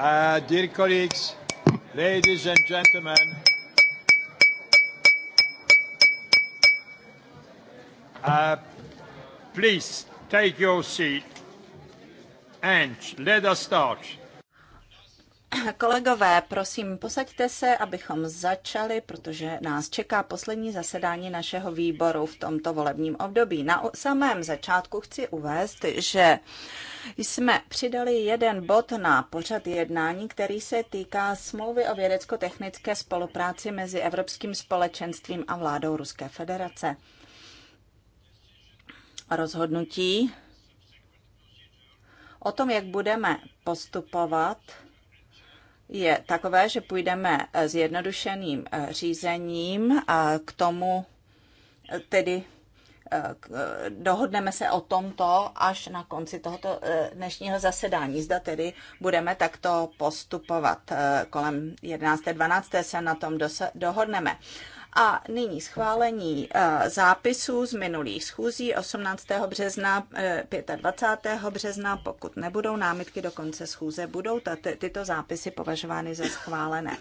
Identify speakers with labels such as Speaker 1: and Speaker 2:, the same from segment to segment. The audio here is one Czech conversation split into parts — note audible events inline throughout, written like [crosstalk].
Speaker 1: Uh, dear colleagues, ladies and gentlemen, uh, please take your seat and let us start.
Speaker 2: Kolegové, prosím, posaďte se, abychom začali, protože nás čeká poslední zasedání našeho výboru v tomto volebním období. Na samém začátku chci uvést, že jsme přidali jeden bod na pořad jednání, který se týká smlouvy o vědecko-technické spolupráci mezi Evropským společenstvím a vládou Ruské federace. Rozhodnutí o tom, jak budeme postupovat, je takové, že půjdeme eh, zjednodušeným eh, řízením a k tomu eh, tedy dohodneme se o tomto až na konci tohoto dnešního zasedání. Zda tedy budeme takto postupovat. Kolem 11. 12. se na tom dohodneme. A nyní schválení eh, zápisů z minulých schůzí 18. března, 25. Eh, března, pokud nebudou námitky do konce schůze, budou tato, tyto zápisy považovány za schválené.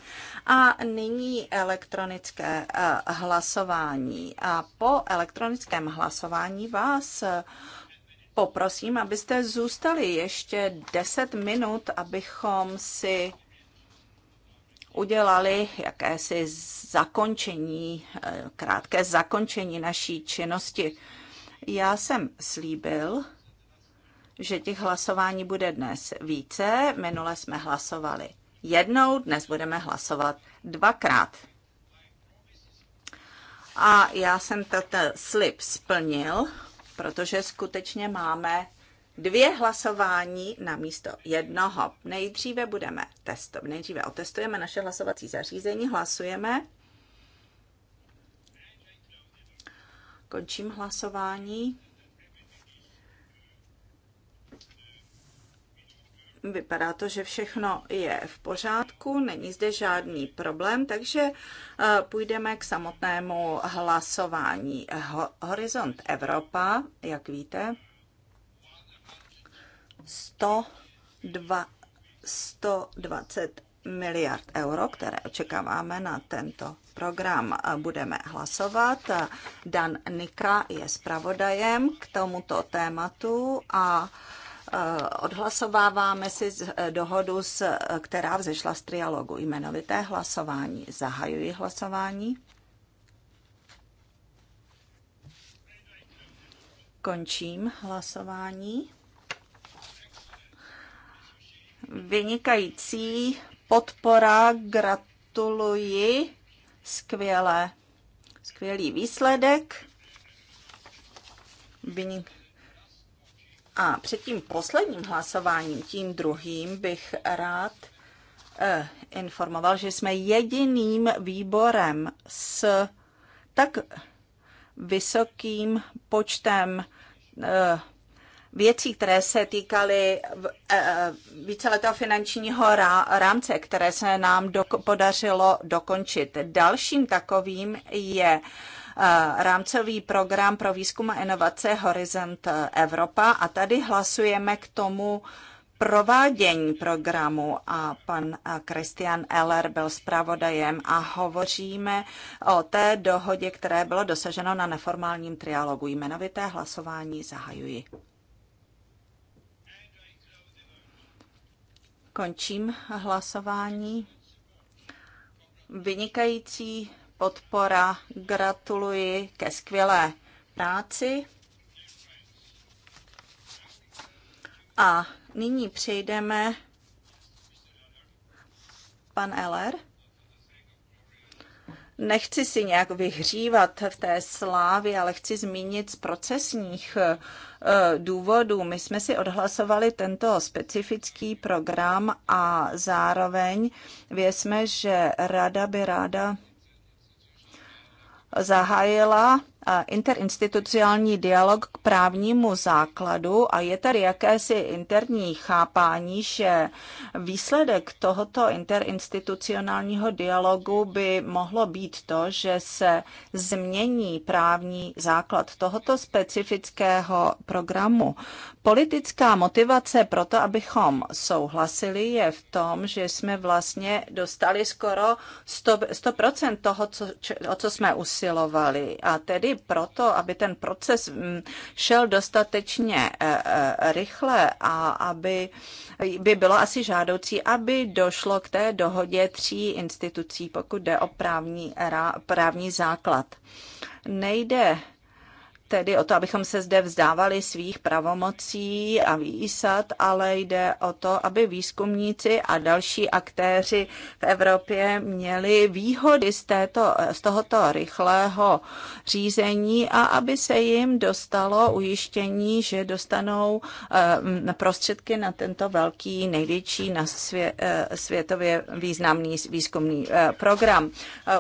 Speaker 2: A nyní elektronické eh, hlasování. A po elektronickém hlasování vás poprosím, abyste zůstali ještě 10 minut, abychom si udělali jakési zakončení, eh, krátké zakončení naší činnosti. Já jsem slíbil, že těch hlasování bude dnes více. Minule jsme hlasovali jednou, dnes budeme hlasovat dvakrát. A já jsem ten slib splnil, protože skutečně máme dvě hlasování na místo jednoho. Nejdříve budeme testovat, nejdříve otestujeme naše hlasovací zařízení, hlasujeme. Končím hlasování. Vypadá to, že všechno je v pořádku, není zde žádný problém, takže eh, půjdeme k samotnému hlasování. Horizont Evropa, jak víte, 100, 120 miliard euro, které očekáváme na tento program. Budeme hlasovat. Dan Nika je zpravodajem k tomuto tématu a e, odhlasováváme si e, dohodu, e, která vzešla z trialogu. Jmenovité hlasování. Zahajuji hlasování. Končím hlasování. Vynikající podpora, gratuluji, skvělé, skvělý výsledek. Vynik. A před tím posledním hlasováním, tím druhým, bych rád eh, informoval, že jsme jediným výborem s tak vysokým počtem eh, věcí, které se týkaly e, e, víceletého finančního rámce, které se nám do, podařilo dokončit. Dalším takovým je e, rámcový program pro výzkum a inovace Horizont Evropa a tady hlasujeme k tomu provádění programu a pan Christian Eller byl zpravodajem a hovoříme o té dohodě, které bylo dosaženo na neformálním trialogu. Jmenovité hlasování zahajuji. Končím hlasování. Vynikající podpora. Gratuluji ke skvělé práci. A nyní přejdeme pan Eller. Nechci si nějak vyhřívat v té slávě, ale chci zmínit z procesních eh, důvodů. My jsme si odhlasovali tento specifický program a zároveň věsme, že rada by ráda zahájila interinstitucionální dialog k právnímu základu a je tady jakési interní chápání, že výsledek tohoto interinstitucionálního dialogu by mohlo být to, že se změní právní základ tohoto specifického programu. Politická motivace pro to, abychom souhlasili, je v tom, že jsme vlastně dostali skoro 100%, 100 toho, co, o co jsme usilovali. A tedy i proto, aby ten proces mm, šel dostatečně e, e, rychle a aby by bylo asi žádoucí, aby došlo k té dohodě tří institucí, pokud jde o právní, právní základ. Nejde tedy o to, abychom se zde vzdávali svých pravomocí a výsad, ale jde o to, aby výzkumníci a další aktéři v Evropě měli výhody z, této, z tohoto rychlého řízení a aby se jim dostalo ujištění, že dostanou eh, prostředky na tento velký, největší na svě, eh, světově významný výzkumný eh, program.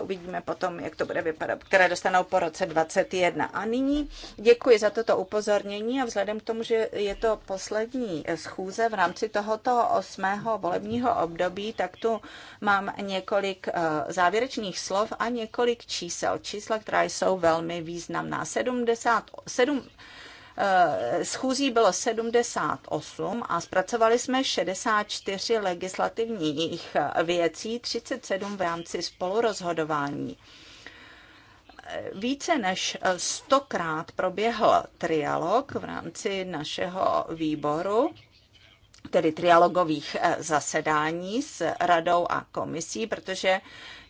Speaker 2: Uvidíme potom, jak to bude vypadat, které dostanou po roce 2021. A nyní Děkuji za toto upozornění a vzhledem k tomu, že je to poslední eh, schůze v rámci tohoto osmého volebního období, tak tu mám několik eh, závěrečných slov a několik čísel. Čísla, která jsou velmi významná. 77 eh, schůzí bylo 78 a zpracovali jsme 64 legislativních věcí, 37 v rámci spolurozhodování. Více než stokrát proběhl trialog v rámci našeho výboru tedy trialogových eh, zasedání s radou a komisí, protože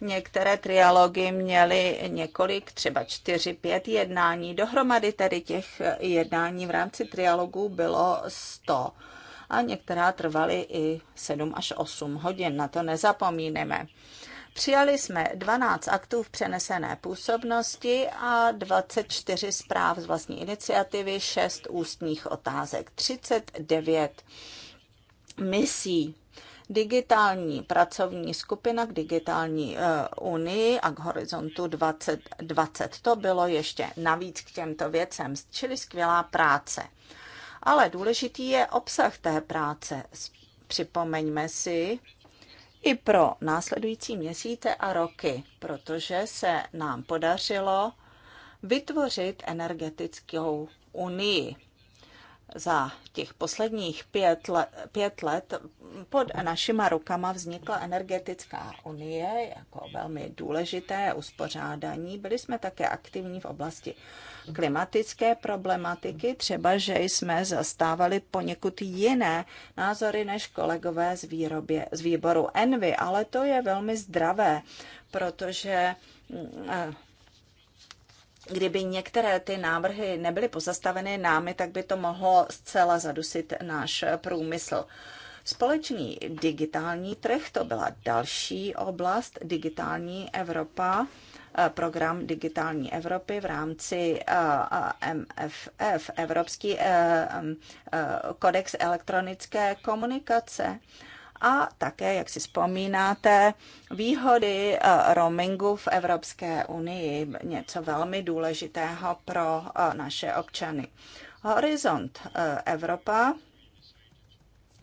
Speaker 2: některé trialogy měly několik, třeba čtyři, pět jednání. Dohromady tedy těch eh, jednání v rámci trialogů bylo sto a některá trvaly i 7 až 8 hodin, na to nezapomíneme. Přijali jsme 12 aktů v přenesené působnosti a 24 zpráv z vlastní iniciativy, 6 ústních otázek, 39 misí digitální pracovní skupina k digitální eh, unii a k horizontu 2020. To bylo ještě navíc k těmto věcem, čili skvělá práce. Ale důležitý je obsah té práce. Připomeňme si, i pro následující měsíce a roky, protože se nám podařilo vytvořit energetickou unii. Za těch posledních pět let, pět let pod našima rukama vznikla energetická unie jako velmi důležité uspořádání. Byli jsme také aktivní v oblasti klimatické problematiky, třeba že jsme zastávali poněkud jiné názory než kolegové z, výrobě, z výboru Envy, ale to je velmi zdravé, protože eh, kdyby některé ty návrhy nebyly pozastaveny námi, tak by to mohlo zcela zadusit náš průmysl. Společný digitální trh, to byla další oblast, digitální Evropa. Eh, program Digitální Evropy v rámci eh, MFF, Evropský eh, kodex elektronické komunikace a také, jak si vzpomínáte, výhody roamingu v Evropské unii, něco velmi důležitého pro naše občany. Horizont Evropa,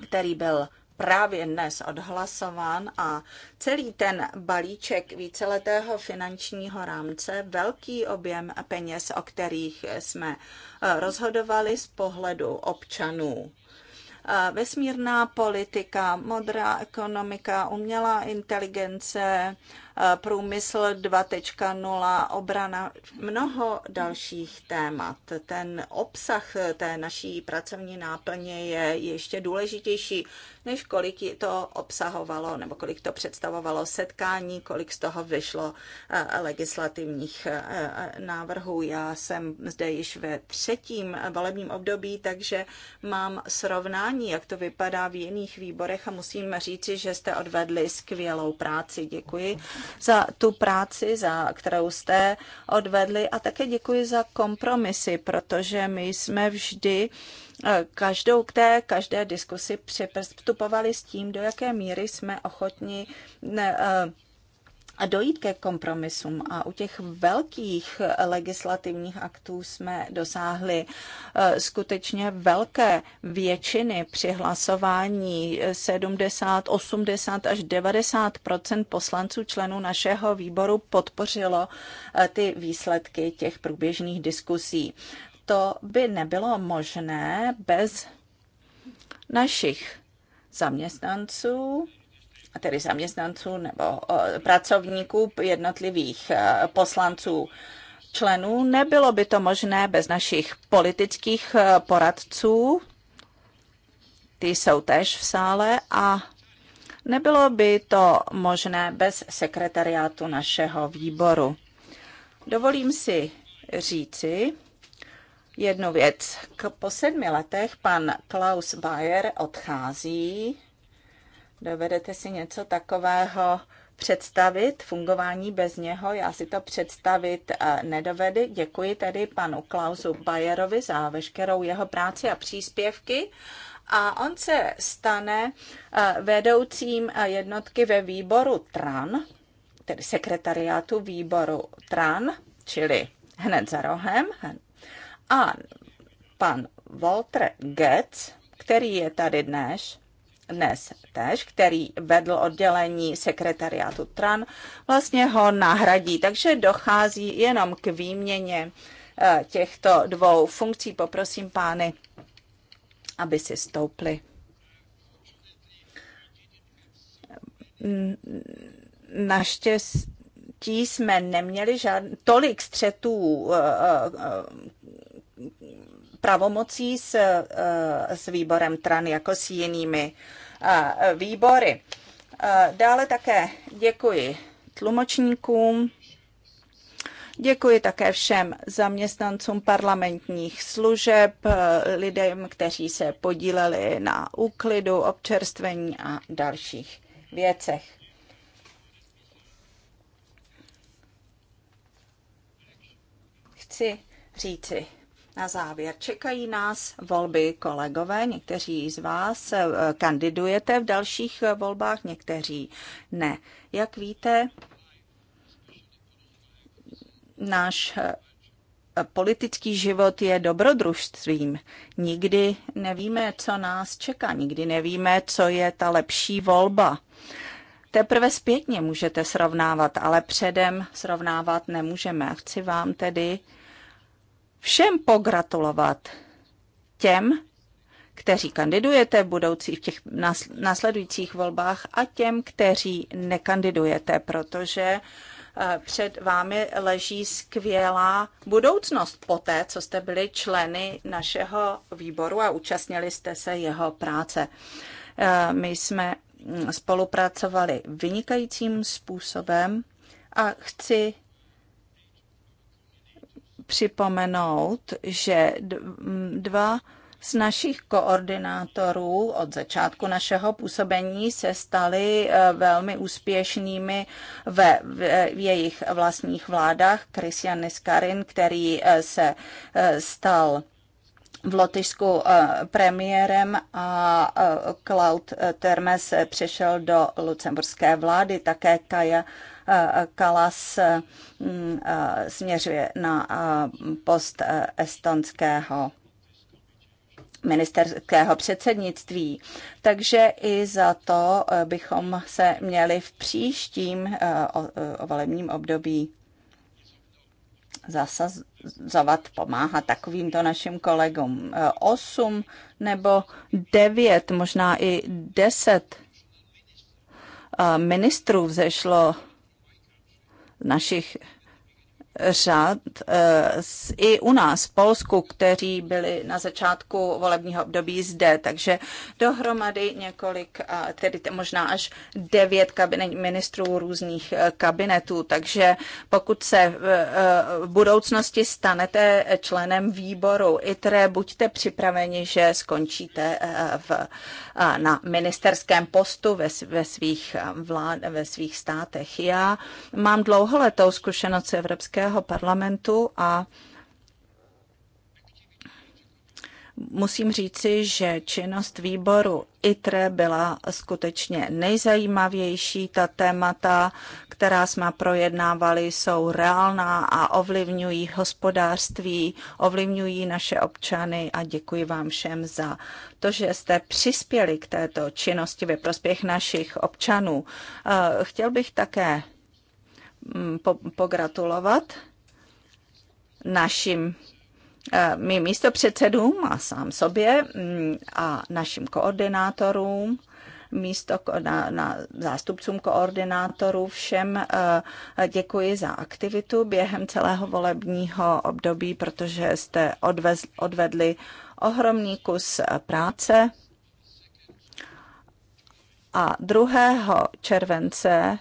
Speaker 2: který byl právě dnes odhlasován a celý ten balíček víceletého finančního rámce, velký objem peněz, o kterých jsme eh, rozhodovali z pohledu občanů eh, vesmírná politika, modrá ekonomika, umělá inteligence, eh, průmysl 2.0, obrana, mnoho dalších témat. Ten obsah té naší pracovní náplně je ještě důležitější než kolik to obsahovalo nebo kolik to představovalo setkání, kolik z toho vyšlo eh, legislativních eh, eh, návrhů. Já jsem zde již ve třetím volebním období, takže mám srovnání, jak to vypadá v jiných výborech a musím říci, že jste odvedli skvělou práci. Děkuji za tu práci, za kterou jste odvedli a také děkuji za kompromisy, protože my jsme vždy Eh, každou k té každé diskusi přistupovali s tím, do jaké míry jsme ochotni eh, a dojít ke kompromisům. A u těch velkých legislativních aktů jsme dosáhli eh, skutečně velké většiny při hlasování 70, 80 až 90 poslanců členů našeho výboru podpořilo ty výsledky těch průběžných diskusí to by nebylo možné bez našich zaměstnanců, tedy zaměstnanců nebo pracovníků jednotlivých e, poslanců členů. Nebylo by to možné bez našich politických e, poradců, ty jsou též v sále a nebylo by to možné bez sekretariátu našeho výboru. Dovolím si říci, jednu věc. K, po sedmi letech pan Klaus Bayer odchází. Dovedete si něco takového představit fungování bez něho. Já si to představit eh, nedovedu. Děkuji tedy panu Klausu Bayerovi za veškerou jeho práci a příspěvky. A on se stane eh, vedoucím eh, jednotky ve výboru TRAN, tedy sekretariátu výboru TRAN, čili hned za rohem, a pan Walter Goetz, který je tady dnes, dnes tež, který vedl oddělení sekretariátu TRAN, vlastně ho nahradí. Takže dochází jenom k výměně eh, těchto dvou funkcí. Poprosím pány, aby si stoupli. Naštěstí jsme neměli žádný, tolik střetů eh, eh, pravomocí s, eh, s výborem TRAN jako s jinými eh, výbory. Eh, dále také děkuji tlumočníkům, Děkuji také všem zaměstnancům parlamentních služeb, lidem, kteří se podíleli na úklidu, občerstvení a dalších věcech. Chci říci na závěr. Čekají nás volby kolegové, někteří z vás eh, kandidujete v dalších eh, volbách, někteří ne. Jak víte, náš eh, politický život je dobrodružstvím. Nikdy nevíme, co nás čeká, nikdy nevíme, co je ta lepší volba. Teprve zpětně můžete srovnávat, ale předem srovnávat nemůžeme. Chci vám tedy všem pogratulovat těm, kteří kandidujete v budoucích, v těch následujících volbách a těm, kteří nekandidujete, protože eh, před vámi leží skvělá budoucnost po té, co jste byli členy našeho výboru a účastnili jste se jeho práce. Eh, my jsme mm, spolupracovali vynikajícím způsobem a chci připomenout, že dva z našich koordinátorů od začátku našeho působení se stali eh, velmi úspěšnými ve, v, v jejich vlastních vládách. Christian Niskarin, který eh, se eh, stal v Lotyšsku eh, premiérem a eh, Cloud eh, Termes přešel do lucemburské vlády, také Kaja Kalas mm, směřuje na post estonského ministerského předsednictví. Takže i za to bychom se měli v příštím volebním období zasazovat zavat, pomáhat takovýmto našim kolegům. E, osm nebo devět, možná i deset e, ministrů vzešlo z našich řad eh, i u nás v Polsku, kteří byli na začátku volebního období zde, takže dohromady několik, tedy možná až devět kabinet, ministrů různých eh, kabinetů, takže pokud se eh, v budoucnosti stanete členem výboru ITRE, buďte připraveni, že skončíte v, na ministerském postu ve, ve, svých vlád, ve svých státech. Já mám dlouholetou zkušenost Evropské Evropského parlamentu a musím říci, že činnost výboru ITRE byla skutečně nejzajímavější. Ta témata, která jsme projednávali, jsou reálná a ovlivňují hospodářství, ovlivňují naše občany a děkuji vám všem za to, že jste přispěli k této činnosti ve prospěch našich občanů. Eh, chtěl bych také Mm, pogratulovat našim eh, mým místopředsedům a sám sobě mm, a našim koordinátorům, místo na, na zástupcům koordinátorů všem eh, děkuji za aktivitu během celého volebního období, protože jste odvez, odvedli ohromný kus eh, práce. A 2. července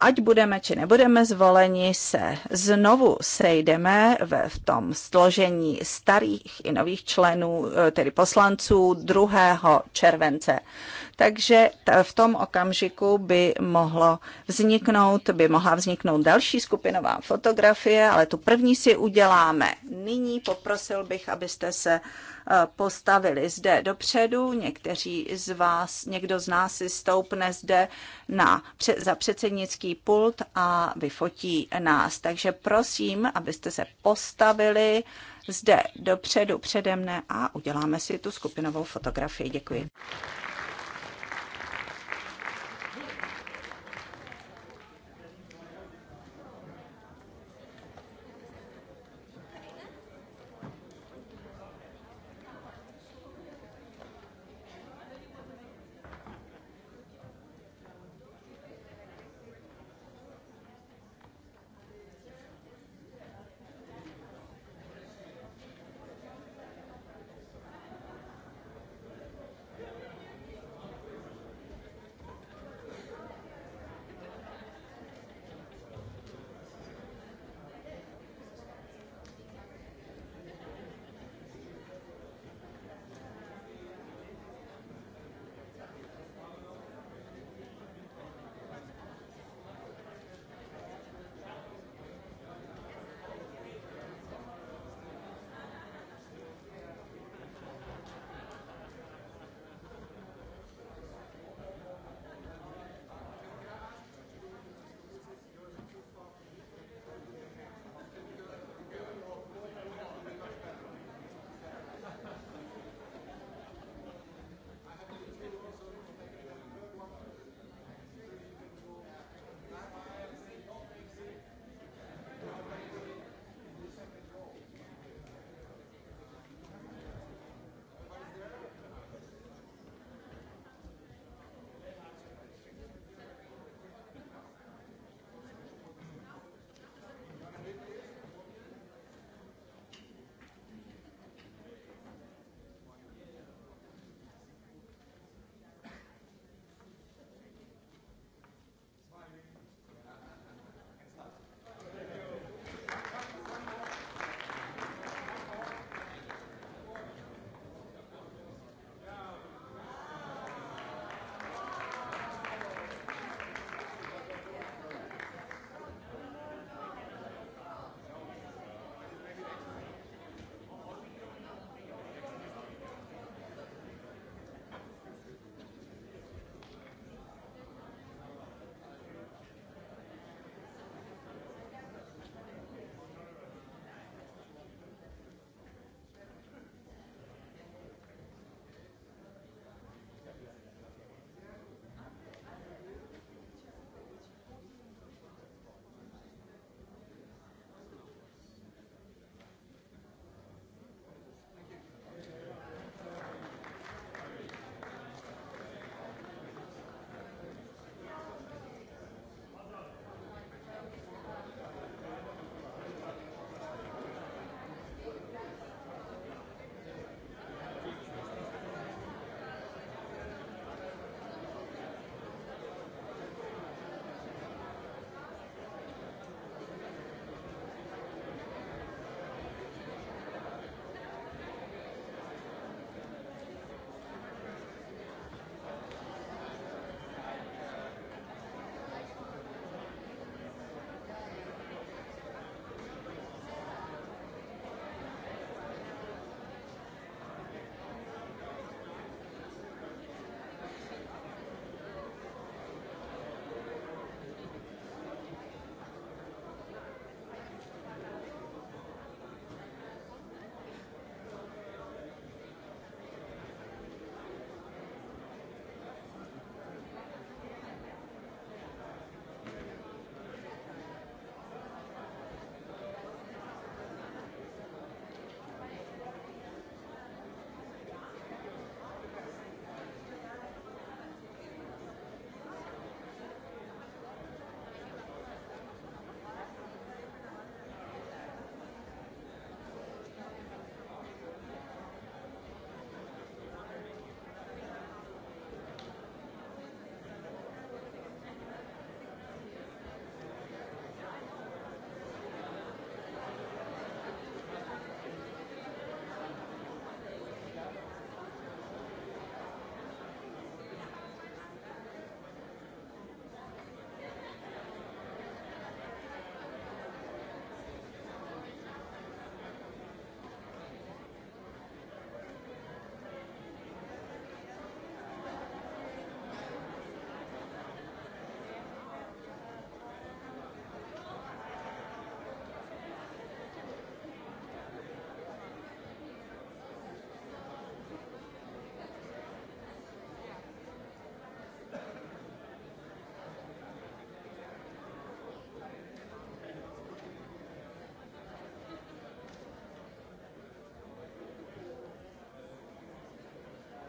Speaker 2: ať budeme či nebudeme zvoleni, se znovu sejdeme ve, v tom složení starých i nových členů, e, tedy poslanců 2. července. Takže v tom okamžiku by mohlo vzniknout, by mohla vzniknout další skupinová fotografie, ale tu první si uděláme. Nyní poprosil bych, abyste se uh, postavili zde dopředu. Někteří z vás, někdo z nás si stoupne zde na, za předsednický pult a vyfotí nás. Takže prosím, abyste se postavili zde dopředu přede mne a uděláme si tu skupinovou fotografii. Děkuji.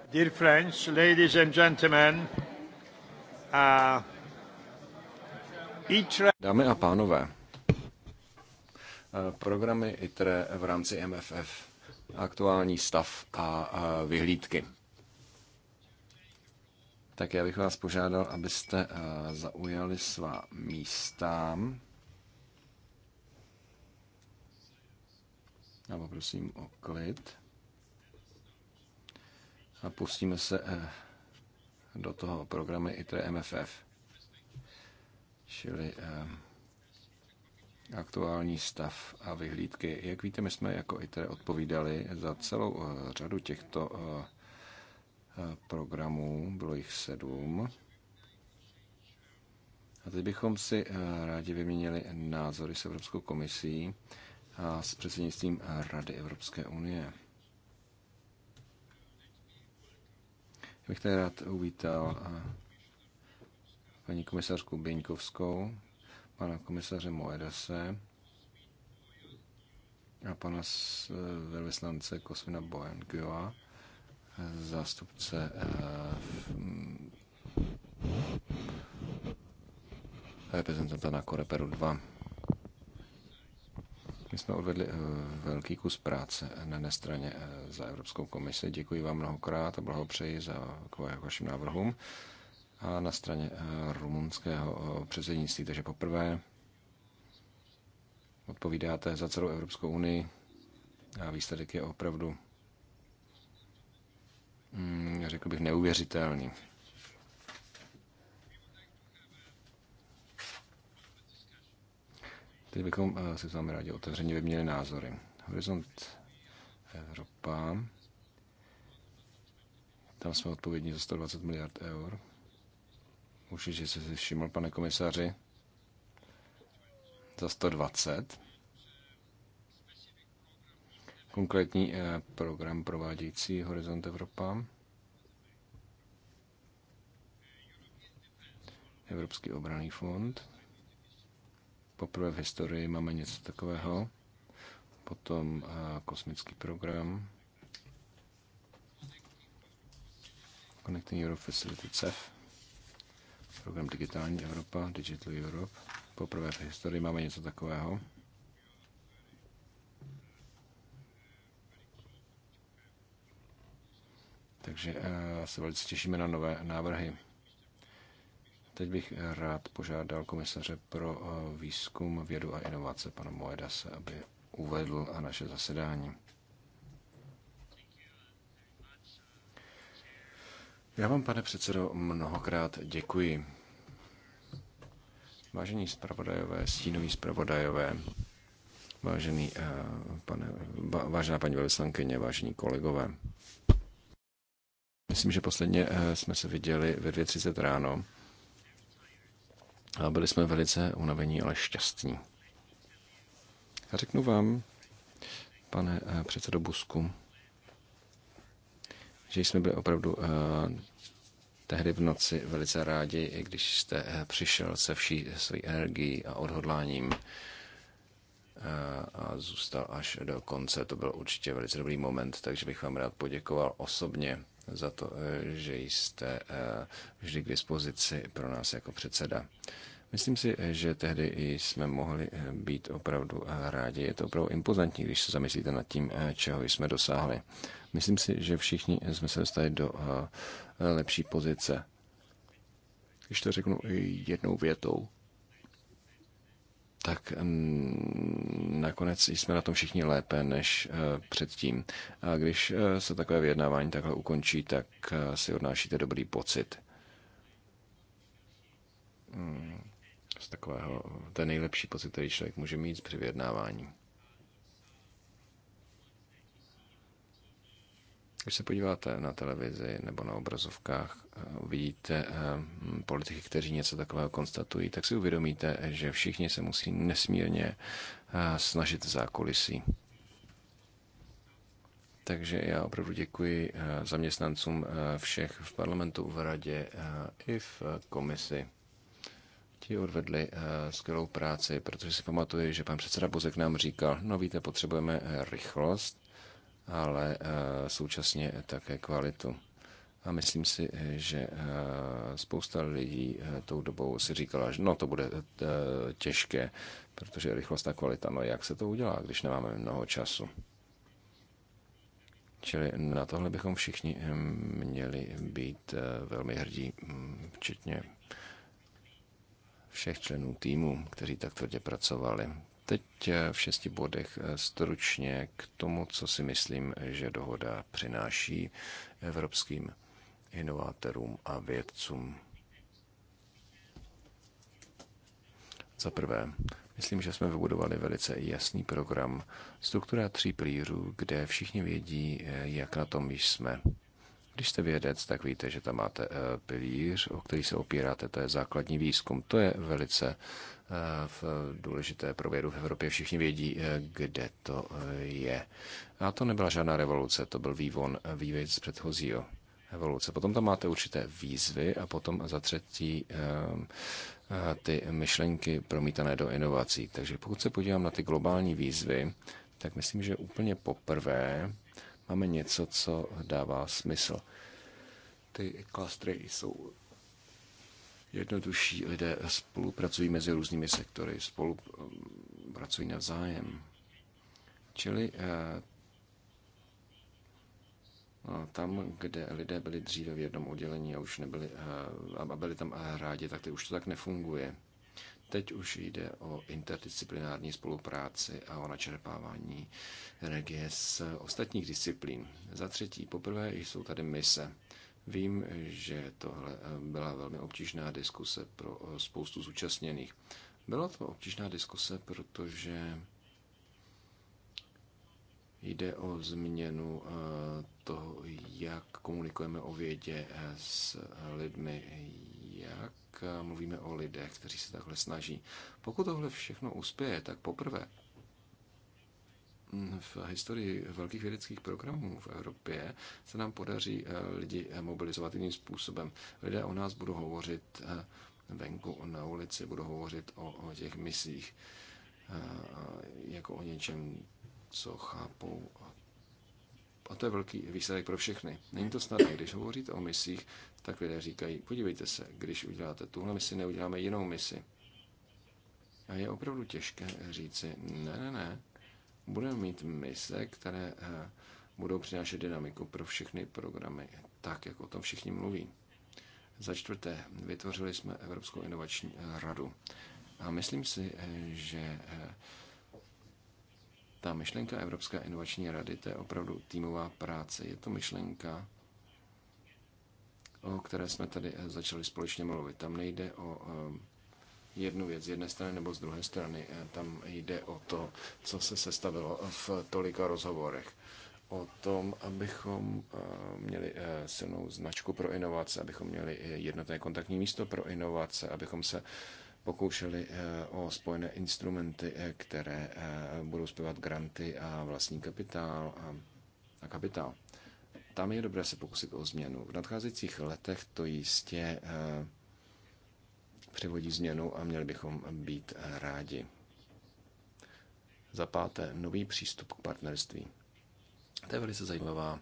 Speaker 1: Dear friends, ladies and gentlemen, uh,
Speaker 3: ITRE... Dámy a pánové, eh, programy ITRE v rámci MFF, aktuální stav a eh, vyhlídky. Tak já bych vás požádal, abyste eh, zaujali svá místa. A poprosím o klid a pustíme se eh, do toho programy ITRE MFF, čili eh, aktuální stav a vyhlídky. Jak víte, my jsme jako ITRE odpovídali za celou eh, řadu těchto programů, bylo jich sedm. A teď bychom si rádi vyměnili názory s Evropskou komisí a s předsednictvím Rady Evropské unie. bych tady rád uvítal eh, paní komisařku Beňkovskou, pana komisaře Moedase a pana eh, velvyslance Kosvina Boengua, eh, zástupce reprezentanta na Koreperu 2. My jsme odvedli eh, velký kus práce na jedné straně eh, za Evropskou komisi. Děkuji vám mnohokrát a blahopřeji za k vašim návrhům. A na straně eh, rumunského předsednictví, takže poprvé odpovídáte za celou Evropskou unii a výsledek je opravdu, mm, řekl bych, neuvěřitelný. Teď bychom eh, si s vámi rádi otevřeně vyměnili názory. Horizont Evropa. Tam jsme odpovědní za 120 miliard eur. že jste si všiml, pane komisaři. Za 120. Konkrétní eh, program provádějící Horizont Evropa. Evropský obraný fond. Poprvé v historii máme něco takového. Potom eh, kosmický program. Connecting Europe Facility CEF. Program Digitální Evropa, Digital Europe. Poprvé v historii máme něco takového. Takže eh, se velice těšíme na nové návrhy. Teď bych rád požádal komisaře pro eh, výzkum, vědu a inovace pana Moedase, aby uvedl a naše zasedání. Já vám, pane předsedo, mnohokrát děkuji. Vážení zpravodajové, stínoví zpravodajové, vážený, eh, pane, vážená paní velvyslankyně, vážení kolegové. Myslím, že posledně eh, jsme se viděli ve 2.30 ráno a byli jsme velice unavení, ale šťastní. Já řeknu vám, pane eh, předsedo Busku, že jsme byli opravdu eh, tehdy v noci velice rádi, i když jste eh, přišel se vší svojí energií a odhodláním a zůstal až do konce. To byl určitě velice dobrý moment, takže bych vám rád poděkoval osobně za to, eh, že jste eh, vždy k dispozici pro nás jako předseda. Myslím si, eh, že tehdy jsme mohli být opravdu rádi. Je to opravdu impozantní, když se zamyslíte nad tím, čeho jsme dosáhli. Myslím si, že všichni jsme se dostali do lepší pozice. Když to řeknu jednou větou, tak mm, nakonec jsme na tom všichni lépe než eh, předtím. A když eh, se takové vyjednávání takhle ukončí, tak eh, si odnášíte dobrý pocit. Hmm, z takového, to je nejlepší pocit, který člověk může mít při vyjednávání. Když se podíváte na televizi nebo na obrazovkách, vidíte eh, politiky, kteří něco takového konstatují, tak si uvědomíte, že všichni se musí nesmírně eh, snažit zákulisí. Takže já opravdu děkuji eh, zaměstnancům všech v parlamentu, v radě i v komisi. Ti odvedli skvělou práci, protože si pamatuju, že pan předseda Bozek nám říkal, no víte, potřebujeme rychlost, ale eh, současně také kvalitu. A myslím si, že eh, spousta lidí eh, tou dobou si říkala, že no to bude těžké, protože rychlost a kvalita, no jak se to udělá, když nemáme mnoho času. Čili na tohle bychom všichni měli být velmi hrdí, mm, včetně všech členů týmu, kteří tak tvrdě pracovali. Teď eh, v šesti bodech eh, stručně k tomu, co si myslím, že dohoda přináší evropským inovátorům a vědcům. Za prvé, myslím, že jsme vybudovali velice jasný program, struktura tří plířů, kde všichni vědí, eh, jak na tom již jsme. Když jste vědec, tak víte, že tam máte eh, pilíř, o který se opíráte, to je základní výzkum. To je velice eh, důležité pro vědu v Evropě. Všichni vědí, eh, kde to je. A to nebyla žádná revoluce, to byl vývon, vývoj z předchozího evoluce. Potom tam máte určité výzvy a potom za třetí ty myšlenky promítané do inovací. Takže pokud se podívám na ty globální výzvy, tak myslím, že úplně poprvé Máme něco, co dává smysl. Ty klastry jsou jednodušší, lidé spolupracují mezi různými sektory, spolupracují navzájem. Čili eh, no, tam, kde lidé byli dříve v jednom oddělení a už nebyli, eh, a byli tam eh, rádi, tak to už to tak nefunguje. Teď už jde o interdisciplinární spolupráci a o načerpávání energie z ostatních disciplín. Za třetí, poprvé jsou tady mise. Vím, že tohle eh, byla velmi obtížná diskuse pro eh, spoustu zúčastněných. Byla to obtížná diskuse, protože jde o změnu eh, toho, jak komunikujeme o vědě s lidmi, jak Eh, mluvíme o lidech, kteří se takhle snaží. Pokud tohle všechno uspěje, tak poprvé mm, v historii velkých vědeckých programů v Evropě se nám podaří eh, lidi eh, mobilizovat jiným způsobem. Lidé o nás budou hovořit venku na ulici, budou hovořit o, o těch misích jako o něčem, co chápou. A to je velký výsledek pro všechny. Není to snadné, když hovoříte o misích, tak lidé říkají, podívejte se, když uděláte tuhle misi, neuděláme jinou misi. A je opravdu těžké říci, ne, ne, ne, budeme mít mise, které eh, budou přinášet dynamiku pro všechny programy, tak, jak o tom všichni mluví. Za čtvrté, vytvořili jsme Evropskou inovační eh, radu. A myslím si, eh, že ta myšlenka Evropské inovační rady, to je opravdu týmová práce. Je to myšlenka, o které jsme tady eh, začali společně mluvit. Tam nejde o eh, jednu věc z jedné strany nebo z druhé strany. Eh, tam jde o to, co se sestavilo v tolika rozhovorech. O tom, abychom měli silnou značku pro inovace, abychom měli jednotné kontaktní místo pro inovace, abychom se pokoušeli o spojené instrumenty, které budou zpěvat granty a vlastní kapitál a kapitál tam je dobré se pokusit o změnu. V nadcházejících letech to jistě eh, přivodí změnu a měli bychom být eh, rádi. Za páté, nový přístup k partnerství. To je velice zajímavá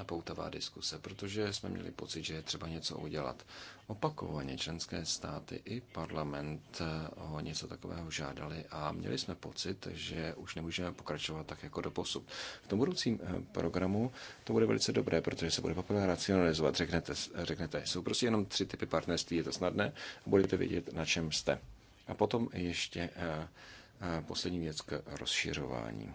Speaker 3: napoutavá diskuse, protože jsme měli pocit, že je třeba něco udělat. Opakovaně členské státy i parlament eh, o něco takového žádali a měli jsme pocit, že už nemůžeme pokračovat tak jako do posud. V tom budoucím eh, programu to bude velice dobré, protože se bude poprvé racionalizovat. Řeknete, řeknete, jsou prostě jenom tři typy partnerství, je to snadné a budete vědět, na čem jste. A potom ještě eh, poslední věc k rozšiřování.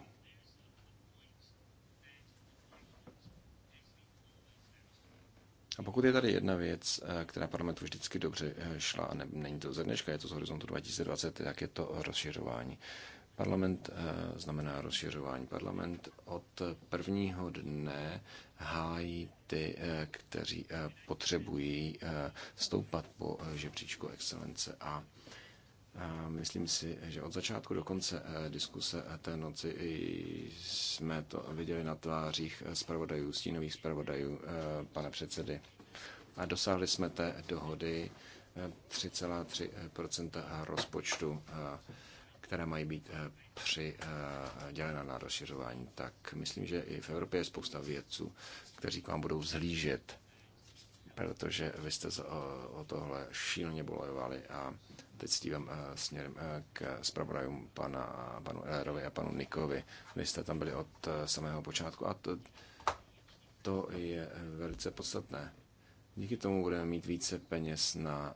Speaker 3: A pokud je tady jedna věc, eh, která parlamentu vždycky dobře eh, šla, a ne, není to ze dneška, je to z horizontu 2020, tak je to rozšiřování. Parlament eh, znamená rozšiřování. Parlament od prvního dne hájí ty, kteří potřebují stoupat po žebříčku excelence a Myslím si, že od začátku do konce eh, diskuse eh, té noci jsme to viděli na tvářích eh, zpravodajů, stínových zpravodajů, pana předsedy. A dosáhli jsme té dohody 3,3 rozpočtu, které mají být přidělena na rozšiřování. Tak myslím, že i v Evropě je spousta vědců, kteří k vám budou zhlížet protože vy jste o tohle šíleně bojovali a teď tím eh, směrem eh, k zpravodajům pana, panu Ellerovi a panu Nikovi. Vy jste tam byli od eh, samého počátku a to, to je velice podstatné. Díky tomu budeme mít více peněz na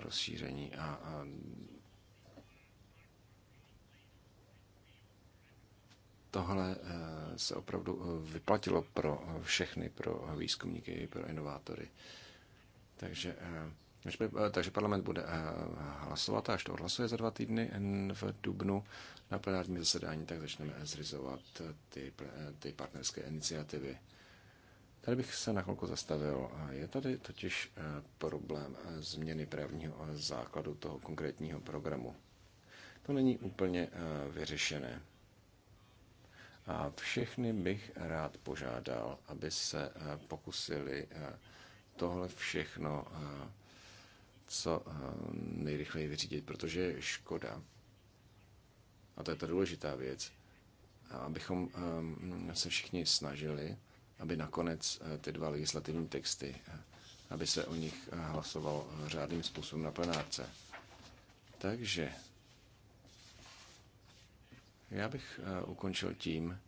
Speaker 3: rozšíření a tohle eh, se opravdu eh, vyplatilo pro eh, všechny, pro výzkumníky i pro inovátory. Takže, takže parlament bude hlasovat až to odhlasuje za dva týdny v Dubnu na plenárním zasedání, tak začneme zřizovat ty, ty partnerské iniciativy. Tady bych se na chvilku zastavil. Je tady totiž problém změny právního základu toho konkrétního programu. To není úplně vyřešené. A všechny bych rád požádal, aby se eh, pokusili eh, tohle všechno eh, co nejrychleji vyřídit, protože je škoda, a to je ta důležitá věc, abychom ehm, se všichni snažili, aby nakonec ty dva legislativní texty, aby se o nich hlasoval řádným způsobem na plenárce. Takže já bych eh, ukončil tím,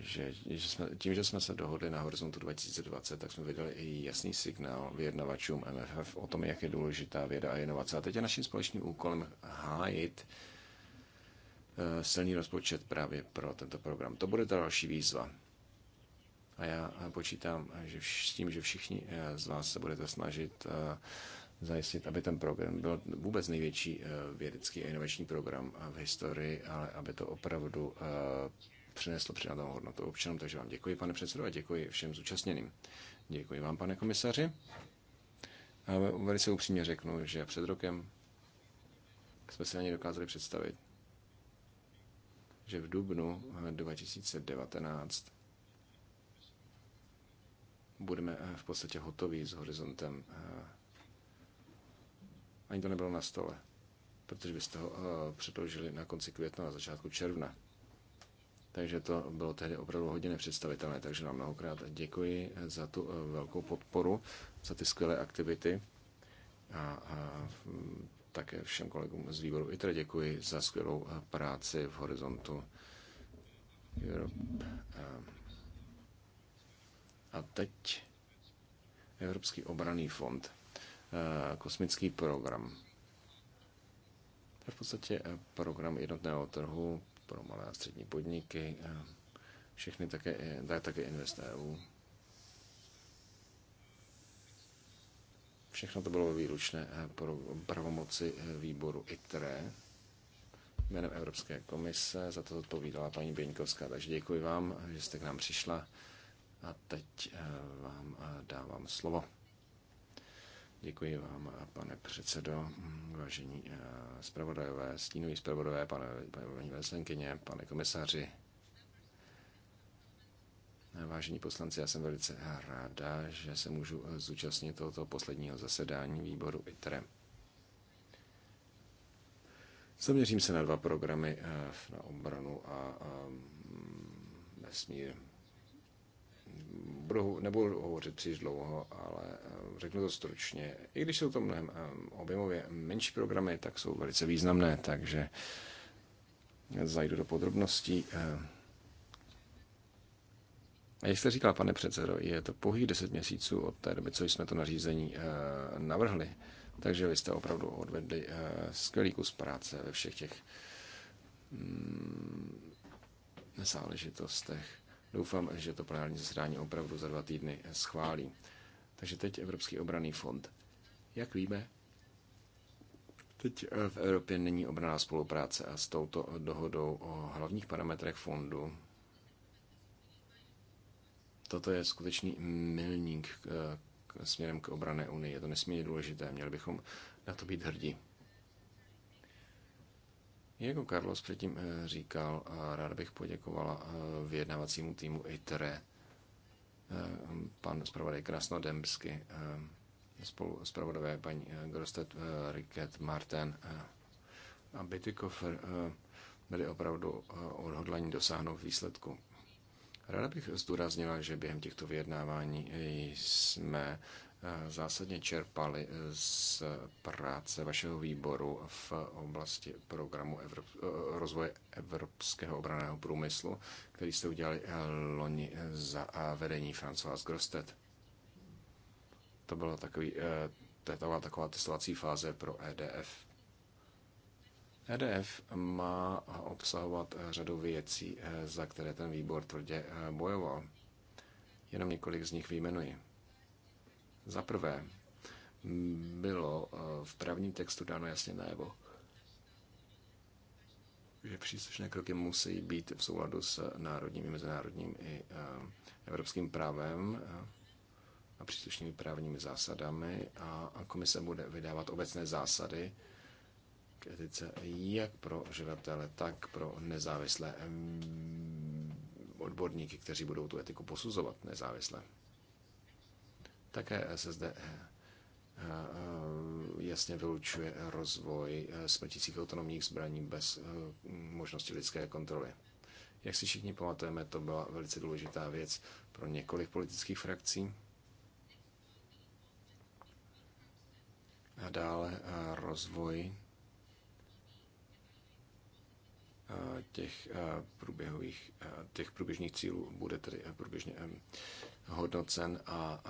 Speaker 3: že, že jsme, tím, že jsme se dohodli na horizontu 2020, tak jsme vydali i jasný signál vyjednavačům MFF o tom, jak je důležitá věda a inovace. A teď je naším společným úkolem hájit eh, silný rozpočet právě pro tento program. To bude ta další výzva. A já eh, počítám že s tím, že všichni z vás se budete snažit zajistit, aby ten program byl vůbec největší eh, vědecký a inovační program eh, v historii, ale aby to opravdu eh, přineslo přidanou hodnotu občanům. Takže vám děkuji, pane předsedo, a děkuji všem zúčastněným. Děkuji vám, pane komisaři. A velice upřímně řeknu, že před rokem jsme si ani dokázali představit, že v dubnu 2019 budeme v podstatě hotoví s horizontem ani to nebylo na stole, protože vy jste uh, předložili na konci května, na začátku června. Takže to bylo tehdy opravdu hodně nepředstavitelné. Takže nám mnohokrát děkuji eh, za tu eh, velkou podporu, za ty skvělé aktivity a, a mm, také všem kolegům z výboru ITRE děkuji za skvělou práci v Horizontu Europe. A teď Evropský obraný fond. Eh, kosmický program. To je v podstatě eh, program jednotného trhu pro malé a střední podniky, eh, všechny také, dá také Invest EU. Všechno to bylo výlučné pro pravomoci výboru ITRE jménem Evropské komise. Za to odpovídala paní Běňkovská, takže děkuji vám, že jste k nám přišla a teď vám dávám slovo. Děkuji vám, pane předsedo, vážení eh, zpravodajové, stínoví zpravodajové, pane, paní veslenkyně, pane komisaři, Vážení poslanci, já jsem velice ráda, že se můžu zúčastnit tohoto posledního zasedání výboru ITRE. Zaměřím se na dva programy eh, na obranu a mm, vesmír budu, nebudu hovořit příliš dlouho, ale eh, řeknu to stručně. I když jsou to mnohem eh, objemově menší programy, tak jsou velice významné, takže zajdu do podrobností. Eh. A jak jste říkal, pane předsedo, je to pouhých 10 měsíců od té doby, co jsme to nařízení navrhli. Takže vy jste opravdu odvedli skvělý kus práce ve všech těch mm, záležitostech. Doufám, že to plenární zasedání opravdu za dva týdny schválí. Takže teď Evropský obraný fond. Jak víme, teď eh, v Evropě není obraná spolupráce a s touto dohodou o hlavních parametrech fondu toto je skutečný milník eh, směrem k obrané unii. Je to nesmírně důležité, měli bychom na to být hrdí. Jako Carlos předtím eh, říkal, rád bych poděkovala eh, vyjednávacímu týmu ITRE, eh, pan zpravodaj Krasnodemsky, spolu zpravodové paní Grostet, Riket, Martin a Bitykofer byli opravdu odhodlaní dosáhnout výsledku. Ráda bych zdůraznila, že během těchto vyjednávání jsme Eh, zásadně čerpali eh, z práce vašeho výboru v oblasti programu Evrop- eh, rozvoje evropského obraného průmyslu, který jste udělali loni za vedení François Grostet. To byla takový, taková, taková testovací fáze pro EDF. EDF má obsahovat řadu věcí, za které ten výbor tvrdě bojoval. Jenom několik z nich vyjmenuji. Za prvé, bylo eh, v právním textu dáno jasně najevo, že příslušné kroky musí být v souladu s národním i mezinárodním i eh, evropským právem eh, a příslušnými právními zásadami a komise bude vydávat obecné zásady k etice jak pro žadatele, tak pro nezávislé mm, odborníky, kteří budou tu etiku posuzovat nezávisle. Také SSDE eh, eh, jasně vylučuje rozvoj eh, smrtících autonomních zbraní bez možnosti lidské kontroly. Jak si všichni pamatujeme, to byla velice důležitá věc pro několik politických frakcí. A dále rozvoj těch průběhových, těch průběžných cílů bude tedy průběžně hodnocen a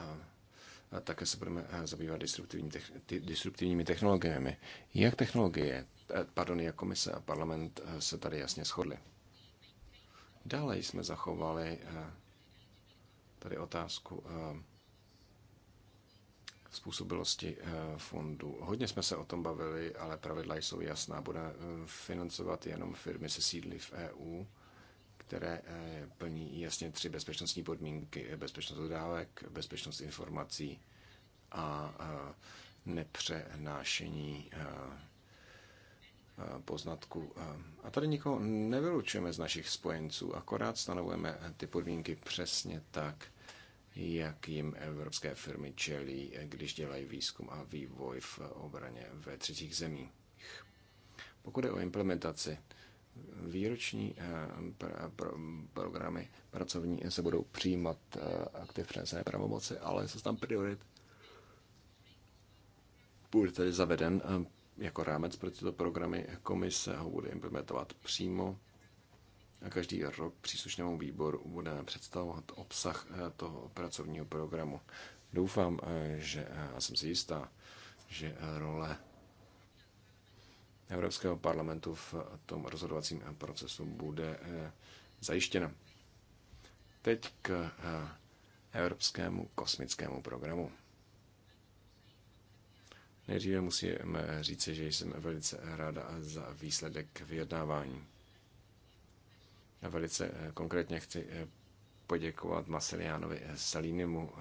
Speaker 3: a také se budeme eh, zabývat disruptivní te- disruptivními technologiemi. Jak technologie, eh, pardon, jak komise a parlament eh, se tady jasně shodly. Dále jsme zachovali tady otázku způsobilosti fondu. Hodně jsme se o tom bavili, ale pravidla jsou jasná. Budeme financovat jenom firmy se sídly v EU které eh, plní jasně tři bezpečnostní podmínky, bezpečnost dodávek, bezpečnost informací a eh, nepřenášení eh, poznatku. A tady nikoho nevylučujeme z našich spojenců, akorát stanovujeme ty podmínky přesně tak, jak jim evropské firmy čelí, když dělají výzkum a vývoj v obraně ve třetích zemích. Pokud je o implementaci, výroční eh, programy pracovní se budou přijímat eh, aktiv přenesené pravomoci, ale se tam priorit. Bude tedy zaveden eh, jako rámec pro tyto programy. Komise ho bude implementovat přímo a každý rok příslušnému výboru budeme představovat obsah toho pracovního programu. Doufám, že, a jsem si jistá, že role Evropského parlamentu v tom rozhodovacím procesu bude eh, zajištěna. Teď k eh, Evropskému kosmickému programu. Nejdříve musíme říci, že jsem velice ráda za výsledek vyjednávání. A velice eh, konkrétně chci poděkovat Masiliánovi Salínimu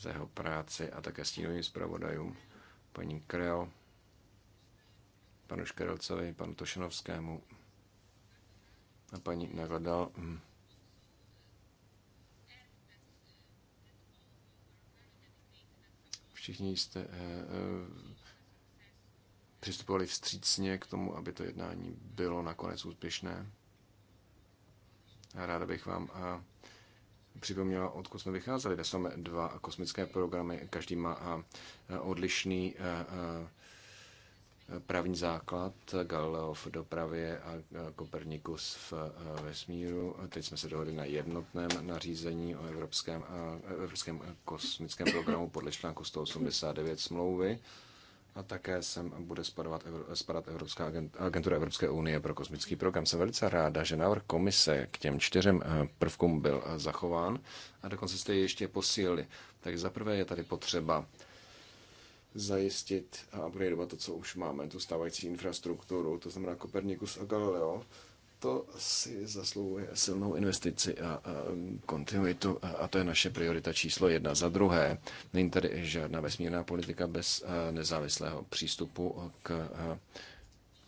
Speaker 3: za jeho práci a také stínovým zpravodajům, paní Kreo, panu Škerelcovi, panu Tošenovskému a paní Nagladal. Mm. Všichni jste eh, eh, přistupovali vstřícně k tomu, aby to jednání bylo nakonec úspěšné. A ráda bych vám eh, připomněla, odkud jsme vycházeli. Dnes máme dva kosmické programy, každý má odlišný právní základ Galileo v dopravě a Kopernikus v eh, vesmíru. Teď jsme se dohodli na jednotném nařízení o Evropském, eh, Evropském eh, kosmickém programu podle článku 189 smlouvy. A také sem bude spadat, spadat Evropská agentura Evropské unie pro kosmický program. Jsem velice ráda, že návrh komise k těm čtyřem prvkům byl zachován a dokonce jste je ještě posílili. Tak zaprvé je tady potřeba zajistit a upgradeovat to, co už máme, tu stávající infrastrukturu, to znamená Kopernikus a Galileo, to si zasluhuje silnou investici a, a um, kontinuitu a, a to je naše priorita číslo jedna. Za druhé, není tady žádná vesmírná politika bez a, nezávislého přístupu k a,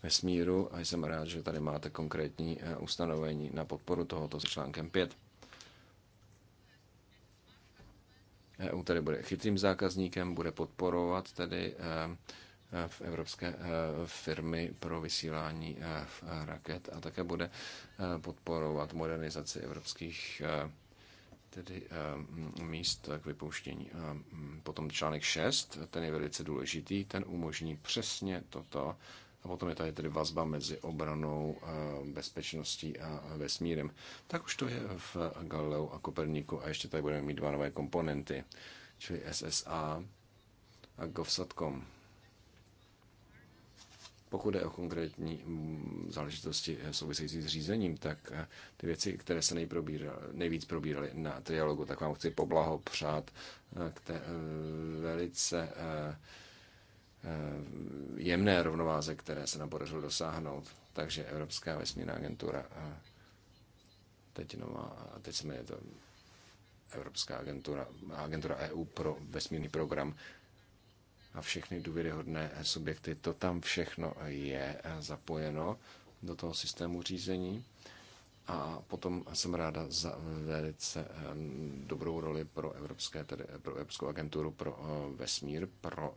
Speaker 3: vesmíru a jsem rád, že tady máte konkrétní a, ustanovení na podporu tohoto s článkem 5. EU tedy bude chytrým zákazníkem, bude podporovat tedy e, e, v evropské e, firmy pro vysílání raket a také bude podporovat modernizaci evropských tedy míst k vypouštění. Potom článek 6, ten je velice důležitý, ten umožní přesně toto a potom je tady tedy vazba mezi obranou, eh, bezpečností a vesmírem. Tak už to je v Galileu a Koperníku a ještě tady budeme mít dva nové komponenty, čili SSA a Govsatcom. Pokud je o konkrétní mm, záležitosti eh, související s řízením, tak eh, ty věci, které se nejvíc probíraly na trialogu, tak vám chci poblahopřát k té velice Eh, jemné rovnováze, které se nám podařilo dosáhnout. Takže Evropská vesmírná agentura, eh, teď, nová, teď jsme je to Evropská agentura, agentura EU pro vesmírný program a všechny důvěryhodné subjekty, to tam všechno je eh, zapojeno do toho systému řízení. A potom jsem ráda za velice dobrou roli pro, evropské, tedy pro Evropskou agenturu pro vesmír, pro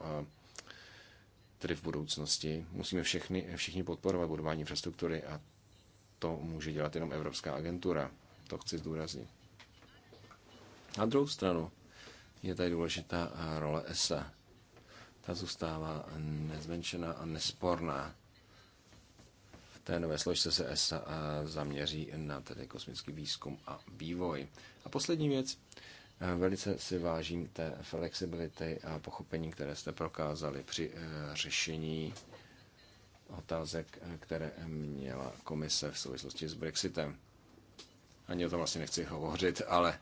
Speaker 3: tedy v budoucnosti. Musíme všechny, všichni podporovat budování infrastruktury a to může dělat jenom Evropská agentura. To chci zdůraznit. Na druhou stranu je tady důležitá role ESA. Ta zůstává nezmenšená a nesporná. V té nové složce se ESA zaměří na tedy kosmický výzkum a vývoj. A poslední věc, Eh, velice si vážím té flexibility a pochopení, které jste prokázali při eh, řešení otázek, eh, které měla komise v souvislosti s Brexitem. Ani o tom vlastně nechci hovořit, ale,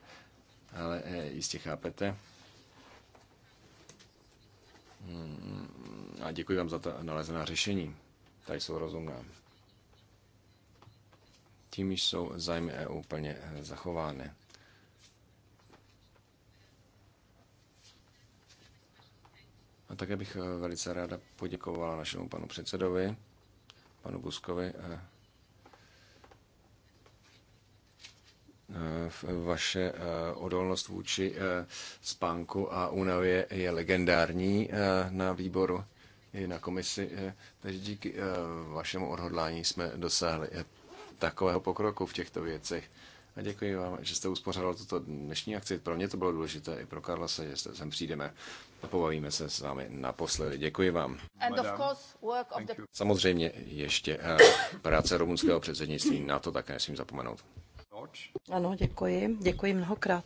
Speaker 3: ale jistě chápete. Hmm, a děkuji vám za to nalezená řešení. Tady jsou rozumná. Tím již jsou zájmy EU plně zachovány. A také bych eh, velice ráda poděkovala našemu panu předsedovi, panu Buskovi. Eh, eh, vaše odolnost vůči spánku a únavě je legendární na výboru i na komisi. Takže díky vašemu odhodlání jsme dosáhli takového pokroku v těchto věcech. A děkuji vám, že jste uspořádal tuto dnešní akci. Pro mě to bylo důležité, i pro Karla se, že sem přijdeme. Pobavíme se s vámi naposledy. Děkuji vám. Samozřejmě ještě eh, práce rumunského předsednictví, na to také nesmím zapomenout.
Speaker 4: Ano, děkuji. Děkuji mnohokrát.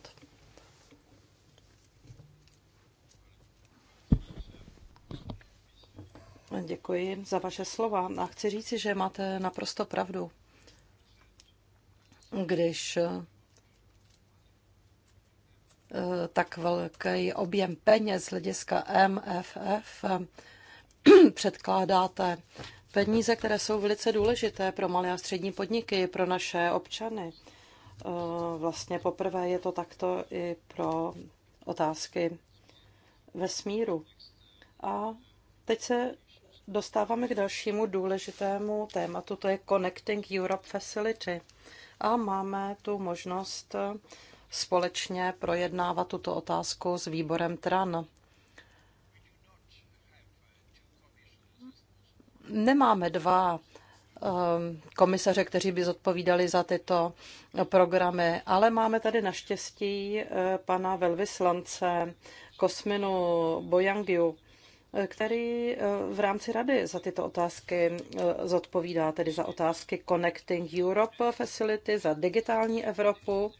Speaker 4: Děkuji za vaše slova a chci říci, že máte naprosto pravdu, když eh, tak velký objem peněz z hlediska MFF [clears throat] předkládáte peníze, které jsou velice důležité pro malé a střední podniky, pro naše občany. Eh, vlastně poprvé je to takto i pro otázky vesmíru. A teď se dostáváme k dalšímu důležitému tématu, to je Connecting Europe Facility. A máme tu možnost společně projednávat tuto otázku s výborem TRAN. Nemáme dva ehm, komisaře, kteří by zodpovídali za tyto programy, ale máme tady naštěstí eh, pana velvyslance Kosminu Bojangiu, eh, který eh, v rámci rady za tyto otázky zodpovídá, tedy za otázky Connecting Europe Facility, za digitální Evropu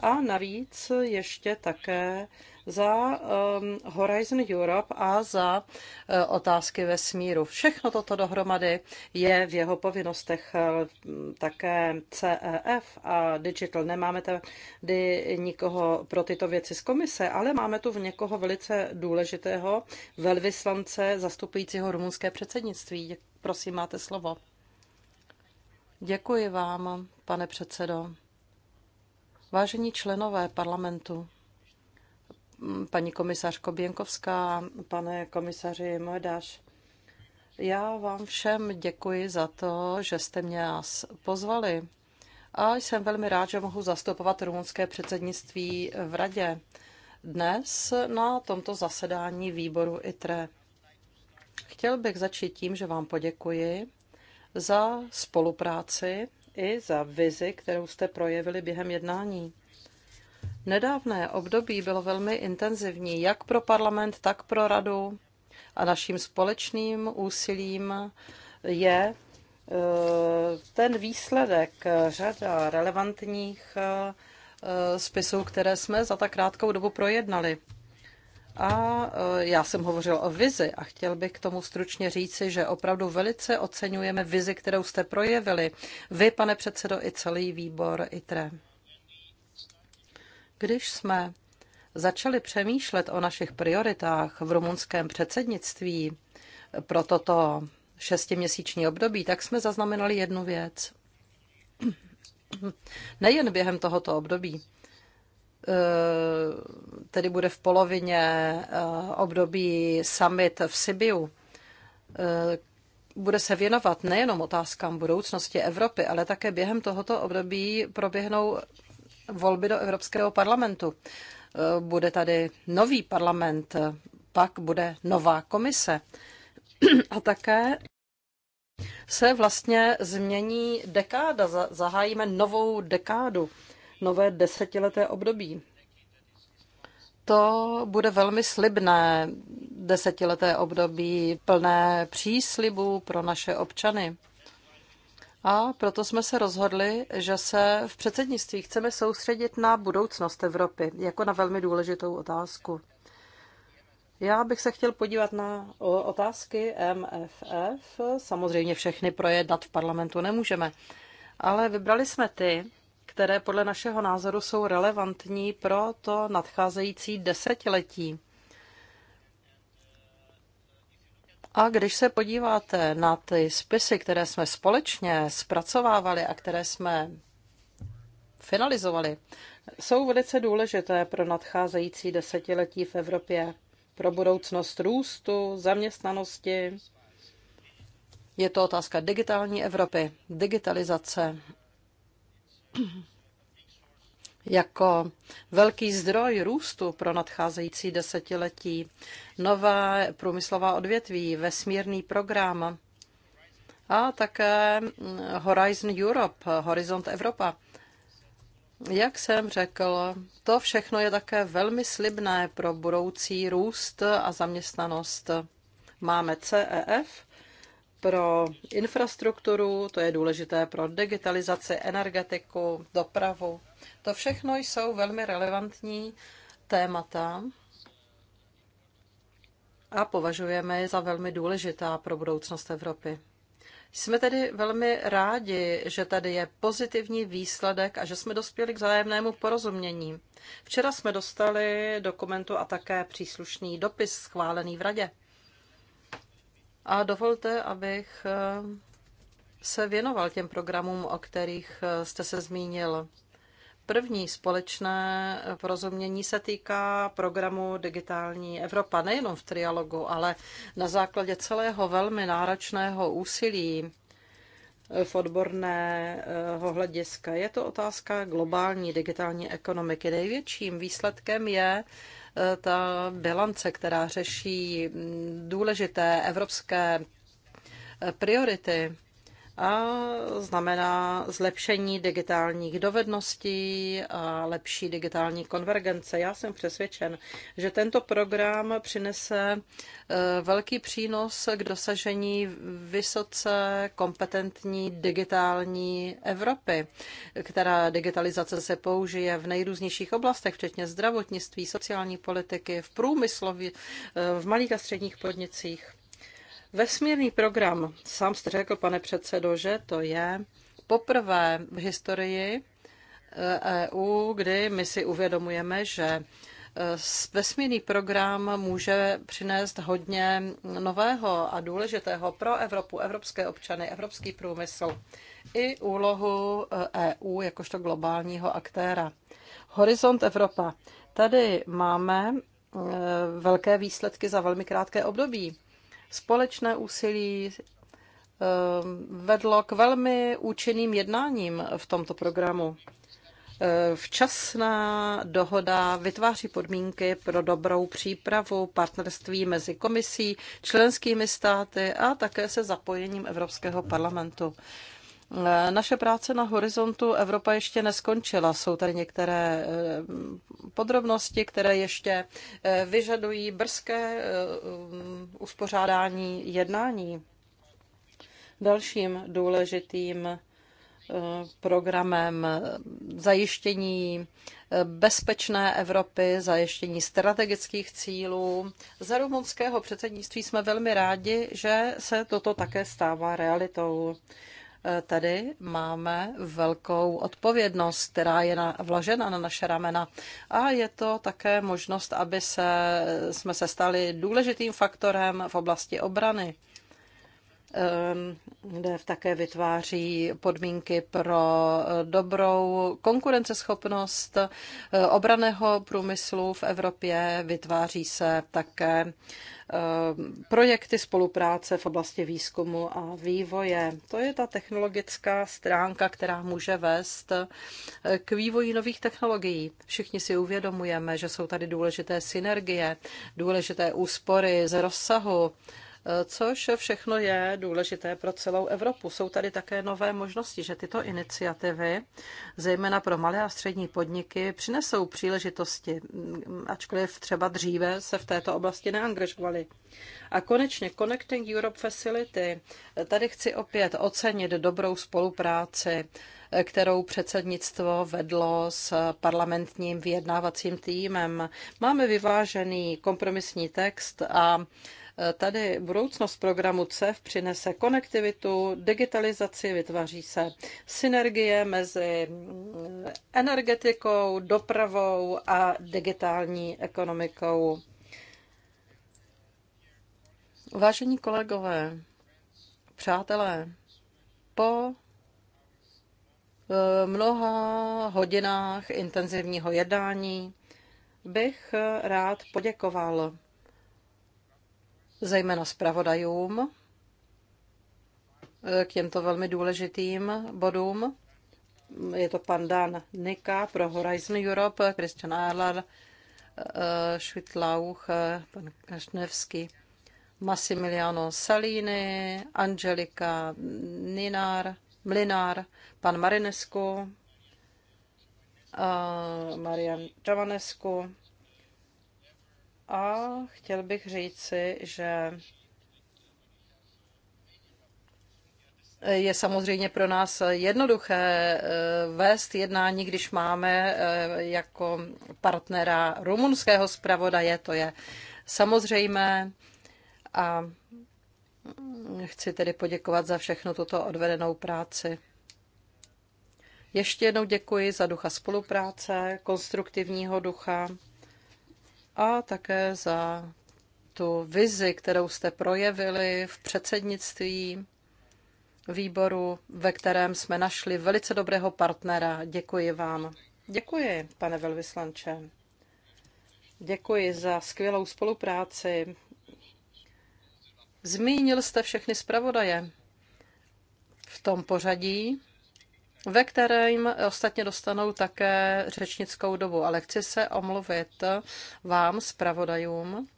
Speaker 4: a navíc ještě také za um, Horizon Europe a za uh, otázky ve smíru. Všechno toto dohromady je v jeho povinnostech uh, také CEF a Digital. Nemáme tady nikoho pro tyto věci z komise, ale máme tu v někoho velice důležitého velvyslance zastupujícího rumunské předsednictví. Prosím, máte slovo. Děkuji vám, pane předsedo. Vážení členové parlamentu, paní komisařko Běnkovská, pane komisaři Mojdaš, já vám všem děkuji za to, že jste mě pozvali a jsem velmi rád, že mohu zastupovat rumunské předsednictví v radě dnes na tomto zasedání výboru ITRE. Chtěl bych začít tím, že vám poděkuji za spolupráci i za vizi, kterou jste projevili během jednání. Nedávné období bylo velmi intenzivní jak pro parlament, tak pro radu a naším společným úsilím je e, ten výsledek řada relevantních e, spisů, které jsme za tak krátkou dobu projednali. A e, já jsem hovořil o vizi a chtěl bych k tomu stručně říci, že opravdu velice oceňujeme vizi, kterou jste projevili. Vy, pane předsedo, i celý výbor ITRE. Když jsme začali přemýšlet o našich prioritách v rumunském předsednictví pro toto šestiměsíční období, tak jsme zaznamenali jednu věc. [clears throat] Nejen během tohoto období, Eh, tedy bude v polovině eh, období summit v Sibiu, eh, bude se věnovat nejenom otázkám budoucnosti Evropy, ale také během tohoto období proběhnou volby do Evropského parlamentu. Bude tady nový parlament, pak bude nová komise. [clears throat] A také se vlastně změní dekáda, zahájíme novou dekádu nové desetileté období. To bude velmi slibné desetileté období, plné příslibů pro naše občany. A proto jsme se rozhodli, že se v předsednictví chceme soustředit na budoucnost Evropy jako na velmi důležitou otázku. Já bych se chtěl podívat na otázky MFF. Samozřejmě všechny projednat v parlamentu nemůžeme, ale vybrali jsme ty, které podle našeho názoru jsou relevantní pro to nadcházející desetiletí. A když se podíváte na ty spisy, které jsme společně zpracovávali a které jsme finalizovali, jsou velice důležité pro nadcházející desetiletí v Evropě, pro budoucnost růstu, zaměstnanosti. Je to otázka digitální Evropy, digitalizace jako velký zdroj růstu pro nadcházející desetiletí, nová průmyslová odvětví, vesmírný program a také mm, Horizon Europe, Horizont Evropa. Jak jsem řekl, to všechno je také velmi slibné pro budoucí růst a zaměstnanost. Máme CEF, pro infrastrukturu, to je důležité pro digitalizaci, energetiku, dopravu. To všechno jsou velmi relevantní témata a považujeme je za velmi důležitá pro budoucnost Evropy. Jsme tedy velmi rádi, že tady je pozitivní výsledek a že jsme dospěli k vzájemnému porozumění. Včera jsme dostali dokumentu a také příslušný dopis schválený v Radě. A dovolte, abych eh, se věnoval těm programům, o kterých eh, jste se zmínil. První společné eh, porozumění se týká programu Digitální Evropa, nejenom v trialogu, ale na základě celého velmi náročného úsilí v odborného hlediska. Je to otázka globální digitální ekonomiky. Největším výsledkem je Eh, ta bilance, která řeší mm, důležité evropské eh, priority, a znamená zlepšení digitálních dovedností a lepší digitální konvergence. Já jsem přesvědčen, že tento program přinese eh, velký přínos k dosažení vysoce kompetentní digitální Evropy, která digitalizace se použije v nejrůznějších oblastech, včetně zdravotnictví, sociální politiky, v průmyslu, eh, v malých a středních podnicích. Vesmírný program, sám jste řekl, pane předsedo, že to je poprvé v historii EU, eh, e kdy my si uvědomujeme, že eh, vesmírný program může přinést hodně nového a důležitého pro Evropu, evropské občany, evropský průmysl i úlohu EU eh, e jakožto globálního aktéra. Horizont Evropa. Tady máme velké výsledky za velmi krátké období. Společné úsilí eh, vedlo k velmi účinným jednáním v tomto programu. Eh, včasná dohoda vytváří podmínky pro dobrou přípravu partnerství mezi komisí, členskými státy a také se zapojením Evropského parlamentu. Eh, naše práce na horizontu Evropa ještě neskončila. Jsou tady některé eh, podrobnosti, které ještě eh, vyžadují brzké mm, uspořádání jednání. Dalším důležitým programem zajištění bezpečné Evropy, zajištění strategických cílů. Za rumunského předsednictví jsme velmi rádi, že se toto také stává realitou. Eh, tady máme velkou odpovědnost, která je na, vložena na naše ramena. A je to také možnost, aby se, jsme se stali důležitým faktorem v oblasti obrany. Ehm, kde také vytváří podmínky pro dobrou konkurenceschopnost eh, obraného průmyslu v Evropě. Vytváří se také ehm, projekty spolupráce v oblasti výzkumu a vývoje. To je ta technologická stránka, která může vést eh, k vývoji nových technologií. Všichni si uvědomujeme, že jsou tady důležité synergie, důležité úspory z rozsahu což všechno je důležité pro celou Evropu. Jsou tady také nové možnosti, že tyto iniciativy, zejména pro malé a střední podniky, přinesou příležitosti, ačkoliv třeba dříve se v této oblasti neangažovali. A konečně Connecting Europe Facility. Tady chci opět ocenit dobrou spolupráci kterou předsednictvo vedlo s parlamentním vyjednávacím týmem. Máme vyvážený kompromisní text a Tady budoucnost programu CEF přinese konektivitu, digitalizaci, vytváří se synergie mezi energetikou, dopravou a digitální ekonomikou. Vážení kolegové, přátelé, po eh, mnoha hodinách intenzivního jednání bych rád poděkoval zejména zpravodajům eh, k těmto velmi důležitým bodům. Je to pan Dan Nika pro Horizon Europe, Christian Adler, Švitlauch, eh, eh, pan Kašnevský, Massimiliano Salini, Angelika Ninar, Mlinar, pan Marinescu, Marian Čavanescu, a chtěl bych říci, že je samozřejmě pro nás jednoduché eh, vést jednání, když máme eh, jako partnera rumunského zpravodaje, to je samozřejmé. A chci tedy poděkovat za všechno tuto odvedenou práci. Ještě jednou děkuji za ducha spolupráce, konstruktivního ducha a také za tu vizi, kterou jste projevili v předsednictví výboru, ve kterém jsme našli velice dobrého partnera. Děkuji vám. Děkuji, pane velvyslanče. Děkuji za skvělou spolupráci. Zmínil jste všechny zpravodaje v tom pořadí, ve kterém ostatně dostanou také řečnickou dobu. Ale chci se omluvit vám, zpravodajům.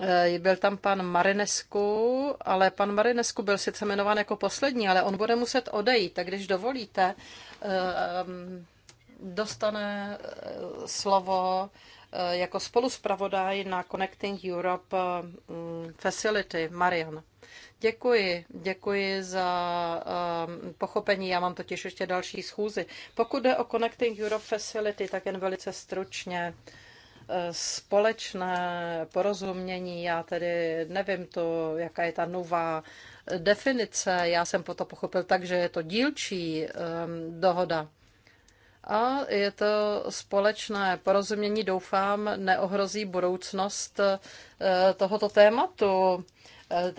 Speaker 4: Eh, byl tam pan Marinesku, ale pan Marinesku byl sice jmenován jako poslední, ale on bude muset odejít, tak když dovolíte, ehm, dostane eh, slovo eh, jako spoluspravodaj na Connecting Europe mm, Facility Marian. Děkuji, děkuji za um, pochopení. Já mám totiž ještě další schůzy. Pokud jde o Connecting Europe Facility, tak jen velice stručně eh, společné porozumění. Já tedy nevím to, jaká je ta nová definice. Já jsem po to pochopil tak, že je to dílčí um, dohoda. A je to společné porozumění, doufám, neohrozí budoucnost eh, tohoto tématu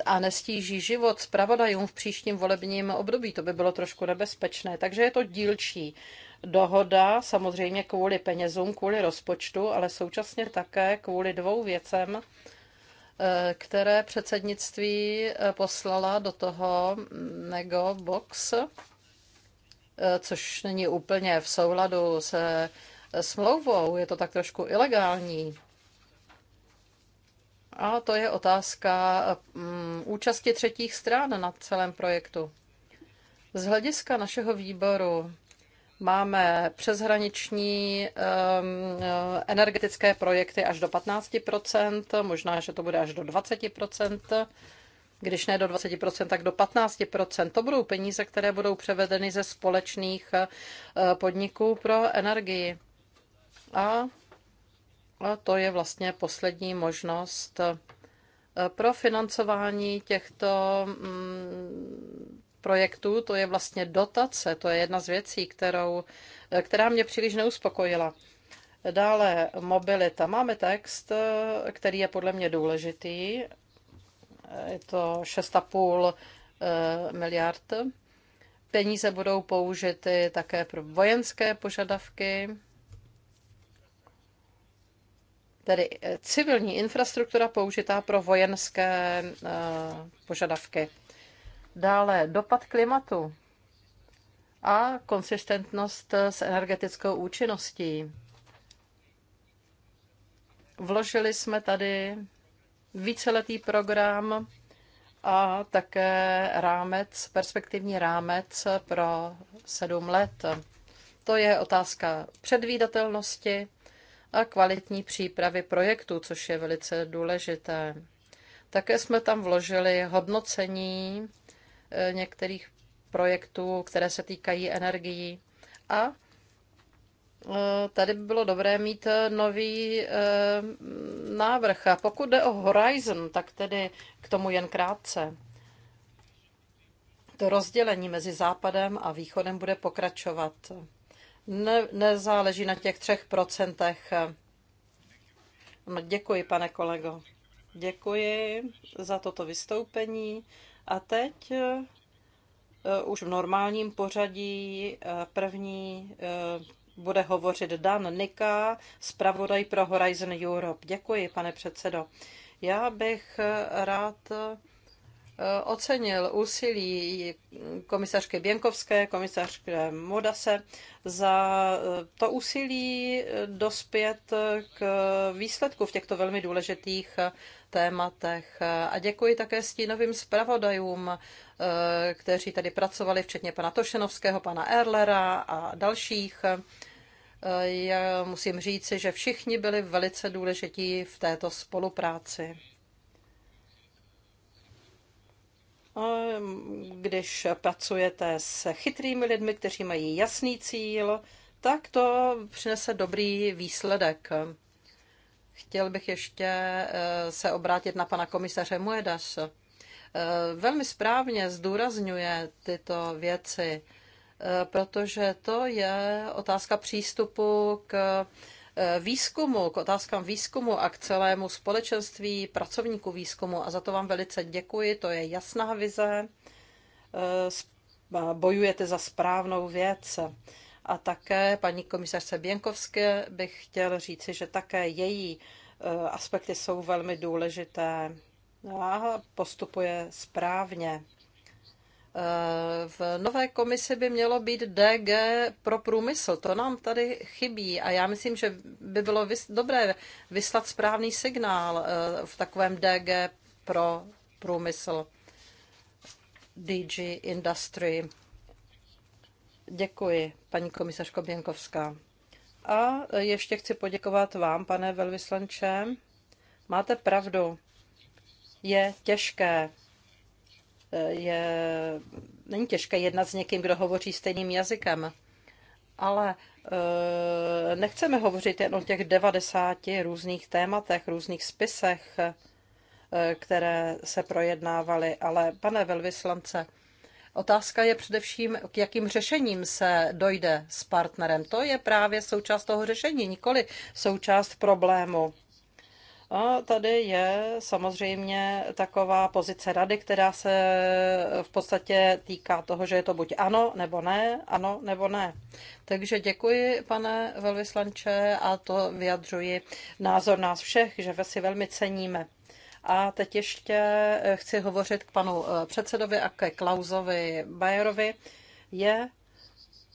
Speaker 4: a nestíží život zpravodajům v příštím volebním období. To by bylo trošku nebezpečné. Takže je to dílčí dohoda, samozřejmě kvůli penězům, kvůli rozpočtu, ale současně také kvůli dvou věcem, eh, které předsednictví eh, poslala do toho nego box, eh, což není úplně v souladu se smlouvou, je to tak trošku ilegální. A to je otázka mm, účasti třetích stran na celém projektu. Z hlediska našeho výboru máme přeshraniční energetické projekty až do 15%, možná, že to bude až do 20%, když ne do 20%, tak do 15%. To budou peníze, které budou převedeny ze společných eh, podniků pro energii. A a to je vlastně poslední možnost eh, pro financování těchto mm, projektů. To je vlastně dotace, to je jedna z věcí, kterou, eh, která mě příliš neuspokojila. Dále mobilita. Máme text, eh, který je podle mě důležitý. Je to 6,5 miliard. Peníze budou použity také pro vojenské požadavky tedy eh, civilní infrastruktura použitá pro vojenské eh, požadavky. Dále dopad klimatu a konsistentnost eh, s energetickou účinností. Vložili jsme tady víceletý program a také rámec, perspektivní rámec pro sedm let. To je otázka předvídatelnosti, a kvalitní přípravy projektu, což je velice důležité. Také jsme tam vložili hodnocení eh, některých projektů, které se týkají energií. A eh, tady by bylo dobré mít eh, nový návrh. A pokud jde o Horizon, tak tedy k tomu jen krátce. To rozdělení mezi Západem a Východem bude pokračovat ne, nezáleží na těch třech procentech. No, děkuji, pane kolego. Děkuji za toto vystoupení. A teď eh, eh, už v normálním pořadí eh, první bude hovořit Dan Nika, zpravodaj pro Horizon Europe. Děkuji, pane předsedo. Já bych rád Eh, ocenil úsilí komisařky Běnkovské, komisařky Modase za eh, to úsilí eh, dospět k výsledku v těchto velmi důležitých tématech. A děkuji také stínovým zpravodajům, kteří tady pracovali, včetně pana Tošenovského, pana Erlera a dalších. Já musím říci, že všichni byli velice důležití v této spolupráci. Ehm, když pracujete s chytrými lidmi, kteří mají jasný cíl, tak to přinese dobrý výsledek. Chtěl bych ještě eh, se obrátit na pana komisaře Moedas. Eh, velmi správně zdůrazňuje tyto věci, eh, protože to je otázka přístupu k Eh, výzkumu, k otázkám výzkumu a k celému společenství pracovníků výzkumu. A za to vám velice děkuji, to je jasná vize. Eh, bojujete za správnou věc. A také paní komisařce Běnkovské bych chtěl říci, že také její eh, aspekty jsou velmi důležité a postupuje správně. Eh, v nové komisi by mělo být DG pro průmysl. To nám tady chybí a já myslím, že by bylo vys- dobré vyslat správný signál eh, v takovém DG pro průmysl. DG Industry. Děkuji, paní komisařko Běnkovská. A ještě chci poděkovat vám, pane velvyslanče. Máte pravdu. Je těžké je, není těžké jednat s někým, kdo hovoří stejným jazykem. Ale eh, nechceme hovořit jen o těch 90 různých tématech, různých spisech, eh, které se projednávaly, ale pane velvyslance, Otázka je především, k jakým řešením se dojde s partnerem. To je právě součást toho řešení, nikoli součást problému. A tady je samozřejmě taková pozice rady, která se v podstatě týká toho, že je to buď ano nebo ne, ano nebo ne. Takže děkuji, pane velvyslanče, a to vyjadřuji názor nás všech, že si velmi ceníme. A teď ještě chci hovořit k panu eh, předsedovi a ke Klausovi Bajerovi. Je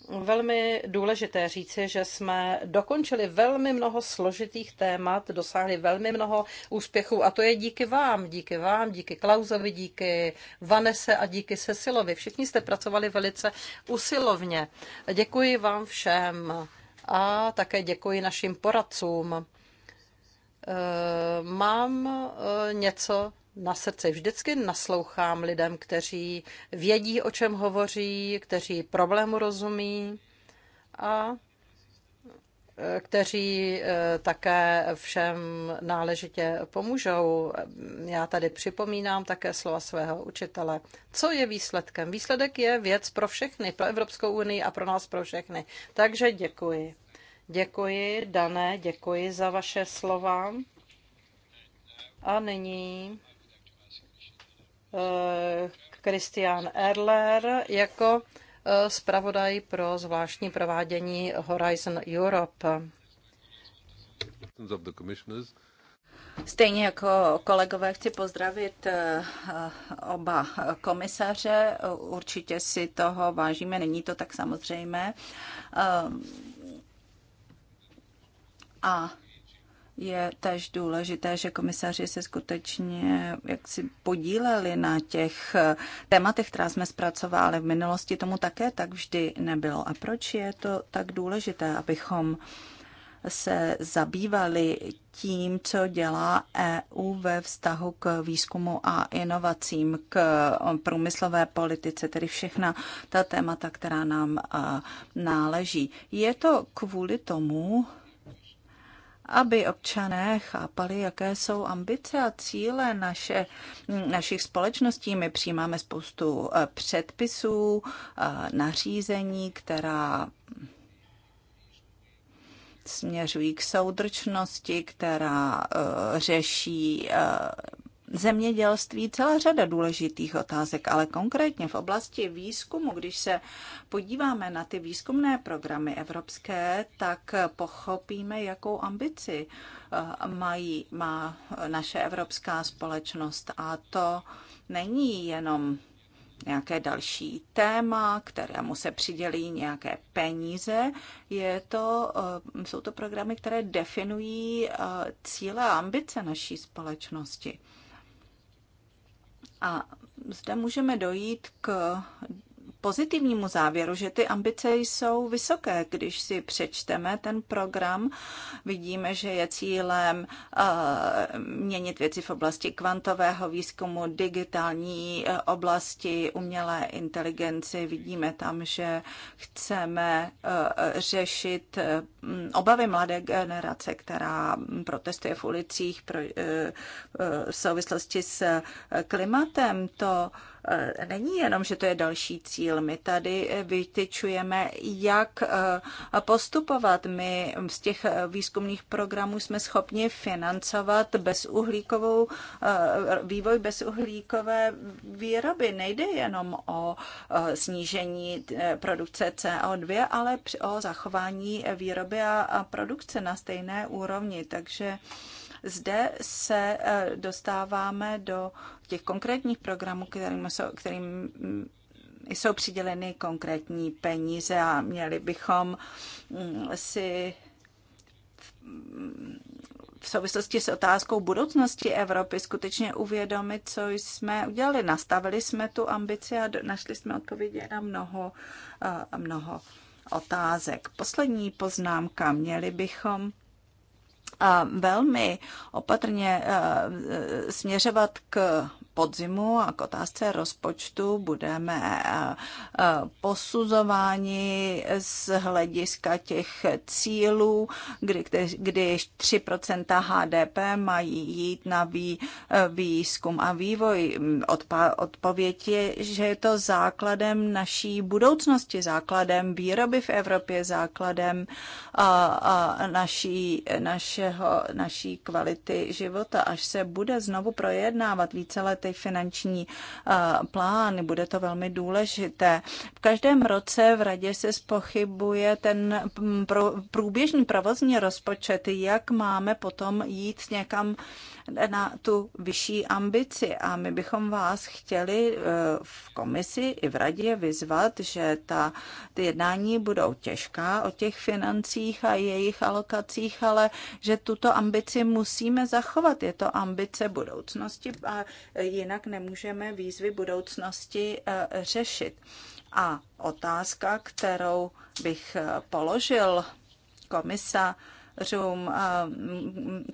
Speaker 4: velmi důležité říci, že jsme dokončili velmi mnoho složitých témat, dosáhli velmi mnoho úspěchů a to je díky vám, díky vám, díky Klausovi, díky Vanese a díky Cecilovi. Všichni jste pracovali velice usilovně. Děkuji vám všem a také děkuji našim poradcům. Eh, mám eh, něco na srdci. Vždycky naslouchám lidem, kteří vědí, o čem hovoří, kteří problému rozumí a eh, kteří eh, také všem náležitě pomůžou. Já tady připomínám také slova svého učitele. Co je výsledkem? Výsledek je věc pro všechny, pro Evropskou unii a pro nás pro všechny. Takže děkuji. Děkuji, Dané, děkuji za vaše slova. A nyní Eh, Christian Erler jako eh, zpravodaj pro zvláštní provádění Horizon Europe. Stejně jako kolegové chci
Speaker 2: pozdravit eh, oba komisaře. Určitě si toho vážíme, není to tak samozřejmé. A je tež důležité, že komisaři se skutečně jak si podíleli na těch eh, tématech, která jsme zpracovali v minulosti, tomu také tak vždy nebylo. A proč je to tak důležité, abychom se zabývali tím, co dělá EU ve vztahu k výzkumu a inovacím, k eh, průmyslové politice, tedy všechna ta témata, která nám eh, náleží. Je to kvůli tomu, aby občané chápali, jaké jsou ambice a cíle naše, našich společností. My přijímáme spoustu eh, předpisů, eh, nařízení, která směřují k soudržnosti, která eh, řeší zemědělství celá řada důležitých otázek, ale konkrétně v oblasti výzkumu, když se podíváme na ty výzkumné programy evropské, tak pochopíme, jakou ambici eh, mají, má naše evropská společnost. A to není jenom nějaké další téma, kterému se přidělí nějaké peníze. Je to, eh, jsou to programy, které definují eh, cíle a ambice naší společnosti. A zde můžeme dojít k pozitivnímu závěru, že ty ambice jsou vysoké. Když si přečteme ten program, vidíme, že je cílem uh, měnit věci v oblasti kvantového výzkumu, digitální eh, oblasti, umělé inteligenci. Vidíme tam, že chceme uh, řešit obavy mladé generace, která protestuje v ulicích pro, uh, v souvislosti s klimatem. To uh, Eh, není jenom, že to je další cíl. My tady eh, vytyčujeme, jak eh, postupovat. My z těch výzkumných programů jsme schopni financovat bezuhlíkovou, vývoj bezuhlíkové výroby. Nejde jenom o snížení produkce CO2, ale o zachování výroby a produkce na stejné úrovni. Takže zde se dostáváme do těch konkrétních programů, kterým jsou, kterým jsou přiděleny konkrétní peníze a měli bychom mm, si mm, v souvislosti s otázkou budoucnosti Evropy skutečně uvědomit, co jsme udělali. Nastavili jsme tu ambici a našli jsme odpovědi na mnoho, mnoho otázek. Poslední poznámka. Měli bychom velmi opatrně eh, směřovat k podzimu a k otázce rozpočtu budeme eh, eh, posuzováni z hlediska těch cílů, kdy, kdy 3% HDP mají jít na vý, eh, výzkum a vývoj. Odpa, odpověď je, že je to základem naší budoucnosti, základem výroby v Evropě, základem a, a naší, našeho, naší kvality života. Až se bude znovu projednávat let ty finanční eh, plány bude to velmi důležité. V každém roce v radě se spochybuje ten mm, průběžný provozní rozpočet, jak máme potom jít někam na tu vyšší ambici. A my bychom vás chtěli eh, v komisi i v radě vyzvat, že ta, ty jednání budou těžká o těch financích a jejich alokacích, ale že tuto ambici musíme zachovat. Je to ambice budoucnosti a jinak nemůžeme výzvy budoucnosti eh, řešit. A otázka, kterou bych eh, položil komisa, komisařům.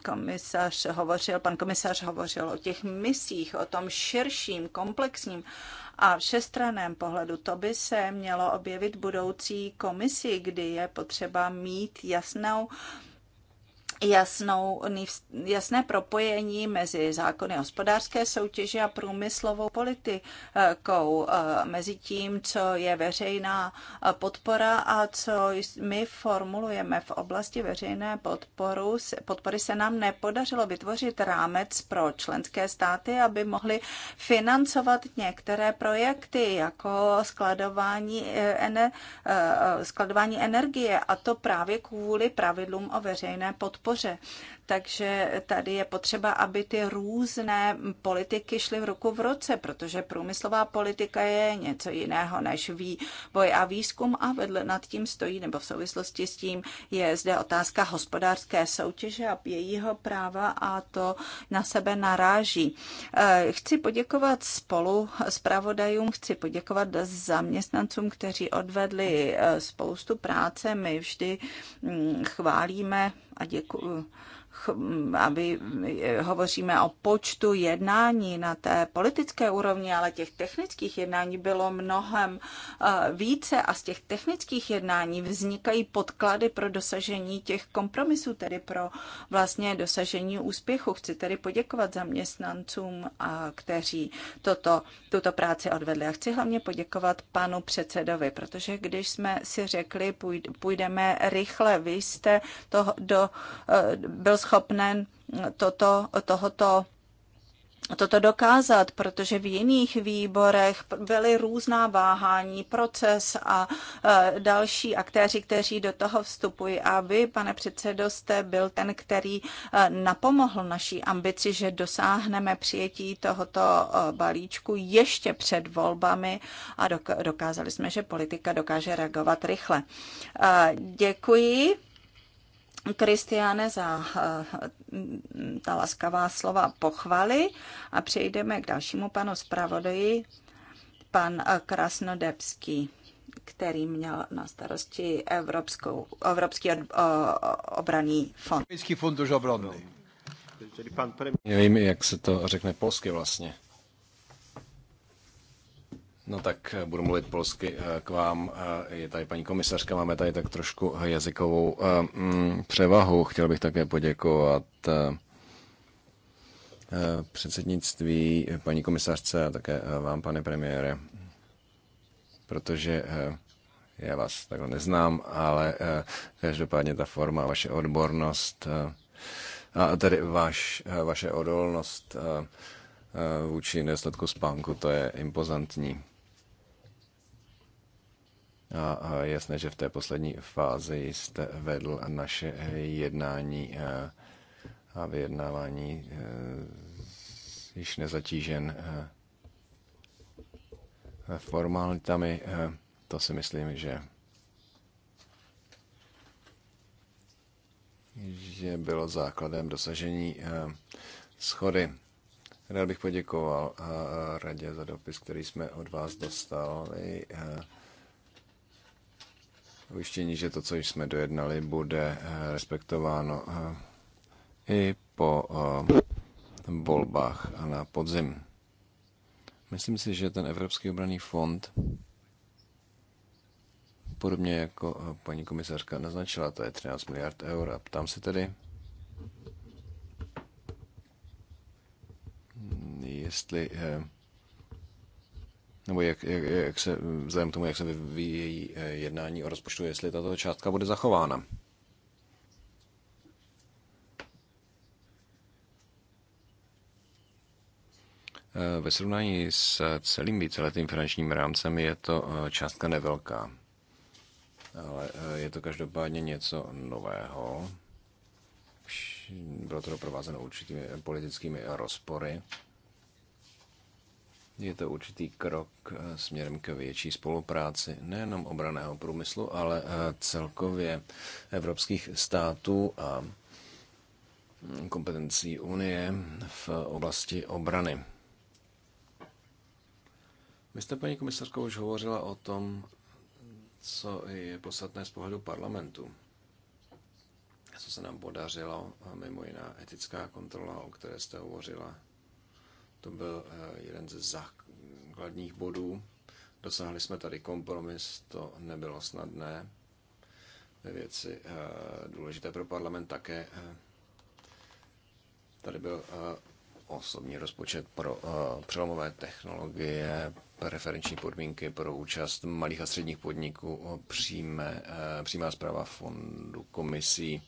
Speaker 2: Komisař hovořil, pan komisař hovořil o těch misích, o tom širším, komplexním a všestraném pohledu. To by se mělo objevit budoucí komisi, kdy je potřeba mít jasnou jasnou, jasné propojení mezi zákony hospodářské soutěže a průmyslovou politikou, eh, mezi tím, co je veřejná eh, podpora a co my formulujeme v oblasti veřejné podporu. Podpory se nám nepodařilo vytvořit rámec pro členské státy, aby mohly financovat některé projekty, jako skladování, eh, ener, skladování energie, a to právě kvůli pravidlům o veřejné podpoře podpoře. Takže tady je potřeba, aby ty různé politiky šly v ruku v roce, protože průmyslová politika je něco jiného než vývoj a výzkum a vedle nad tím stojí, nebo v souvislosti s tím je zde otázka hospodářské soutěže a jejího práva a to na sebe naráží. Eh, chci poděkovat spolu s pravodajům, chci poděkovat zaměstnancům, kteří odvedli eh, spoustu práce. My vždy mm, chválíme a děkuji aby eh, hovoříme o počtu jednání na té politické úrovni, ale těch technických jednání bylo mnohem eh, více a z těch technických jednání vznikají podklady pro dosažení těch kompromisů, tedy pro vlastně dosažení úspěchu. Chci tedy poděkovat zaměstnancům, kteří toto, tuto práci odvedli. A chci hlavně poděkovat panu předsedovi, protože když jsme si řekli, půjdeme rychle, vy jste to do, eh, byl schopen schopen toto, tohoto toto dokázat, protože v jiných výborech byly různá váhání, proces a e, další aktéři, kteří do toho vstupují. A vy, pane předsedo, jste byl ten, který e, napomohl naší ambici, že dosáhneme přijetí tohoto e, balíčku ještě před volbami a dokázali jsme, že politika dokáže reagovat rychle. Děkuji. Kristiane za eh, ta laskavá slova pochvaly a přejdeme k dalšímu panu zpravodoji, pan eh, Krasnodebský který měl na starosti Evropskou, Evropský eh, obraný
Speaker 1: fond. Evropský fond už obrany.
Speaker 3: Nevím, jak se to řekne polsky vlastně. No tak eh, budu mluvit polsky eh, k vám. Eh, je tady paní komisařka, máme tady tak trošku jazykovou mm, převahu. Chtěl bych také poděkovat předsednictví, paní komisařce a také vám, pane premiére, protože já vás takhle neznám, ale každopádně ta forma, vaše odbornost, a tedy vaš vaše odolnost vůči nedostatku spánku, to je impozantní. A jasné, že v té poslední fázi jste vedl naše jednání eh, a vyjednávání eh, již nezatížen eh, formalitami. To si myslím, že že bylo základem dosažení schody. Rád bych poděkoval radě za dopis, který jsme od vás dostali ujištění, že to, co jsme dojednali, bude eh, respektováno eh, i po eh, volbách a na podzim. Myslím si, že ten Evropský obraný fond, podobně jako paní komisařka naznačila, to je 13 miliard eur a ptám se tedy, jestli nebo jak, jak, jak se, vzhledem k tomu, jak se vyvíjejí eh, jednání o rozpočtu, jestli tato částka bude zachována. Eh, ve srovnání s celým víceletým finančním rámcem je to eh, částka nevelká, ale je to každopádně něco nového. Bylo to doprovázeno určitými politickými rozpory je to určitý krok eh, směrem k větší spolupráci nejenom obraného průmyslu, ale eh, celkově evropských států a kompetencí Unie v oblasti obrany. Vy jste, paní komisarko, už hovořila o tom, co je podstatné z pohledu parlamentu. Co se nám podařilo, mimo jiná etická kontrola, o které jste hovořila, to byl eh, jeden ze základních bodů. Dosáhli jsme tady kompromis, to nebylo snadné. Ve věci eh, důležité pro parlament také. Eh, tady byl osobní rozpočet pro přelomové technologie, preferenční podmínky pro účast malých a středních podniků, přímé, přímá zpráva fondu komisí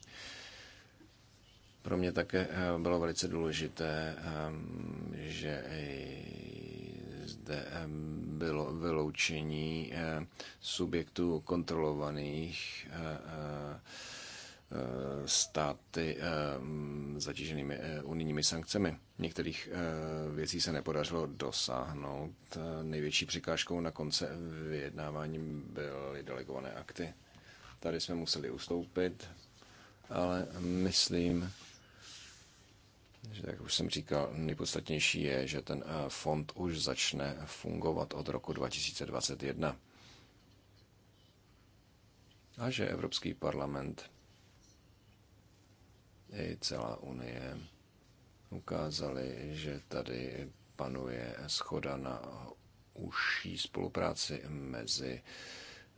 Speaker 3: pro mě také eh, bylo velice důležité, eh, že zde eh, bylo vyloučení subjektů kontrolovaných státy zatíženými unijními sankcemi. Některých věcí se nepodařilo dosáhnout. Největší překážkou na konce vyjednávání byly delegované akty. Tady jsme museli ustoupit, ale myslím, že jak už jsem říkal, nejpodstatnější je, že ten eh, fond už začne fungovat od roku 2021. A že Evropský parlament i celá Unie ukázali, že tady panuje schoda na užší spolupráci mezi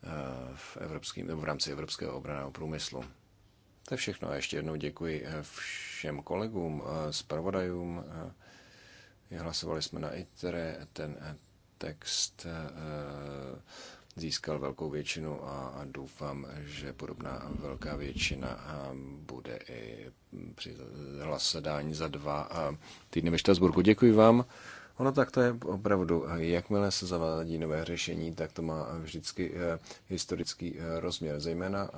Speaker 3: eh, v, evropským, v rámci evropského obraného průmyslu. To je všechno a ještě jednou děkuji eh, všem kolegům, eh, zpravodajům. Eh, Hlasovali jsme na ITRE, ten text získal velkou většinu a doufám, že podobná velká většina bude i při hlasování za dva týdny ve Štrasburku. Děkuji vám. Ono tak to je opravdu. Jakmile se zavádí nové řešení, tak to má vždycky historický rozměr, zejména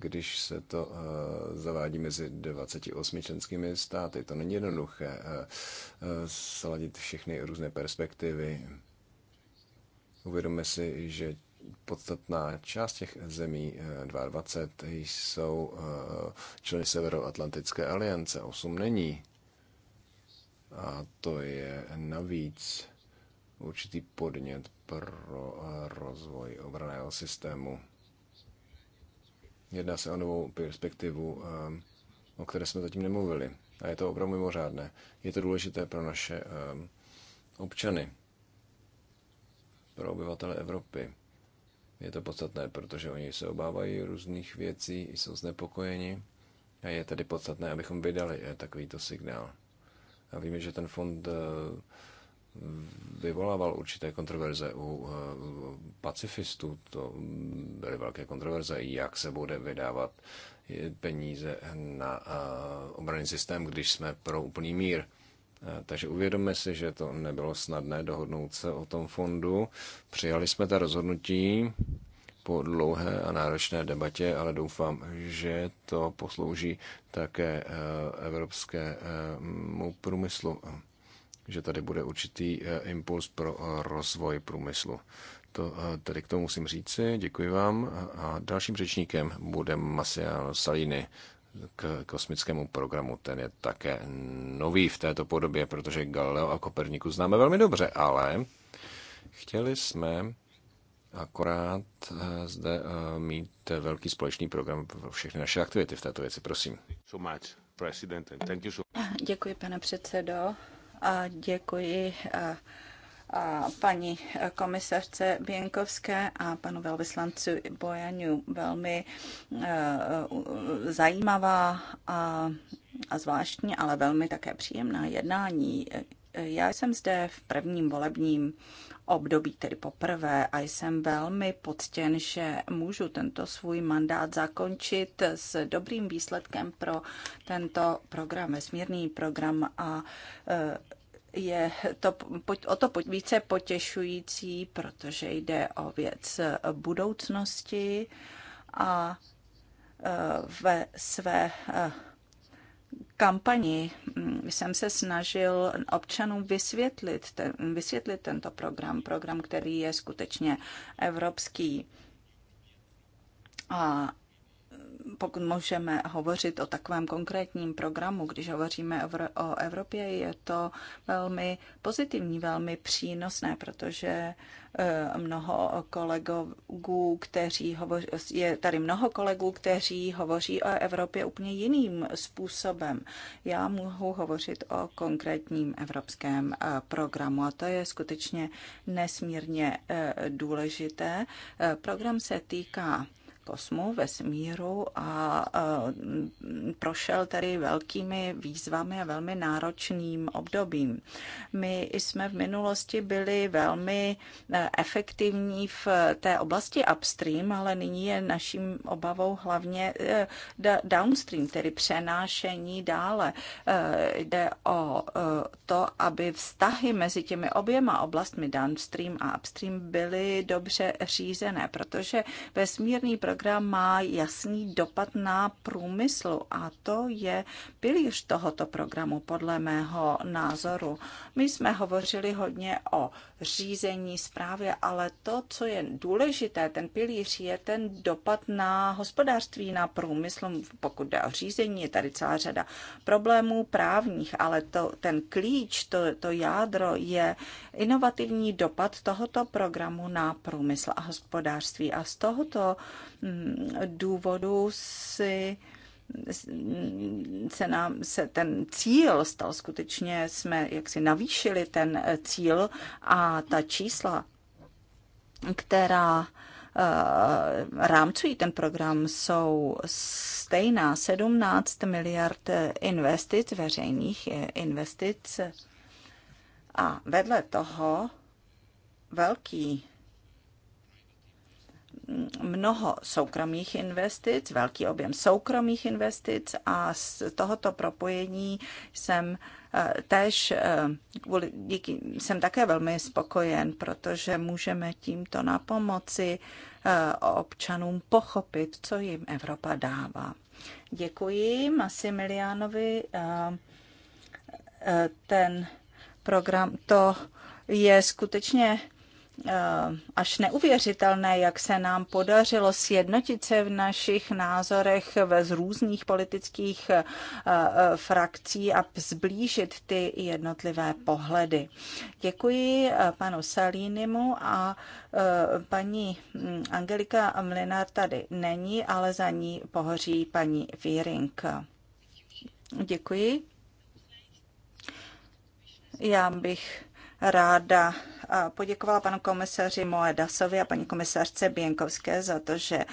Speaker 3: když se to eh, zavádí mezi 28 členskými státy. To není jednoduché eh, eh, sladit všechny různé perspektivy. Uvědomme si, že podstatná část těch zemí, 22, jsou členy Severoatlantické aliance, 8 není. A to je navíc určitý podnět pro rozvoj obraného systému. Jedná se o novou perspektivu, eh, o které jsme zatím nemluvili. A je to opravdu mimořádné. Je to důležité pro naše eh, občany, pro obyvatele Evropy. Je to podstatné, protože oni se obávají různých věcí, jsou znepokojeni a je tedy podstatné, abychom vydali eh, takovýto signál. A víme, že ten fond vyvolával určité kontroverze eh, u pacifistů, to byly velké kontroverze, jak se bude vydávat peníze na eh, obranný systém, když jsme pro úplný mír. Eh, takže uvědomme si, že to nebylo snadné dohodnout se o tom fondu. Přijali jsme ta rozhodnutí po dlouhé a náročné debatě, ale doufám, že to poslouží také evropskému průmyslu že tady bude určitý eh, impuls pro eh, rozvoj průmyslu. To eh, tedy k tomu musím říci. Děkuji vám. A dalším řečníkem bude Masial Salini k kosmickému programu. Ten je také nový v této podobě, protože Galileo a Koperniku známe velmi dobře, ale chtěli jsme akorát zde mít velký společný program pro všechny naše aktivity v této věci. Prosím.
Speaker 2: Děkuji, pane předsedo a děkuji a paní komisařce Běnkovské a panu velvyslanci Bojanu. Velmi e, zajímavá a, a zvláštní, ale velmi také příjemná jednání. Já jsem zde v prvním volebním období, tedy poprvé, a jsem velmi poctěn, že můžu tento svůj mandát zakončit s dobrým výsledkem pro tento program, vesmírný program a e, je to o to více potěšující, protože jde o věc e, budoucnosti a e, ve své e, kampani mm, jsem se snažil občanům vysvětlit, ten, vysvětlit tento program, program, který je skutečně evropský. A pokud můžeme hovořit o takovém konkrétním programu, když hovoříme o Evropě, je to velmi pozitivní, velmi přínosné, protože eh, mnoho kolegů, kteří hovoří, je tady mnoho kolegů, kteří hovoří o Evropě úplně jiným způsobem. Já mohu hovořit o konkrétním evropském eh, programu a to je skutečně nesmírně eh, důležité. Program se týká kosmu, vesmíru a prošel tedy velkými výzvami a velmi náročným obdobím. My jsme v minulosti byli velmi e, efektivní v té oblasti upstream, ale nyní je naším obavou hlavně e, downstream, tedy přenášení dále. E, jde o to, aby vztahy mezi těmi oběma oblastmi downstream a upstream byly dobře řízené, protože vesmírný proces program má jasný dopad na průmysl a to je pilíř tohoto programu podle mého názoru. My jsme hovořili hodně o řízení zprávě, ale to, co je důležité, ten pilíř je ten dopad na hospodářství, na průmysl. Pokud jde o řízení, je tady celá řada problémů právních, ale to, ten klíč, to, to jádro je inovativní dopad tohoto programu na průmysl a hospodářství. A z tohoto Mm, důvodu si se nám se ten cíl stal skutečně, jsme jaksi navýšili ten eh, cíl a ta čísla, která eh, rámcují ten program, jsou stejná 17 miliard eh, investic, veřejných investic. A vedle toho velký mnoho soukromých investic, velký objem soukromých investic a z tohoto propojení jsem eh, tež eh, díky, jsem také velmi spokojen, protože můžeme tímto na pomoci eh, občanům pochopit, co jim Evropa dává. Děkuji Massimilianovi. Ten program to je skutečně Eh, až neuvěřitelné, jak se nám podařilo sjednotit se v našich názorech z různých politických eh, eh, frakcí a zblížit ty jednotlivé pohledy. Děkuji panu Salínimu a paní hm, Angelika Mlinar tady není, ale za ní pohoří paní Víring. Děkuji. Já bych ráda poděkovala panu komisaři Moedasovi a paní komisařce Běnkovské za to, že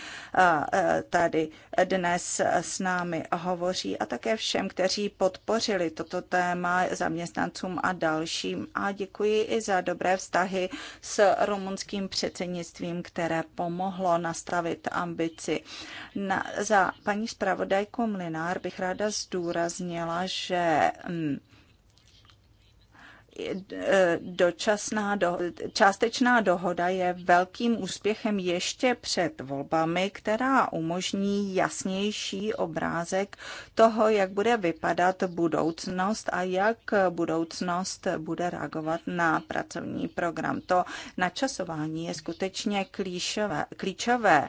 Speaker 2: tady dnes s námi hovoří a také všem, kteří podpořili toto téma zaměstnancům a dalším. A děkuji i za dobré vztahy s rumunským předsednictvím, které pomohlo nastavit ambici. Na, za paní zpravodajku Mlinár bych ráda zdůraznila, že hm, dočasná do, částečná dohoda je velkým úspěchem ještě před volbami, která umožní jasnější obrázek toho, jak bude vypadat budoucnost a jak budoucnost bude reagovat na pracovní program. To načasování je skutečně klíšové, klíčové.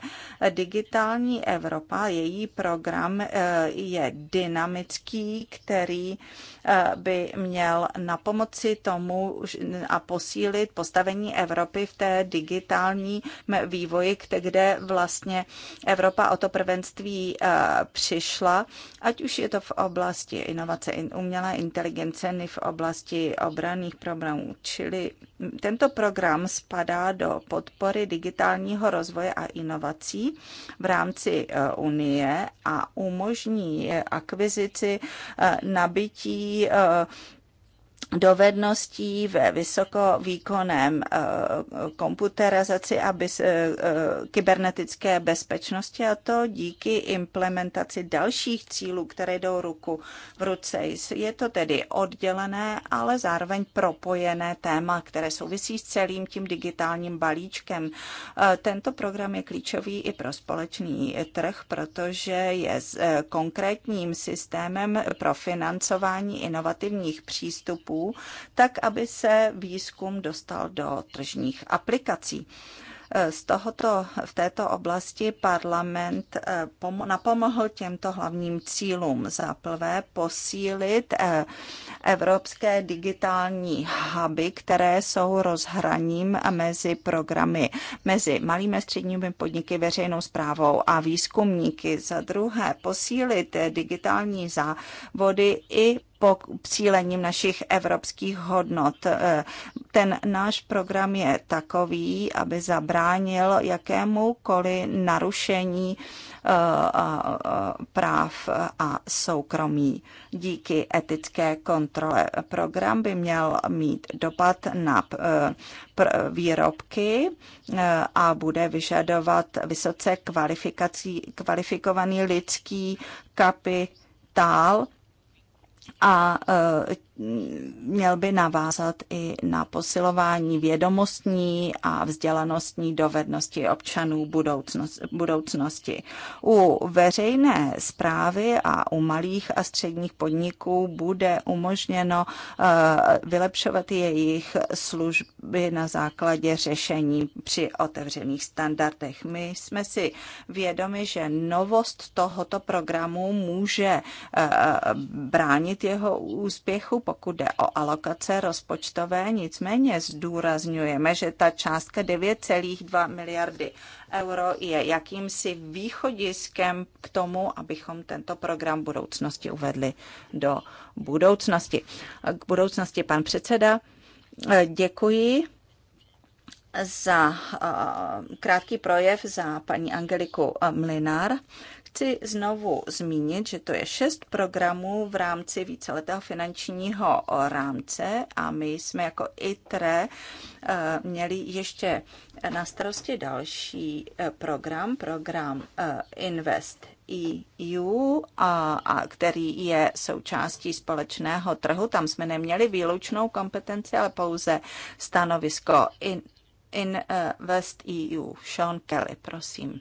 Speaker 2: Digitální Evropa, její program eh, je dynamický, který eh, by měl na pomoci tomu a posílit postavení Evropy v té digitální vývoji, kde vlastně Evropa o to prvenství eh, přišla, ať už je to v oblasti inovace umělé inteligence, ne v oblasti obraných programů. Čili mm, tento program spadá do podpory digitálního rozvoje a inovací v rámci eh, Unie a umožní akvizici eh, nabití dovedností ve vysokovýkonném eh, komputerizaci a eh, kybernetické bezpečnosti a to díky implementaci dalších cílů, které jdou ruku v ruce. Je to tedy oddělené, ale zároveň propojené téma, které souvisí s celým tím digitálním balíčkem. Eh, tento program je klíčový i pro společný trh, protože je s konkrétním systémem pro financování inovativních přístupů postupů, tak aby se výzkum dostal do tržních aplikací. Z tohoto, v této oblasti parlament eh, napomohl těmto hlavním cílům. Za prvé posílit eh, evropské digitální huby, které jsou rozhraním mezi programy, mezi malými středními podniky, veřejnou zprávou a výzkumníky. Za druhé posílit eh, digitální závody i po našich evropských hodnot. Eh, ten náš program je takový, aby zabránil jakémukoliv narušení eh, práv a soukromí díky etické kontrole. Program by měl mít dopad na eh, výrobky a bude vyžadovat vysoce kvalifikací, kvalifikovaný lidský kapitál a e, měl by navázat i na posilování vědomostní a vzdělanostní dovednosti občanů budoucnosti. U veřejné zprávy a u malých a středních podniků bude umožněno eh, vylepšovat jejich služby na základě řešení při otevřených standardech. My jsme si vědomi, že novost tohoto programu může eh, eh, bránit jeho úspěchu, pokud jde o alokace rozpočtové, nicméně zdůrazňujeme, že ta částka 9,2 miliardy euro je jakýmsi východiskem k tomu, abychom tento program budoucnosti uvedli do budoucnosti. K budoucnosti pan předseda, děkuji za eh, krátký projev za paní Angeliku Mlinar. Chci znovu zmínit, že to je šest programů v rámci víceletého finančního rámce a my jsme jako ITRE eh, měli ještě na starosti další eh, program, program eh, Invest EU, a, a který je součástí společného trhu. Tam jsme neměli výlučnou kompetenci, ale pouze stanovisko in, Invest EU. Sean Kelly, prosím.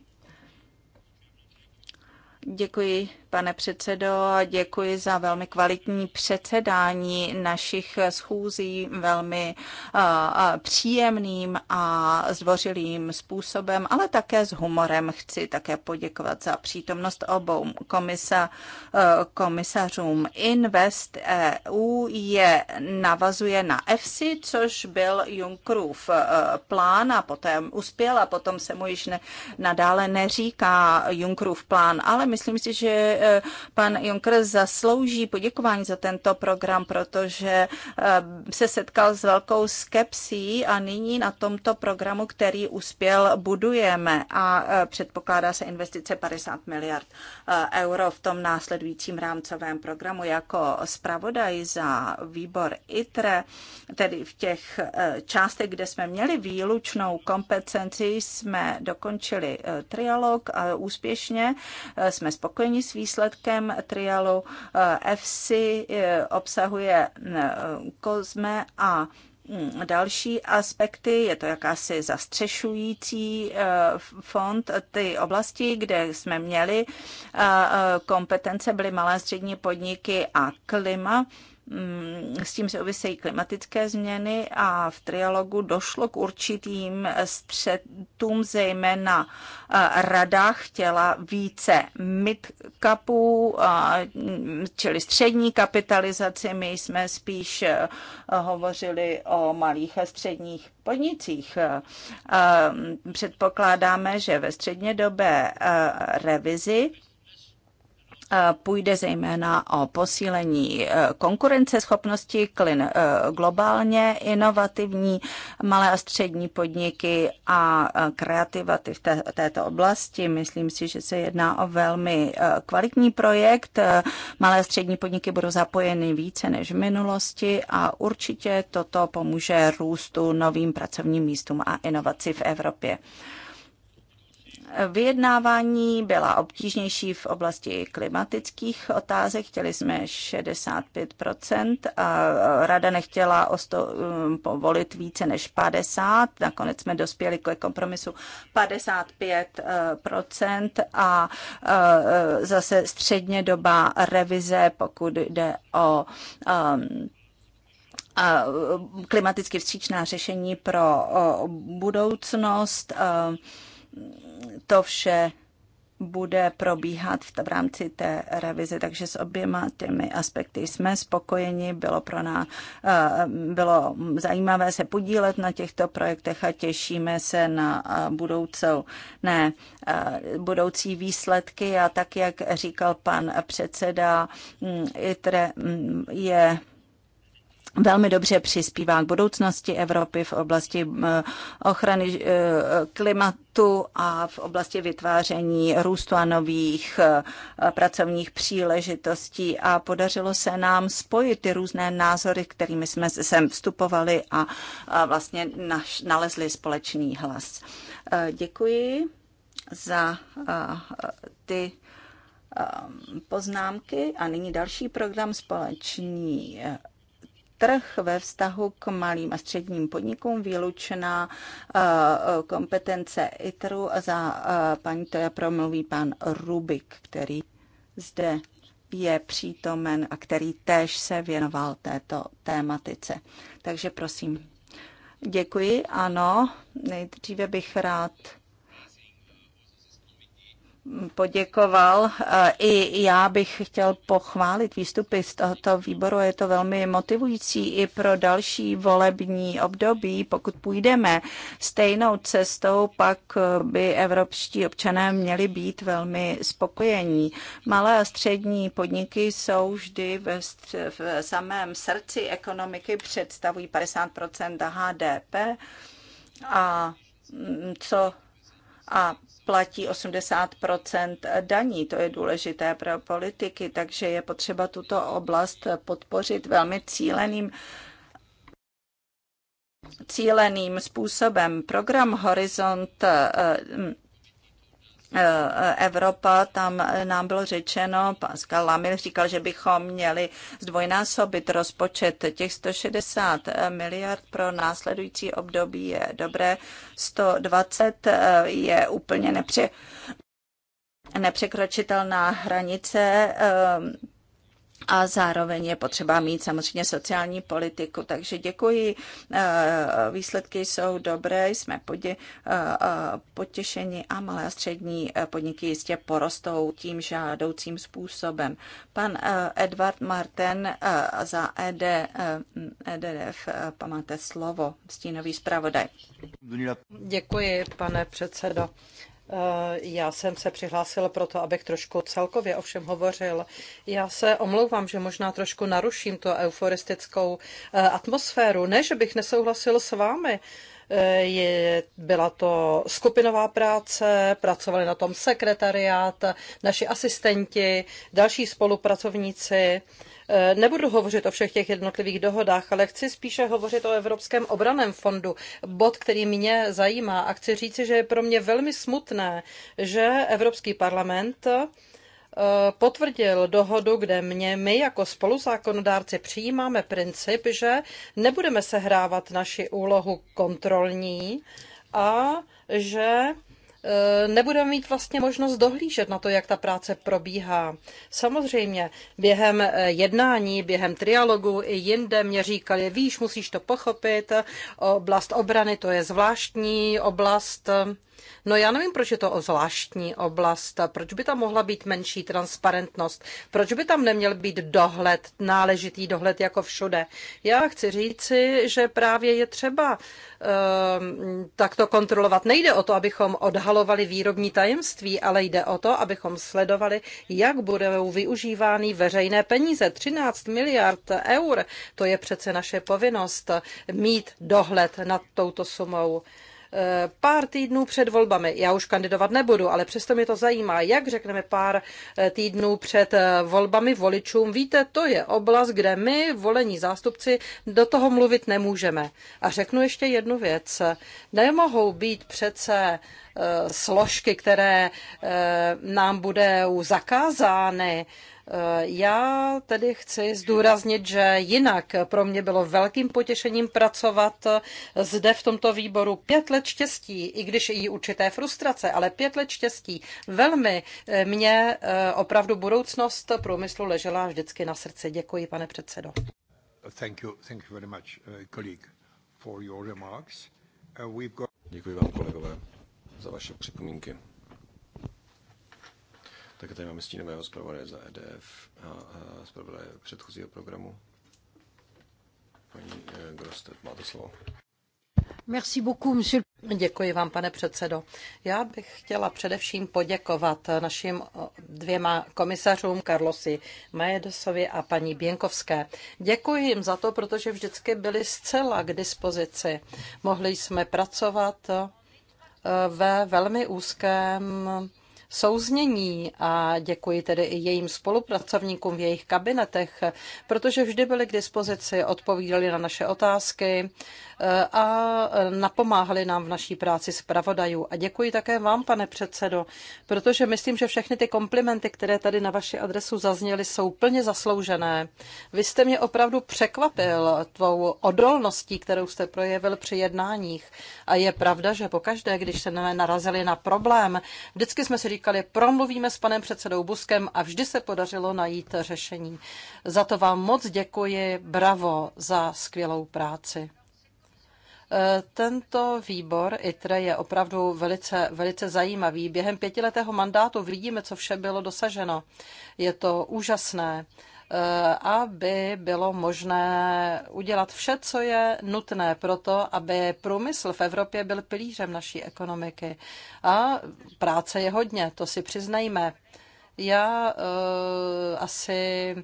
Speaker 2: Děkuji pane předsedo. Děkuji za velmi kvalitní předsedání našich schůzí velmi příjemným a zdvořilým způsobem, ale také s humorem. Chci také poděkovat za přítomnost obou komisa, e, komisařům. Invest EU je navazuje na EFSI, což byl Junckerův e, plán a poté uspěl a potom se mu již ne, nadále neříká Junckerův plán, ale myslím si, že Eh, pan Juncker zaslouží poděkování za tento program, protože eh, se setkal s velkou skepsí a nyní na tomto programu, který uspěl, budujeme a eh, předpokládá se investice 50 miliard euro v tom následujícím rámcovém programu jako zpravodaj za výbor ITRE, tedy v těch částech, kde jsme měli výlučnou kompetenci, jsme dokončili trialog úspěšně, jsme spokojeni s výsledky výsledkem trialu eh, FC eh, obsahuje eh, kozme a hm, další aspekty, je to jakási zastřešující fond. Ty oblasti, kde jsme měli kompetence, byly malé střední podniky a klima Mm, s tím souvisejí klimatické změny a v trialogu došlo k určitým střetům, zejména eh, rada chtěla více midcapů, eh, čili střední kapitalizaci. My jsme spíš eh, hovořili o malých a středních podnicích. Předpokládáme, že ve střednědobé revizi Půjde zejména o posílení e, konkurenceschopnosti klin e, globálně, inovativní malé a střední podniky a e, kreativity v té, této oblasti. Myslím si, že se jedná o velmi kvalitní projekt. Malé a střední podniky budou zapojeny více než v minulosti a určitě toto pomůže růstu novým pracovním místům a inovaci v Evropě. Vyjednávání byla obtížnější v oblasti klimatických otázek, chtěli jsme 65 a rada nechtěla osto, um, povolit více než 50, nakonec jsme dospěli k kompromisu 55 uh, a uh, zase středně doba revize, pokud jde o um, a klimaticky vstříčná řešení pro budoucnost uh, to vše bude probíhat v, v rámci té revize, takže s oběma těmi aspekty jsme spokojeni. Bylo pro nás eh, bylo zajímavé se podílet na těchto projektech a těšíme se na eh, budoucou, ne, eh, budoucí výsledky a tak, jak říkal pan předseda, mm, ITRE mm, je velmi dobře přispívá k budoucnosti Evropy v oblasti eh, ochrany eh, klimatu a v oblasti vytváření růstu a nových eh, pracovních příležitostí a podařilo se nám spojit ty různé názory, kterými jsme sem vstupovali a vlastně nalezli společný hlas. Děkuji za ty poznámky a nyní další program společný trh ve vztahu k malým a středním podnikům, výlučná eh, kompetence ITRu za eh, paní to promluví pan Rubik, který zde je přítomen a který též se věnoval této tématice. Takže prosím. Děkuji, ano. Nejdříve bych rád poděkoval. I já bych chtěl pochválit výstupy z tohoto výboru. Je to velmi motivující i pro další volební období. Pokud půjdeme stejnou cestou, pak by evropští občané měli být velmi spokojení. Malé a střední podniky jsou vždy ve v samém srdci ekonomiky, představují 50 HDP. A co a platí 80 daní. To je důležité pro politiky, takže je potřeba tuto oblast podpořit velmi cíleným cíleným způsobem. Program Horizont eh, Eh, eh, Evropa, tam eh, nám bylo řečeno, Pascal Lamil říkal, že bychom měli zdvojnásobit rozpočet těch 160 miliard pro následující období je dobré, 120 je úplně nepře nepřekročitelná hranice a zároveň je potřeba mít samozřejmě sociální politiku. Takže děkuji, e, výsledky jsou dobré, jsme podě, e, e, potěšeni a malé a střední podniky jistě porostou tím žádoucím způsobem. Pan Edward Martin za ED, EDF, památe slovo,
Speaker 4: stínový zpravodaj. Děkuji, pane předsedo. Eh, já jsem se přihlásil proto, abych trošku celkově o všem hovořil. Já se omlouvám, že možná trošku naruším tu euforistickou eh, atmosféru. Ne, že bych nesouhlasil s vámi. Eh, je, byla to skupinová práce, pracovali na tom sekretariát, naši asistenti, další spolupracovníci Eh, nebudu hovořit o všech těch jednotlivých dohodách, ale chci spíše hovořit o Evropském obraném fondu, bod, který mě zajímá a chci říci, že je pro mě velmi smutné, že Evropský parlament eh, potvrdil dohodu, kde mě, my jako spoluzákonodárci přijímáme princip, že nebudeme sehrávat naši úlohu kontrolní a že Eh, nebudeme mít vlastně možnost dohlížet na to, jak ta práce probíhá. Samozřejmě během eh, jednání, během trialogu i jinde mě říkali, víš, musíš to pochopit, oblast obrany to je zvláštní oblast, No já nevím, proč je to o zvláštní oblast, proč by tam mohla být menší transparentnost, proč by tam neměl být dohled, náležitý dohled jako všude. Já chci říci, že právě je třeba um, takto kontrolovat. Nejde o to, abychom odhalovali výrobní tajemství, ale jde o to, abychom sledovali, jak budou využívány veřejné peníze. 13 miliard eur, to je přece naše povinnost mít dohled nad touto sumou. Eh, pár týdnů před volbami. Já už kandidovat nebudu, ale přesto mě to zajímá, jak řekneme pár eh, týdnů před eh, volbami voličům. Víte, to je oblast, kde my, volení zástupci, do toho mluvit nemůžeme. A řeknu ještě jednu věc. Nemohou být přece složky, které nám budou zakázány, Eh, já tedy chci zdůraznit, že jinak pro mě bylo velkým potěšením pracovat eh, zde v tomto výboru pět let štěstí, i když i určité frustrace, ale pět let štěstí. Velmi eh, mě opravdu budoucnost průmyslu ležela vždycky na srdci. Děkuji, pane předsedo.
Speaker 1: Děkuji vám, kolegové, za vaše připomínky.
Speaker 3: Tak tady máme stínového zpravodaje za EDF a zpravodaje předchozího programu. Paní eh, Grostet, máte slovo.
Speaker 4: Merci beaucoup, monsieur. Děkuji vám, pane předsedo. Já bych chtěla především poděkovat našim dvěma komisařům, Karlosi Majedosovi a paní Běnkovské. Děkuji jim za to, protože vždycky byli zcela k dispozici. Mohli jsme pracovat eh, ve velmi úzkém souznění a děkuji tedy i jejím spolupracovníkům v jejich kabinetech, protože vždy byli k dispozici, odpovídali na naše otázky eh, a napomáhali nám v naší práci zpravodajů. A děkuji také vám, pane předsedo, protože myslím, že všechny ty komplimenty, které tady na vaši adresu zazněly, jsou plně zasloužené. Vy jste mě opravdu překvapil tvou odolností, kterou jste projevil při jednáních. A je pravda, že pokaždé, když se narazili na problém, vždycky jsme si říkali, říkali, promluvíme s panem předsedou Buskem a vždy se podařilo najít řešení. Za to vám moc děkuji, bravo za skvělou práci. E, tento výbor ITRE je opravdu velice, velice zajímavý. Během pětiletého mandátu vidíme, co vše bylo dosaženo. Je to úžasné. Eh, aby bylo možné udělat vše, co je nutné pro to, aby průmysl v Evropě byl pilířem naší ekonomiky. A práce je hodně, to si přiznejme. Já uh, asi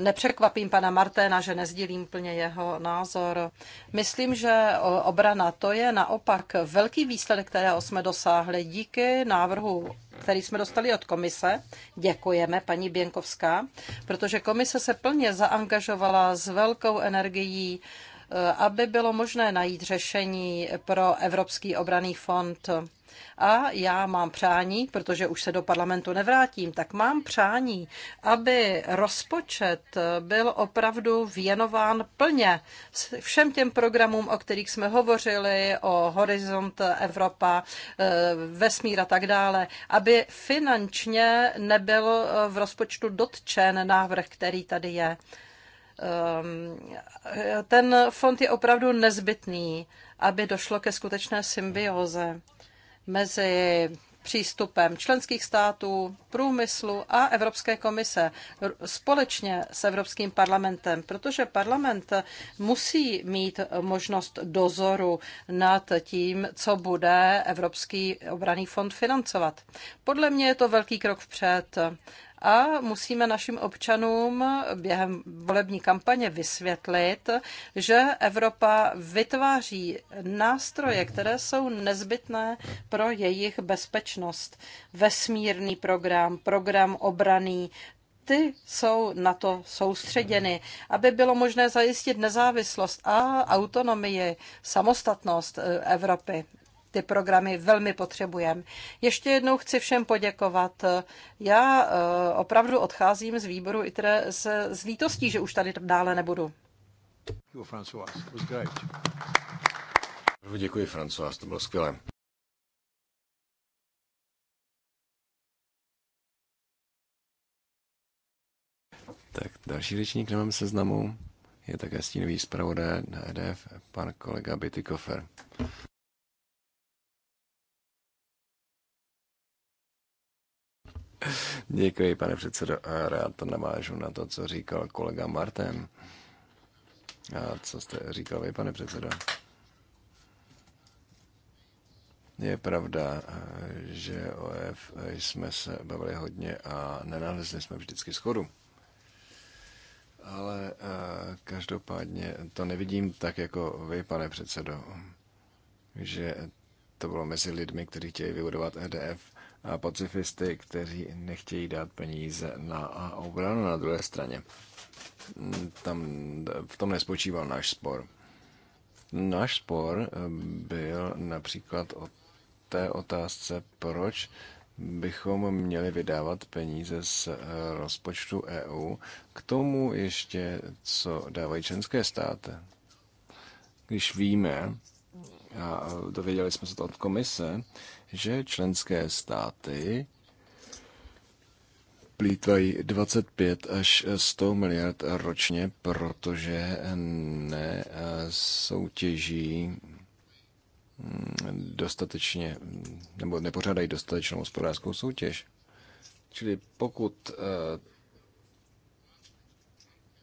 Speaker 4: nepřekvapím pana Marténa, že nezdílím plně jeho názor. Myslím, že obrana to je naopak velký výsledek, kterého jsme dosáhli díky návrhu který jsme dostali od komise. Děkujeme, paní Běnkovská, protože komise se plně zaangažovala s velkou energií Eh, aby bylo možné najít řešení pro Evropský obraný fond. A já mám přání, protože už se do parlamentu nevrátím, tak mám přání, aby rozpočet byl opravdu věnován plně všem těm programům, o kterých jsme hovořili, o Horizont Evropa, eh, vesmír a tak dále, aby finančně nebyl v rozpočtu dotčen návrh, který tady je. Ehm, ten fond je opravdu nezbytný, aby došlo ke skutečné symbioze mezi přístupem členských států, průmyslu a Evropské komise společně s Evropským parlamentem, protože parlament musí mít možnost dozoru nad tím, co bude Evropský obraný fond financovat. Podle mě je to velký krok vpřed a musíme našim občanům během volební kampaně vysvětlit, že Evropa vytváří nástroje, které jsou nezbytné pro jejich bezpečnost. Vesmírný program, program obraný, ty jsou na to soustředěny, aby bylo možné zajistit nezávislost a autonomii, samostatnost eh, Evropy ty programy velmi potřebujeme. Ještě jednou chci všem poděkovat. Já eh, opravdu odcházím z výboru i se s lítostí, že už tady dále nebudu.
Speaker 3: Děkuji, François, to bylo skvělé. Tak další řečník na mém seznamu je také stínový zpravodaj na EDF, pan kolega Bitykofer. Děkuji, pane předsedo. Rád to navážu na to, co říkal kolega Martin. A co jste říkal vy, pane předsedo? Je pravda, že OF jsme se bavili hodně a nenalezli jsme vždycky schodu. Ale eh, každopádně to nevidím tak jako vy, pane předsedo, že to bylo mezi lidmi, kteří chtějí vybudovat EDF pacifisty, kteří nechtějí dát peníze na obranu na druhé straně. Tam, v tom nespočíval náš spor. Náš spor eh, byl například o té otázce, proč bychom měli vydávat peníze z eh, rozpočtu EU, k tomu ještě, co dávají členské státy. Když víme, a eh, dověděli jsme se to od komise, že členské státy plítvají 25 až 100 miliard ročně, protože ne soutěží mm, dostatečně, nebo nepořádají dostatečnou hospodářskou soutěž. Čili pokud eh,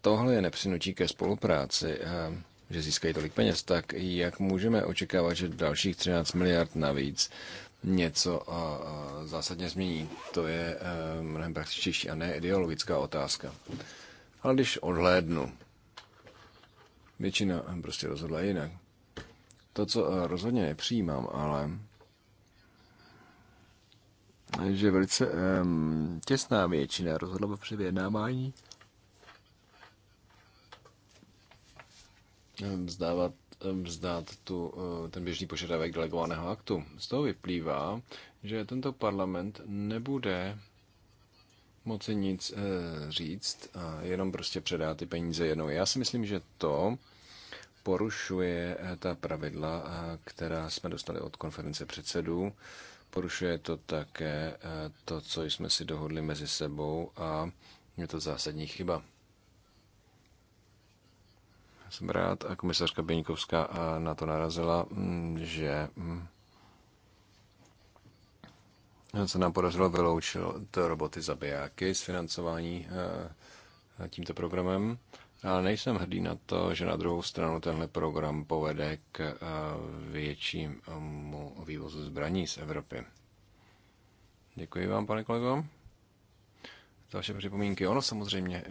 Speaker 3: tohle je nepřinutí ke spolupráci, eh, že získají tolik peněz, tak jak můžeme očekávat, že dalších 13 miliard navíc něco zásadně změní. To je e, mnohem praktičtější a ne ideologická otázka. Ale když odhlédnu, většina prostě rozhodla jinak. To, co e, rozhodně nepřijímám, ale že velice um, těsná většina rozhodla při vyjednávání vzdávat Um, vzdát tu, uh, ten běžný požadavek delegovaného aktu. Z toho vyplývá, že tento parlament nebude moci nic eh, říct, a jenom prostě předá ty peníze jednou. Já si myslím, že to porušuje eh, ta pravidla, eh, která jsme dostali od konference předsedů. Porušuje to také to, co jsme si dohodli mezi sebou a je to zásadní chyba. Jsem rád, a komisařka Beňkovská na to narazila, mm, že mm, se nám podařilo vyloučit roboty zabijáky z financování e, e, tímto programem. Ale nejsem hrdý na to, že na druhou stranu tenhle program povede k e, většímu vývozu zbraní z Evropy. Děkuji vám, pane kolego, za vaše připomínky. Ono samozřejmě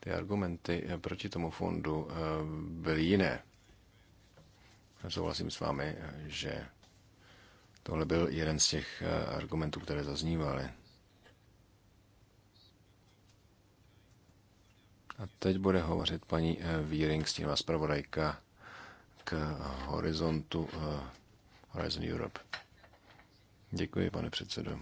Speaker 3: ty argumenty eh, proti tomu fondu eh, byly jiné. Souhlasím s vámi, eh, že tohle byl jeden z těch argumentů, které zaznívaly. A teď bude hovořit paní Víring, stínová zpravodajka k horizontu Horizon Europe. Děkuji, pane předsedo.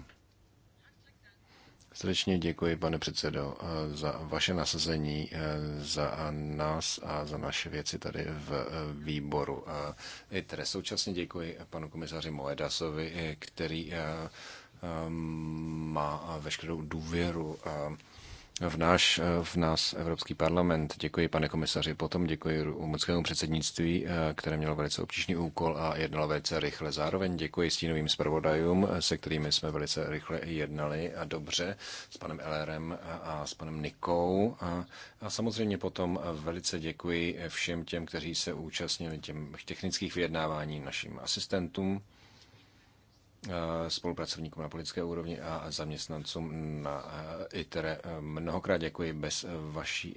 Speaker 3: Srdečně děkuji, pane předsedo, eh, za vaše nasazení, eh, za nás a za naše věci tady v eh, výboru tedy Současně děkuji panu komisaři Moedasovi, který má veškerou důvěru v, náš, v nás Evropský parlament. Děkuji, pane komisaři. Potom děkuji umockému předsednictví, eh, které mělo velice obtížný úkol a jednalo velice rychle. Zároveň děkuji stínovým zpravodajům, eh, se kterými jsme velice rychle jednali a dobře s panem Elerem a s panem Nikou. A, a samozřejmě potom eh, velice děkuji všem těm, kteří se účastnili těm technických vyjednávání, našim asistentům Eh, spolupracovníkům na politické úrovni a zaměstnancům na eh, ITERE. Eh, mnohokrát děkuji. Bez vaší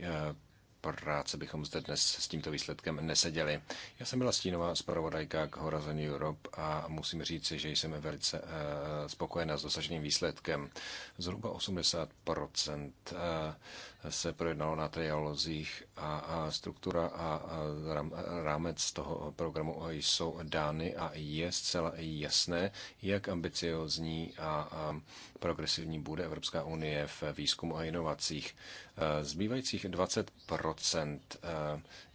Speaker 3: práce bychom zde dnes s tímto výsledkem neseděli. Já jsem byla stínová zpravodajka k Horizon Europe a musím říci, že jsem velice spokojená s dosaženým výsledkem. Zhruba 80 se projednalo na trialozích a struktura a rámec toho programu jsou dány a je zcela jasné, jak ambiciozní a progresivní bude Evropská unie v výzkumu a inovacích. E, zbývajících 20 e,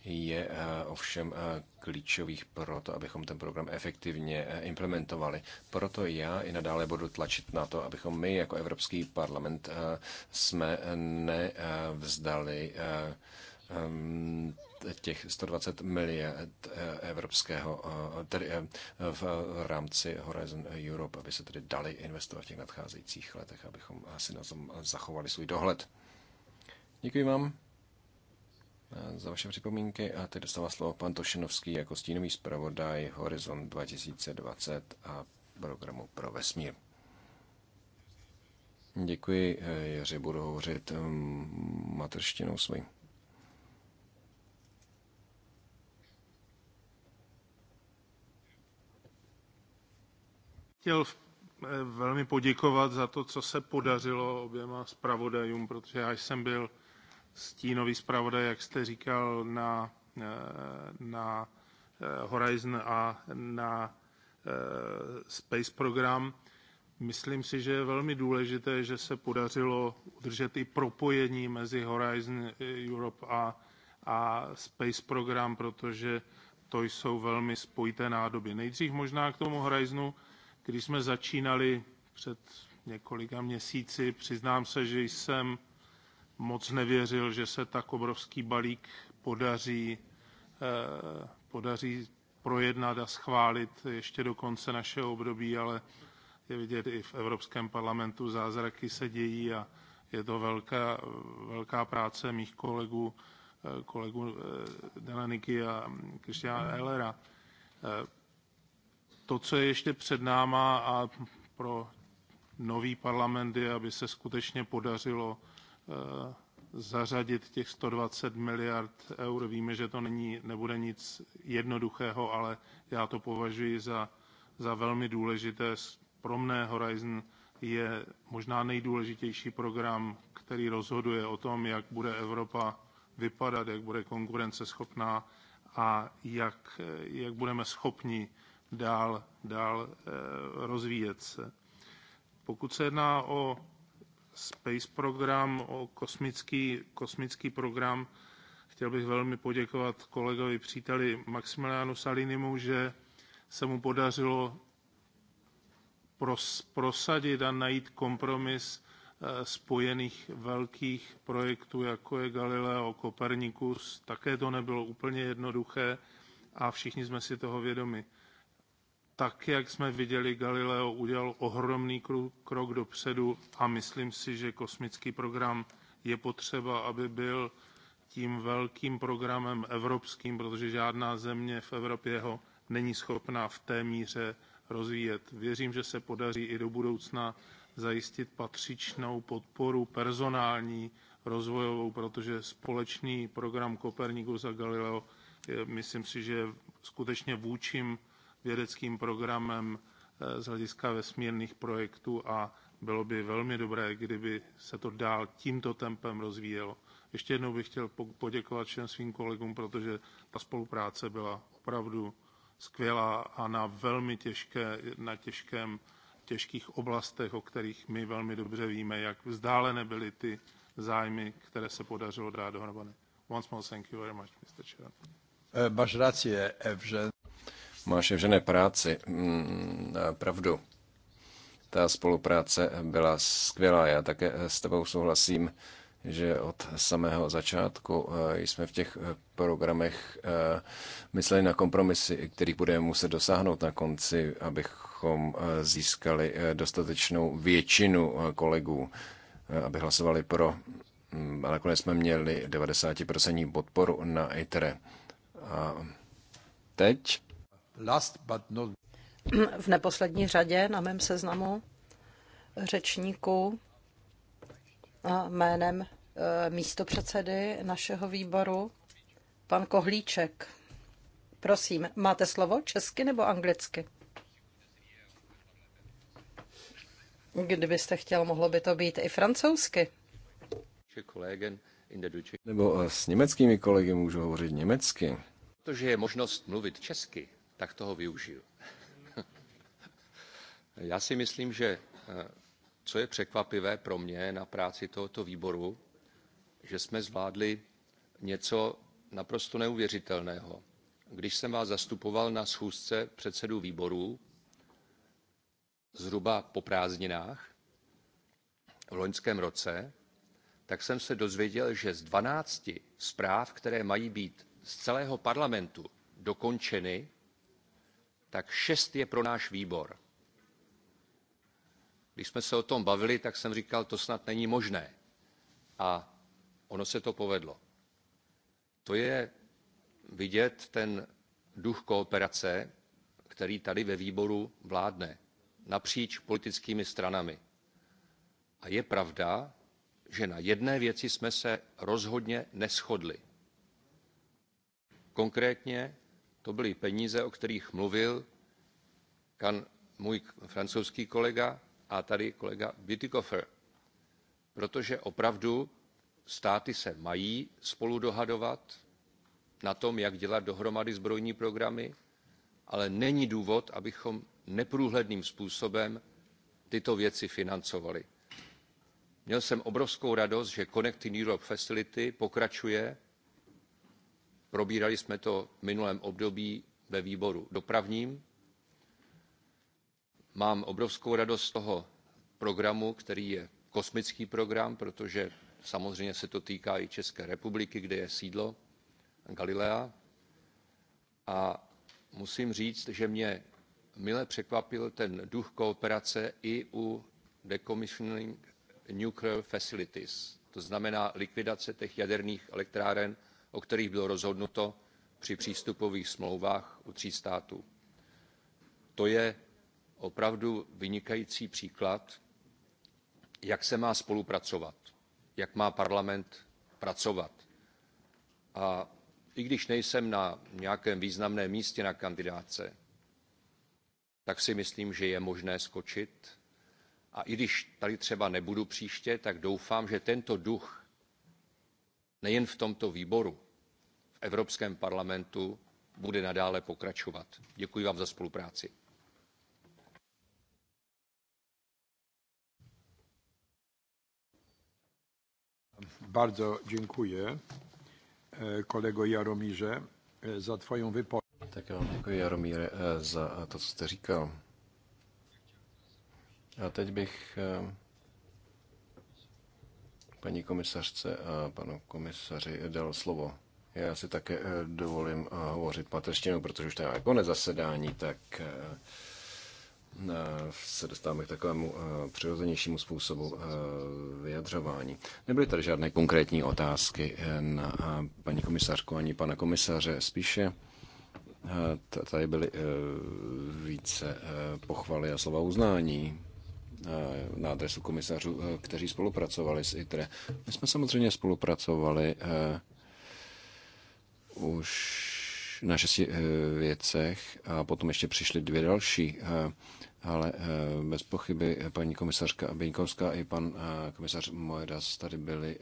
Speaker 3: je e, ovšem klíčových pro to, abychom ten program efektivně eh, implementovali. Proto já i nadále budu tlačit na to, abychom my jako Evropský parlament eh, jsme eh, nevzdali těch 120 miliard evropského, tedy v rámci Horizon Europe, aby se tedy dali investovat v těch nadcházejících letech, abychom asi na tom zachovali svůj dohled. Děkuji vám. Eh, za vaše připomínky a teď dostává slovo pan Tošenovský jako stínový zpravodaj Horizon 2020 a programu pro vesmír. Děkuji, eh, Jeři, budu hovořit eh, materštinou svým.
Speaker 5: Chtěl velmi poděkovat za to, co se podařilo oběma zpravodajům, protože já jsem byl stínový zpravodaj, jak jste říkal, na, eh, na eh, Horizon a na eh, Space program. Myslím si, že je velmi důležité, že se podařilo udržet i propojení mezi Horizon Europe a, a Space program, protože to jsou velmi spojité nádoby. Nejdřív možná k tomu Horizonu, když jsme začínali před několika měsíci, přiznám se, že jsem moc nevěřil, že se tak obrovský balík podaří, eh, podaří projednat a schválit ještě do konce našeho období, ale je vidět i v Evropském parlamentu zázraky se dějí a je to velká, velká práce mých kolegů, eh, kolegů eh, Dananiky a Kristiana Ellera. To, co je ještě před náma a pro nový parlament je, aby se skutečně podařilo Eh, zařadit těch 120 miliard eur. Víme, že to není, nebude nic jednoduchého, ale já to považuji za, za velmi důležité. Pro mne Horizon je možná nejdůležitější program, který rozhoduje o tom, jak bude Evropa vypadat, jak bude konkurenceschopná a jak, jak budeme schopni dál, dál eh, rozvíjet se. Pokud se jedná o Space program, o kosmický, kosmický program. Chtěl bych velmi poděkovat kolegovi příteli Maximilianu Salinimu, že se mu podařilo pros, prosadit a najít kompromis eh, spojených velkých projektů, jako je Galileo, Kopernikus. Také to nebylo úplně jednoduché a všichni jsme si toho vědomi tak, jak jsme viděli, Galileo udělal ohromný krok dopředu a myslím si, že kosmický program je potřeba, aby byl tím velkým programem evropským, protože žádná země v Evropě ho není schopná v té míře rozvíjet. Věřím, že se podaří i do budoucna zajistit patřičnou podporu personální, rozvojovou, protože společný program Copernicus a Galileo je, myslím si, že skutečně vůčím vědeckým programem eh, z hlediska vesmírných projektů a bylo by velmi dobré, kdyby se to dál tímto tempem rozvíjelo. Ještě jednou bych chtěl poděkovat všem svým kolegům, protože ta spolupráce byla opravdu skvělá a na velmi těžké, na těžkém, těžkých oblastech, o kterých my velmi dobře víme, jak vzdálené byly ty zájmy, které se podařilo dát dohromady. Once more, thank you very much, Mr.
Speaker 1: Chair. Uh, Evžen
Speaker 3: máš v žené práci mm, pravdu. Ta spolupráce byla skvělá. Já také s tebou souhlasím, že od samého začátku e, jsme v těch e, programech e, mysleli na kompromisy, který budeme muset dosáhnout na konci, abychom získali dostatečnou většinu kolegů, aby hlasovali pro. Mm, a nakonec jsme měli 90% podporu na ITRE. A teď
Speaker 1: [clears throat]
Speaker 4: V neposlední řadě na mém seznamu řečníků jménem eh, místopředsedy našeho výboru, pan Kohlíček. Prosím, máte slovo česky nebo anglicky? Kdybyste chtěl, mohlo by to být i francouzsky.
Speaker 1: Nebo eh,
Speaker 3: s německými kolegy můžu hovořit německy.
Speaker 1: Protože je možnost mluvit česky, tak toho využiju. [laughs] Já si myslím, že eh, co je překvapivé pro mě na práci tohoto výboru, že jsme zvládli něco naprosto neuvěřitelného. Když jsem vás zastupoval na schůzce předsedů výborů, zhruba po prázdninách v loňském roce, tak jsem se dozvěděl, že z 12 zpráv, které mají být z celého parlamentu dokončeny, tak šest je pro náš výbor. Když jsme se o tom bavili, tak jsem říkal, to snad není možné. A ono se to povedlo. To je vidět ten duch kooperace, který tady ve výboru vládne napříč politickými stranami. A je pravda, že na jedné věci jsme se rozhodně neschodli. Konkrétně to byly peníze, o kterých mluvil kan, můj francouzský kolega a tady kolega Bütikofer. Protože opravdu státy se mají spolu dohadovat na tom, jak dělat dohromady zbrojní programy, ale není důvod, abychom neprůhledným způsobem tyto věci financovali. Měl jsem obrovskou radost, že Connecting Europe Facility pokračuje Probírali jsme to v minulém období ve výboru dopravním. Mám obrovskou radost z toho programu, který je kosmický program, protože samozřejmě se to týká i České republiky, kde je sídlo Galilea. A musím říct, že mě mile překvapil ten duch kooperace i u decommissioning nuclear facilities, to znamená likvidace těch jaderných elektráren o kterých bylo rozhodnuto při přístupových smlouvách u tří států. To je opravdu vynikající příklad, jak se má spolupracovat, jak má parlament pracovat. A i když nejsem na nějakém významném místě na kandidátce, tak si myslím, že je možné skočit. A i když tady třeba nebudu příště, tak doufám, že tento duch nejen v tomto výboru, v Evropském parlamentu bude nadále pokračovat. Děkuji vám za spolupráci. Bardzo dziękuję e, kolego Jaromirze e, za twoją wypowiedź. Tak já vám děkuji,
Speaker 3: Jaromíre, e, za to, co jste říkal. A teď bych paní komisařce a panu komisaři dal slovo. Já si také eh, dovolím eh, hovořit mateřštinou, protože už to je konec jako zasedání, tak eh, se dostáváme k takovému přirozenějšímu způsobu vyjadřování. Nebyly tady žádné konkrétní otázky na paní komisařku ani pana komisaře, spíše tady byly více pochvaly a slova uznání Eh, na adresu komisařů, eh, kteří spolupracovali s ITRE. My jsme samozřejmě spolupracovali eh, už na šesti věcech a potom ještě přišly dvě další. Ale bez pochyby paní komisařka Beňkovská i pan komisař Moedas tady byli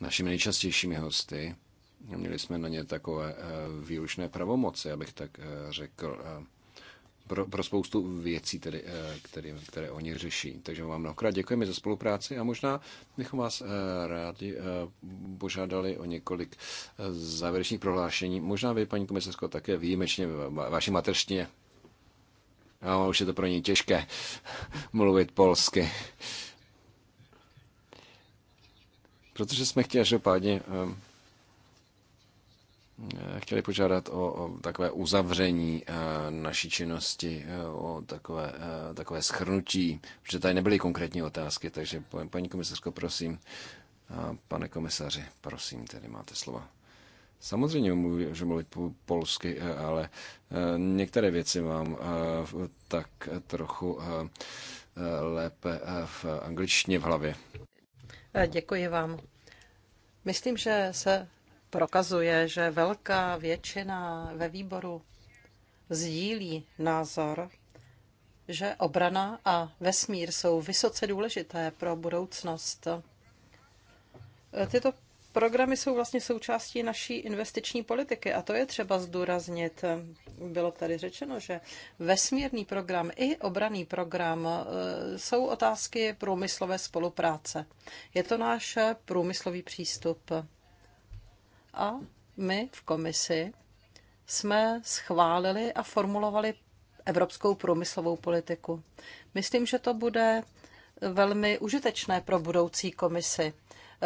Speaker 3: našimi nejčastějšími hosty. Měli jsme na ně takové výlučné pravomoci, abych tak řekl pro, pro spoustu věcí, tedy, eh, které, které oni řeší. Takže vám mnohokrát děkujeme za spolupráci a možná bychom vás eh, rádi eh, požádali o několik závěrečných prohlášení. Možná vy, paní komisarsko, také výjimečně ve vaší mateřštině. A už je to pro ní těžké [laughs] mluvit polsky. Protože jsme chtěli pádně chtěli požádat o, o takové uzavření eh, naší činnosti, eh, o takové, eh, takové schrnutí, protože tady nebyly konkrétní otázky, takže paní komisařko, prosím, a pane komisaři, prosím, tedy máte slova. Samozřejmě můžu mluvit po polsky, ale některé věci mám tak trochu lépe v angličtině v hlavě.
Speaker 4: Děkuji vám. Myslím, že se prokazuje, že velká většina ve výboru sdílí názor, že obrana a vesmír jsou vysoce důležité pro budoucnost. Tyto programy jsou vlastně součástí naší investiční politiky a to je třeba zdůraznit. Bylo tady řečeno, že vesmírný program i obraný program e, jsou otázky průmyslové spolupráce. Je to náš průmyslový přístup a my v komisi jsme schválili a formulovali evropskou průmyslovou politiku. Myslím, že to bude velmi užitečné pro budoucí komisi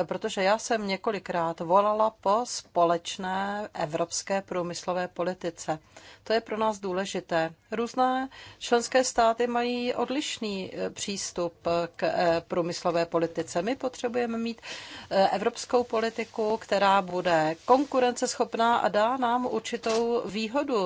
Speaker 4: protože já jsem několikrát volala po společné evropské průmyslové politice. To je pro nás důležité. Různé členské státy mají odlišný eh, přístup eh, k eh, průmyslové politice. My potřebujeme mít evropskou politiku, která bude konkurenceschopná a dá nám určitou výhodu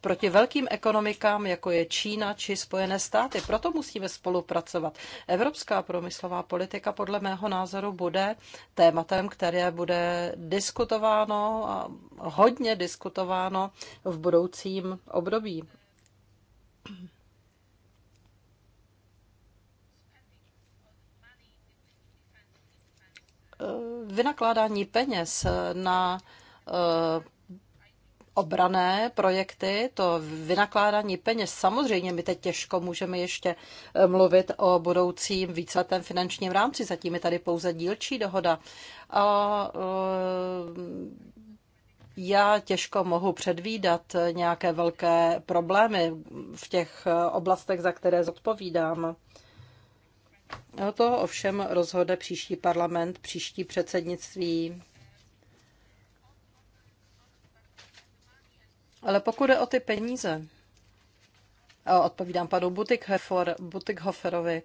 Speaker 4: proti velkým ekonomikám, jako je Čína či Spojené státy. Proto musíme spolupracovat. Evropská průmyslová politika podle mého názoru bude tématem, které bude diskutováno a hodně diskutováno v budoucím období. Vynakládání peněz na eh, obrané projekty, to vynakládání peněz, samozřejmě my teď těžko můžeme ještě eh, mluvit o budoucím víceletém finančním rámci, zatím je tady pouze dílčí dohoda. A eh, já těžko mohu předvídat nějaké velké problémy v těch eh, oblastech, za které zodpovídám. To ovšem rozhodne příští parlament, příští předsednictví Ale pokud je o ty peníze, odpovídám panu Butikhofer, Butikhoferovi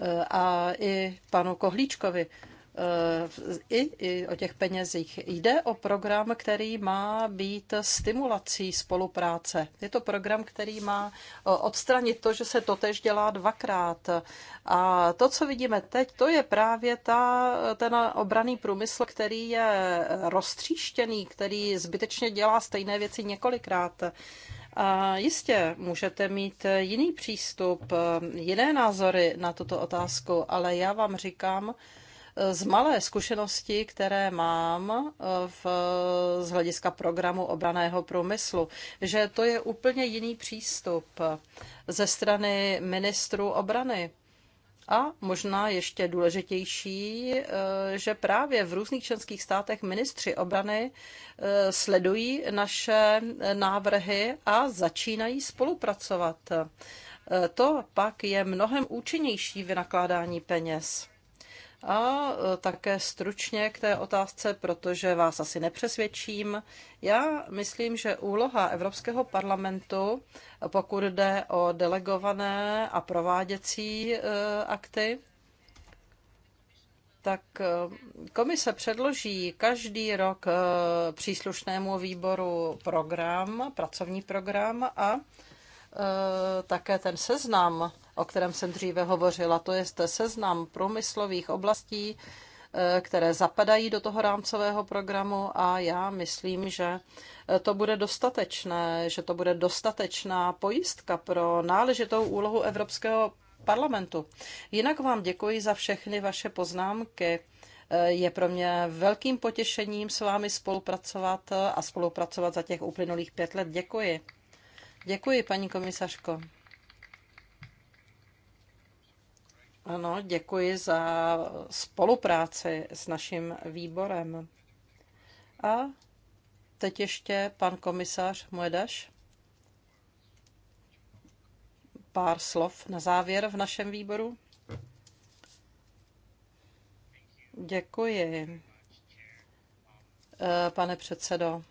Speaker 4: e, a i panu Kohlíčkovi, Eh, i, i o těch penězích. Jde o program, který má být stimulací spolupráce. Je to program, který má eh, odstranit to, že se to tež dělá dvakrát. A to, co vidíme teď, to je právě ta, ten obraný průmysl, který je roztříštěný, který zbytečně dělá stejné věci několikrát. A jistě můžete mít jiný přístup, eh, jiné názory na tuto otázku, ale já vám říkám, z malé zkušenosti, které mám eh, v, z hlediska programu obraného průmyslu, že to je úplně jiný přístup ze strany ministrů obrany. A možná ještě důležitější, eh, že právě v různých členských státech ministři obrany eh, sledují naše návrhy a začínají spolupracovat. To pak je mnohem účinnější vynakládání peněz. A e, také stručně k té otázce, protože vás asi nepřesvědčím. Já myslím, že úloha Evropského parlamentu, pokud jde o delegované a prováděcí e, akty, tak e, komise předloží každý rok příslušnému výboru program, pracovní program a také ten seznam o kterém jsem dříve hovořila, to je seznam průmyslových oblastí, eh, které zapadají do toho rámcového programu a já myslím, že eh, to bude dostatečné, že to bude dostatečná pojistka pro náležitou úlohu Evropského parlamentu. Jinak vám děkuji za všechny vaše poznámky. Eh, je pro mě velkým potěšením s vámi spolupracovat a spolupracovat za těch uplynulých pět let. Děkuji. Děkuji, paní komisařko. Ano, děkuji za spolupráci s naším výborem. A teď ještě pan komisař Moedaš. Pár slov na závěr v našem výboru. Děkuji, eh, pane předsedo.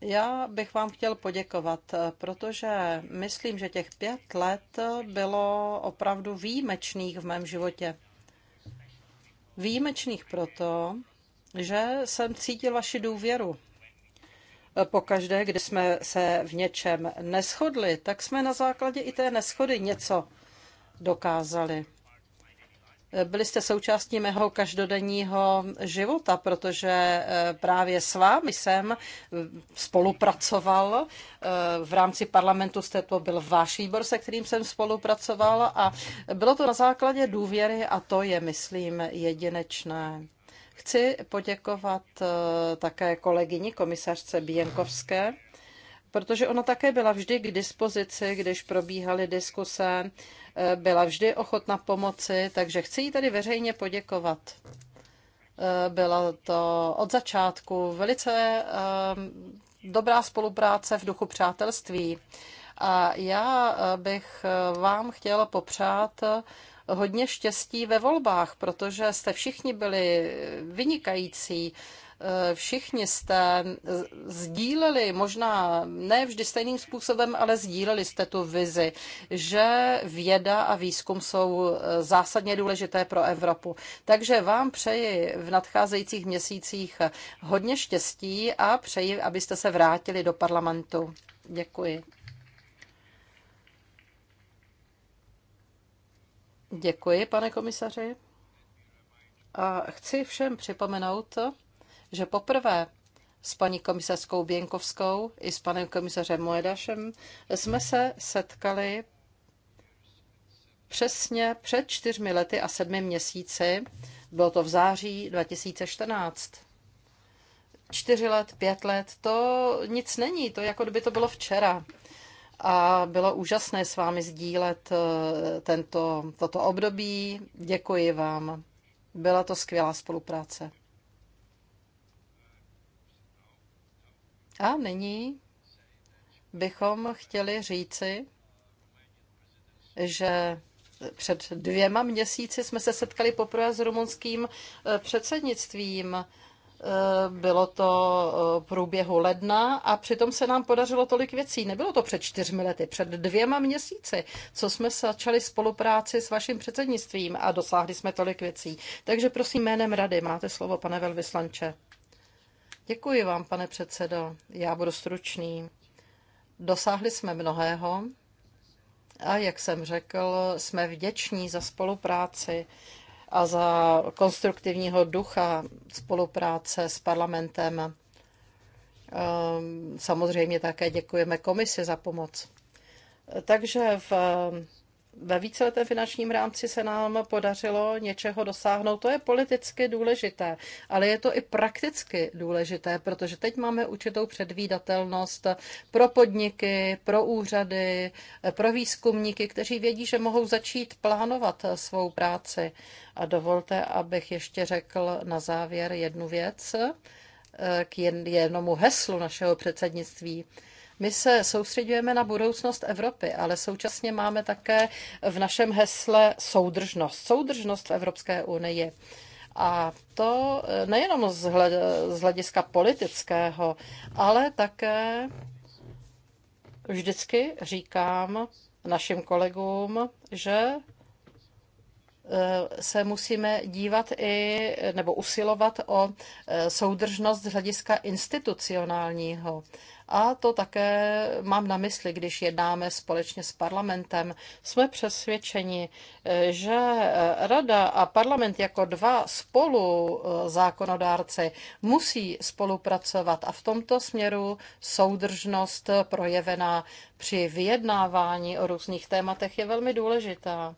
Speaker 4: Já bych vám chtěl poděkovat, protože myslím, že těch pět let bylo opravdu výjimečných v mém životě. Výjimečných proto, že jsem cítil vaši důvěru. Pokaždé, když jsme se v něčem neschodli, tak jsme na základě i té neschody něco dokázali. Byli jste součástí mého každodenního života, protože eh, právě s vámi jsem eh, spolupracoval. Eh, v rámci parlamentu jste to byl váš výbor, se kterým jsem spolupracoval a bylo to na základě důvěry a to je, myslím, jedinečné. Chci poděkovat také kolegyni komisařce Bienkovské, protože ona také byla vždy k dispozici, když probíhaly diskuse, eh, byla vždy ochotna pomoci, takže chci jí tady veřejně poděkovat. Eh, byla to od začátku velice eh, dobrá spolupráce v duchu přátelství. A já bych vám chtěla popřát hodně štěstí ve volbách, protože jste všichni byli vynikající. Eh, všichni jste sdíleli, možná ne vždy stejným způsobem, ale sdíleli jste tu vizi, že věda a výzkum jsou eh, zásadně důležité pro Evropu. Takže vám přeji v nadcházejících měsících eh, hodně štěstí a přeji, abyste se vrátili do parlamentu. Děkuji. Děkuji, pane komisaři. A chci všem připomenout, že poprvé s paní komisařskou Běnkovskou i s panem komisařem Moedašem jsme se setkali přesně před čtyřmi lety a sedmi měsíci. Bylo to v září 2014. Čtyři let, pět let, to nic není, to jako kdyby to bylo včera. A bylo úžasné s vámi sdílet eh, tento, toto období. Děkuji vám. Byla to skvělá spolupráce. A nyní bychom chtěli říci, že před dvěma měsíci jsme se setkali poprvé s rumunským eh, předsednictvím. Eh, bylo to eh, průběhu ledna a přitom se nám podařilo tolik věcí. Nebylo to před čtyřmi lety, před dvěma měsíci, co jsme začali spolupráci s vaším předsednictvím a dosáhli jsme tolik věcí. Takže prosím jménem rady máte slovo, pane velvyslanče. Děkuji vám, pane předsedo. Já budu stručný. Dosáhli jsme mnohého a, jak jsem řekl, jsme vděční za spolupráci a za konstruktivního ducha spolupráce s parlamentem. Ehm, samozřejmě také děkujeme komisi za pomoc. Takže v ve víceletém finančním rámci se nám podařilo něčeho dosáhnout. To je politicky důležité, ale je to i prakticky důležité, protože teď máme určitou předvídatelnost pro podniky, pro úřady, pro výzkumníky, kteří vědí, že mohou začít plánovat svou práci. A dovolte, abych ještě řekl na závěr jednu věc eh, k jednomu heslu našeho předsednictví. My se soustředujeme na budoucnost Evropy, ale současně máme také v našem hesle soudržnost. Soudržnost v Evropské unii. A to eh, nejenom z hlediska politického, ale také vždycky říkám našim kolegům, že eh, se musíme dívat i nebo usilovat o eh, soudržnost z hlediska institucionálního. A to také mám na mysli, když jednáme společně s parlamentem. Jsme přesvědčeni, eh, že eh, rada a parlament jako dva spolu eh, zákonodárci musí spolupracovat a v tomto směru soudržnost projevená při vyjednávání o různých tématech je velmi důležitá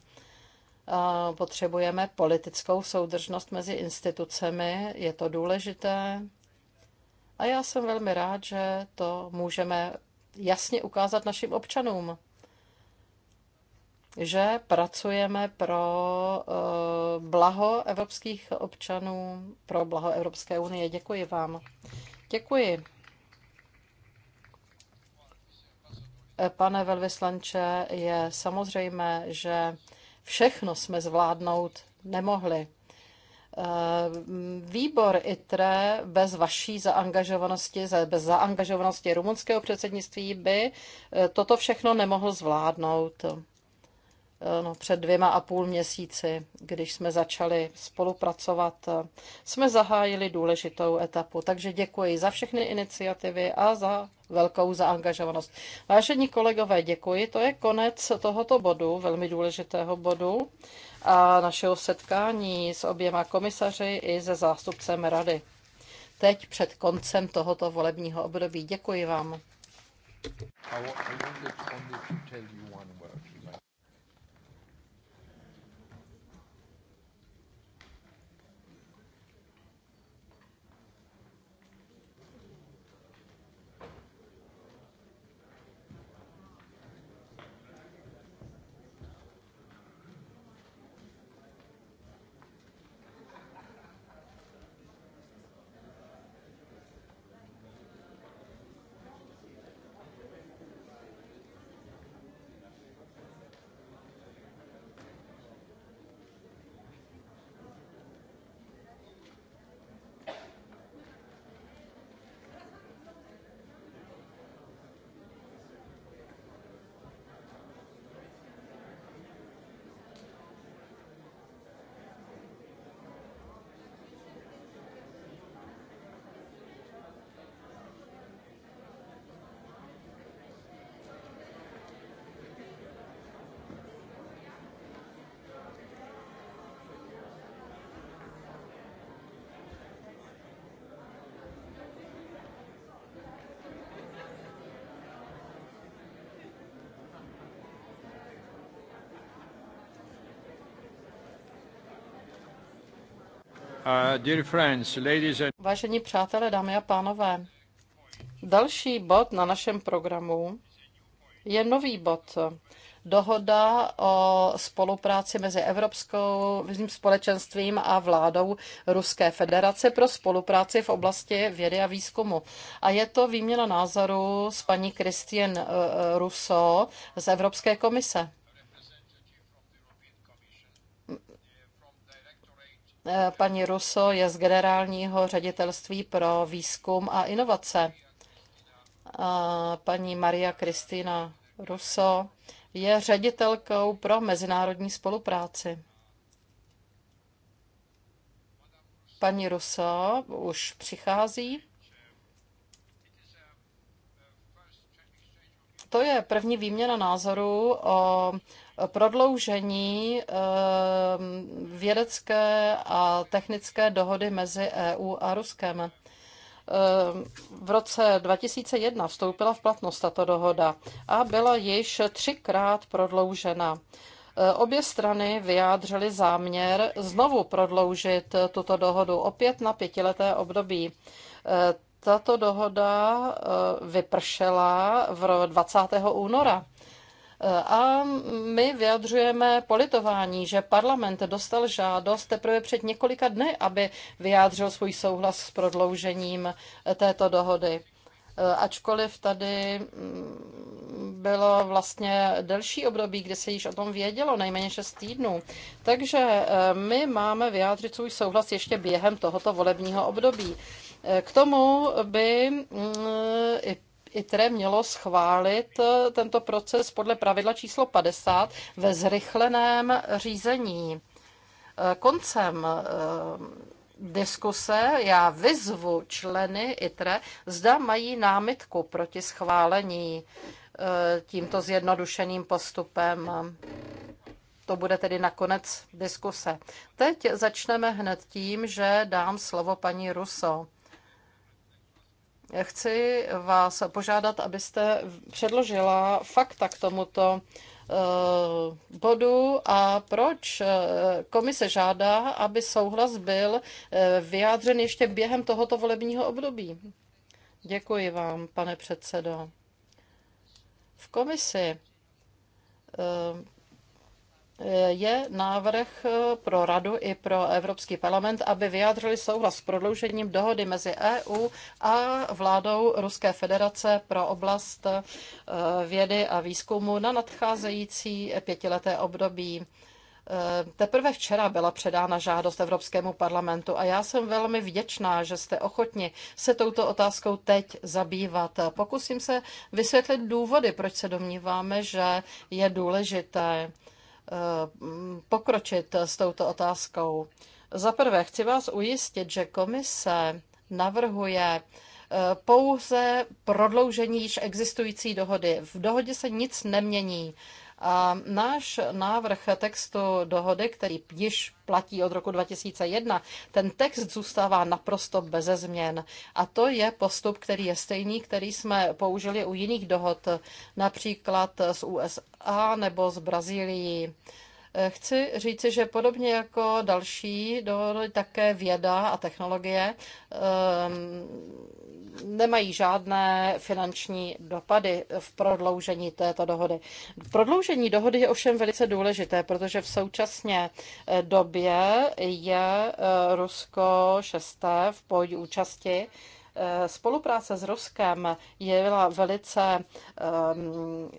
Speaker 4: potřebujeme politickou soudržnost mezi institucemi, je to důležité. A já jsem velmi rád, že to můžeme jasně ukázat našim občanům, že pracujeme pro eh, blaho evropských občanů, pro blaho Evropské unie. Děkuji vám. Děkuji. Eh, pane velvyslanče, je samozřejmé, že všechno jsme zvládnout nemohli. Eh, výbor ITRE bez vaší zaangažovanosti, bez zaangažovanosti rumunského předsednictví by eh, toto všechno nemohl zvládnout. Eh, no, před dvěma a půl měsíci, když jsme začali spolupracovat, jsme zahájili důležitou etapu. Takže děkuji za všechny iniciativy a za velkou zaangažovanost. Vážení kolegové, děkuji. To je konec tohoto bodu, velmi důležitého bodu a našeho setkání s oběma komisaři i se zástupcem rady. Teď před koncem tohoto volebního období. Děkuji vám.
Speaker 1: Uh,
Speaker 4: Vážení přátelé, dámy a pánové, další bod na našem programu je nový bod. Dohoda o spolupráci mezi Evropskou společenstvím a vládou Ruské federace pro spolupráci v oblasti vědy a výzkumu. A je to výměna názoru s paní Christian eh, eh, Russo z Evropské komise. Eh, paní Russo je z generálního ředitelství pro výzkum a inovace. A paní Maria Kristýna Russo je ředitelkou pro mezinárodní spolupráci. Paní Russo už přichází. To je první výměna názorů o prodloužení ehm, vědecké a technické dohody mezi EU a Ruskem. Ehm, v roce 2001 vstoupila v platnost tato dohoda a byla již třikrát prodloužena. Ehm, obě strany vyjádřily záměr znovu prodloužit tuto dohodu opět na pětileté období. Tato dohoda vypršela v 20. února a my vyjadřujeme politování, že parlament dostal žádost teprve před několika dny, aby vyjádřil svůj souhlas s prodloužením eh, této dohody. Eh, ačkoliv tady mm, bylo vlastně delší období, kdy se již o tom vědělo, nejméně 6 týdnů. Takže eh, my máme vyjádřit svůj souhlas ještě během tohoto volebního období. K tomu by mm, i ITRE mělo schválit eh, tento proces podle pravidla číslo 50 ve zrychleném řízení. Eh, koncem eh, diskuse já vyzvu členy ITRE, zda mají námitku proti schválení tímto zjednodušeným postupem. To bude tedy nakonec diskuse. Teď začneme hned tím, že dám slovo paní Ruso Chci vás požádat, abyste předložila fakta k tomuto eh, bodu a proč eh, komise žádá, aby souhlas byl eh, vyjádřen ještě během tohoto volebního období. Děkuji vám, pane předsedo. V komisi je návrh eh, pro Radu i pro Evropský parlament, aby vyjádřili souhlas s prodloužením dohody mezi EU a vládou Ruské federace pro oblast eh, vědy a výzkumu na nadcházející pětileté období. Eh, teprve včera byla předána žádost Evropskému parlamentu a já jsem velmi vděčná, že jste ochotni se touto otázkou teď zabývat. Pokusím se vysvětlit důvody, proč se domníváme, že je důležité Eh, pokročit s touto otázkou. Za prvé, chci vás ujistit, že komise navrhuje eh, pouze prodloužení již existující dohody. V dohodě se nic nemění. A náš návrh textu dohody, který již platí od roku 2001, ten text zůstává naprosto beze změn. A to je postup, který je stejný, který jsme použili u jiných dohod, například z USA nebo z Brazílií. Eh, chci říci, že podobně jako další, také věda a technologie ehm, nemají žádné finanční dopady v prodloužení této dohody. Prodloužení dohody je ovšem velice důležité, protože v současné eh, době je eh, Rusko šesté v pojí účasti Eh, spolupráce s Ruskem je byla velice, ehm,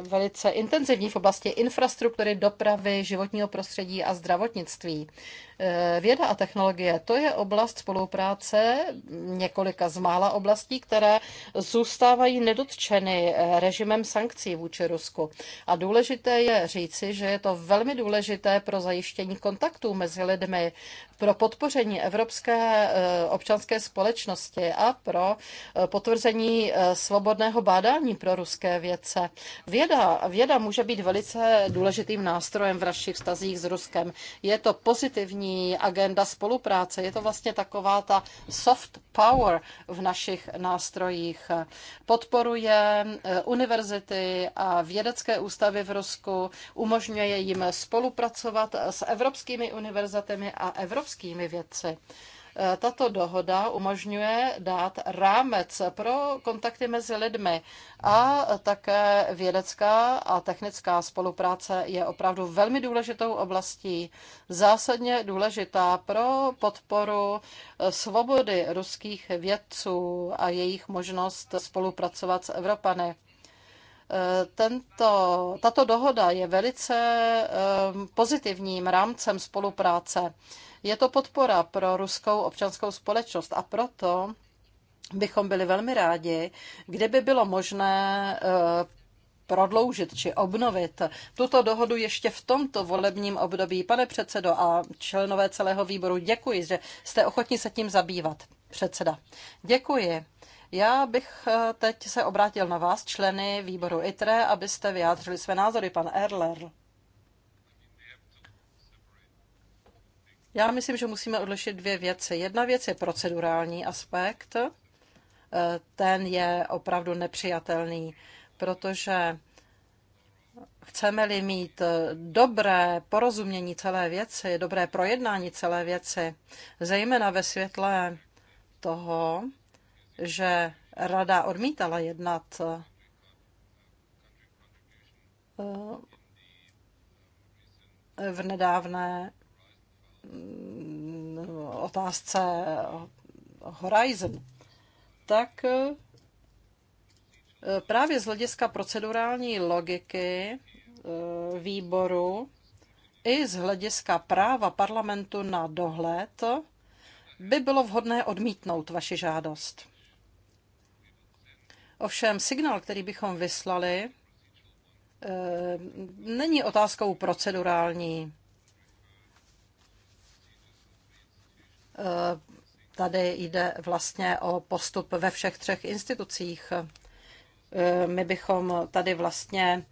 Speaker 4: velice intenzivní v oblasti infrastruktury, dopravy, životního prostředí a zdravotnictví. Eh, věda a technologie, to je oblast spolupráce několika z mála oblastí, které zůstávají nedotčeny eh, režimem sankcí vůči Rusku. A důležité je říci, že je to velmi důležité pro zajištění kontaktů mezi lidmi, pro podpoření evropské eh, občanské společnosti a pro potvrzení svobodného bádání pro ruské vědce. Věda, věda může být velice důležitým nástrojem v našich vztazích s Ruskem. Je to pozitivní digitální agenda spolupráce. Je to vlastně taková ta soft power v našich nástrojích. Podporuje eh, univerzity a vědecké ústavy v Rusku, umožňuje jim spolupracovat s evropskými univerzitami a evropskými vědci. Tato dohoda umožňuje dát rámec pro kontakty mezi lidmi a také vědecká a technická spolupráce je opravdu velmi důležitou oblastí, zásadně důležitá pro podporu svobody ruských vědců a jejich možnost spolupracovat s Evropany tento, tato dohoda je velice eh, pozitivním rámcem spolupráce je to podpora pro ruskou občanskou společnost a proto bychom byli velmi rádi, kdyby bylo možné eh, prodloužit či obnovit tuto dohodu ještě v tomto volebním období. Pane předsedo a členové celého výboru, děkuji, že jste ochotni se tím zabývat. Předseda, děkuji. Já bych eh, teď se obrátil na vás, členy výboru ITRE, abyste vyjádřili své názory, pan Erler. Já myslím, že musíme odlišit dvě věci. Jedna věc je procedurální aspekt, e, ten je opravdu nepřijatelný, protože chceme-li mít dobré porozumění celé věci, dobré projednání celé věci, zejména ve světle toho, že rada odmítala jednat e, v nedávné Mm, otázce Horizon, tak eh, právě z hlediska procedurální logiky eh, výboru i z hlediska práva parlamentu na dohled by bylo vhodné odmítnout vaši žádost. Ovšem signál, který bychom vyslali, eh, není otázkou procedurální. Eh, tady jde vlastně o postup ve všech třech institucích. Eh, my bychom tady vlastně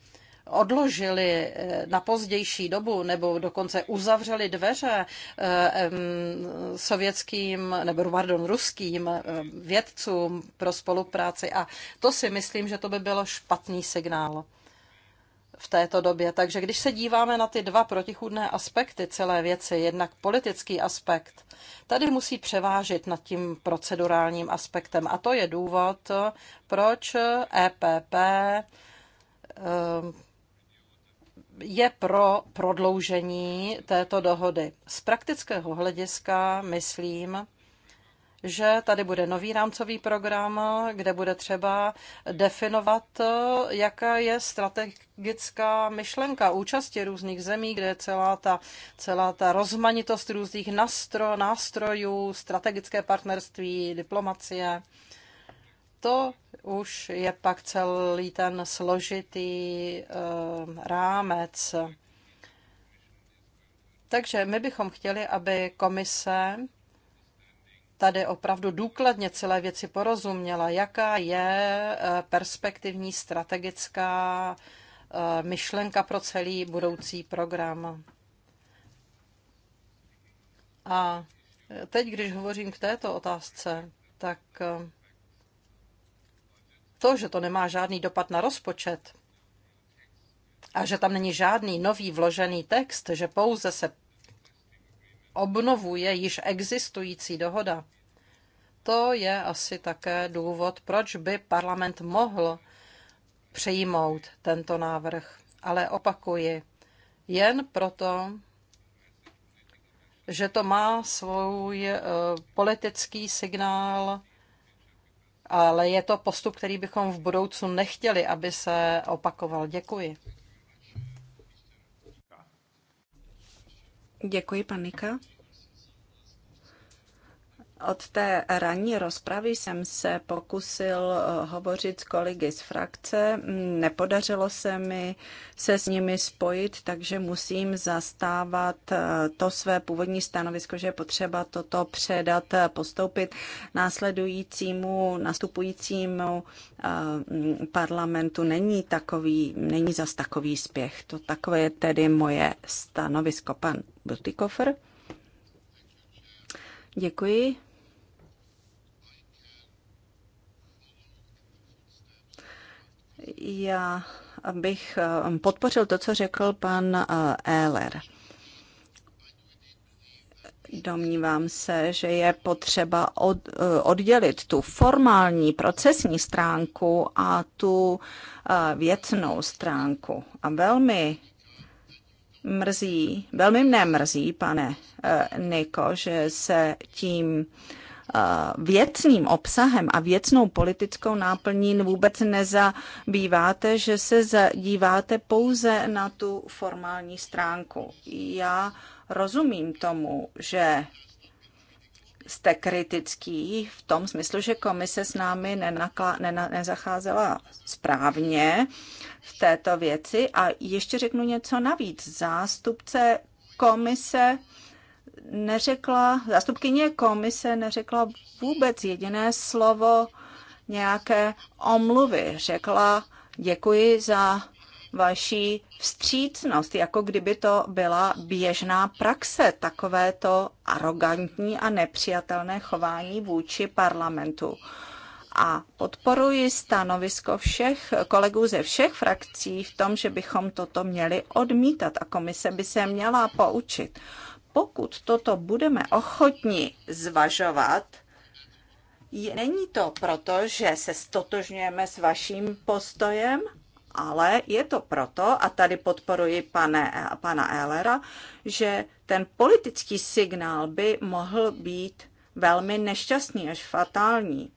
Speaker 4: odložili eh, na pozdější dobu nebo dokonce uzavřeli dveře sovětským nebo pardon, ruským vědcům pro spolupráci. A to si myslím, že to by bylo špatný signál v této době. Takže když se díváme na ty dva protichůdné aspekty celé věci, jednak politický aspekt, tady musí převážit nad tím procedurálním aspektem. A to je důvod, proč EPP eh, je pro prodloužení této dohody. Z praktického hlediska myslím, že tady bude nový rámcový program, kde bude třeba definovat, jaká je strategická myšlenka účasti různých zemí, kde je celá ta, celá ta rozmanitost různých nástro, nástrojů, strategické partnerství, diplomacie. To už je pak celý ten složitý uh, rámec. Takže my bychom chtěli, aby komise tady opravdu důkladně celé věci porozuměla, jaká je eh, perspektivní strategická eh, myšlenka pro celý budoucí program. A teď, když hovořím k této otázce, tak eh, to, že to nemá žádný dopad na rozpočet a že tam není žádný nový vložený text, že pouze se obnovuje již existující dohoda. To je asi také důvod, proč by parlament mohl přijmout tento návrh. Ale opakuji, jen proto, že to má svůj eh, politický signál, ale je to postup, který bychom v budoucnu nechtěli, aby se opakoval. Děkuji. Děkuji, panika. Od té
Speaker 2: ranní rozpravy jsem se pokusil eh, hovořit s kolegy z frakce. Mm, nepodařilo se mi se s nimi spojit, takže musím zastávat eh, to své původní stanovisko, že je potřeba toto předat, eh, postoupit následujícímu, nastupujícímu mm, parlamentu. Není takový, není zas takový spěch. To takové je tedy moje stanovisko. Pan Butikofer. Děkuji. Já bych eh, podpořil to, co řekl pan eh, Ehler. Domnívám se, že je potřeba od, eh, oddělit tu formální procesní stránku a tu věcnou stránku. A velmi mrzí, velmi mne mrzí, pane Niko, že se tím uh, věcným obsahem a věcnou politickou náplní vůbec nezabýváte, že se zadíváte pouze na tu formální stránku. Já rozumím tomu, že jste kritický v tom smyslu, že komise s námi nenakla, nena, nezacházela správně v této věci. A ještě řeknu něco navíc. Zástupce komise neřekla, zástupkyně komise neřekla vůbec jediné slovo nějaké omluvy. Řekla děkuji za vaší vstřícnost, jako kdyby to byla běžná praxe, takovéto arrogantní a nepřijatelné chování vůči parlamentu. A podporuji stanovisko všech kolegů ze všech frakcí v tom, že bychom toto měli odmítat a komise by se měla poučit pokud toto budeme ochotni zvažovat, není to proto, že se stotožňujeme s vaším postojem, ale je to proto, a tady podporuji pane, pana Ehlera, že ten politický signál by mohl být velmi nešťastný až fatální.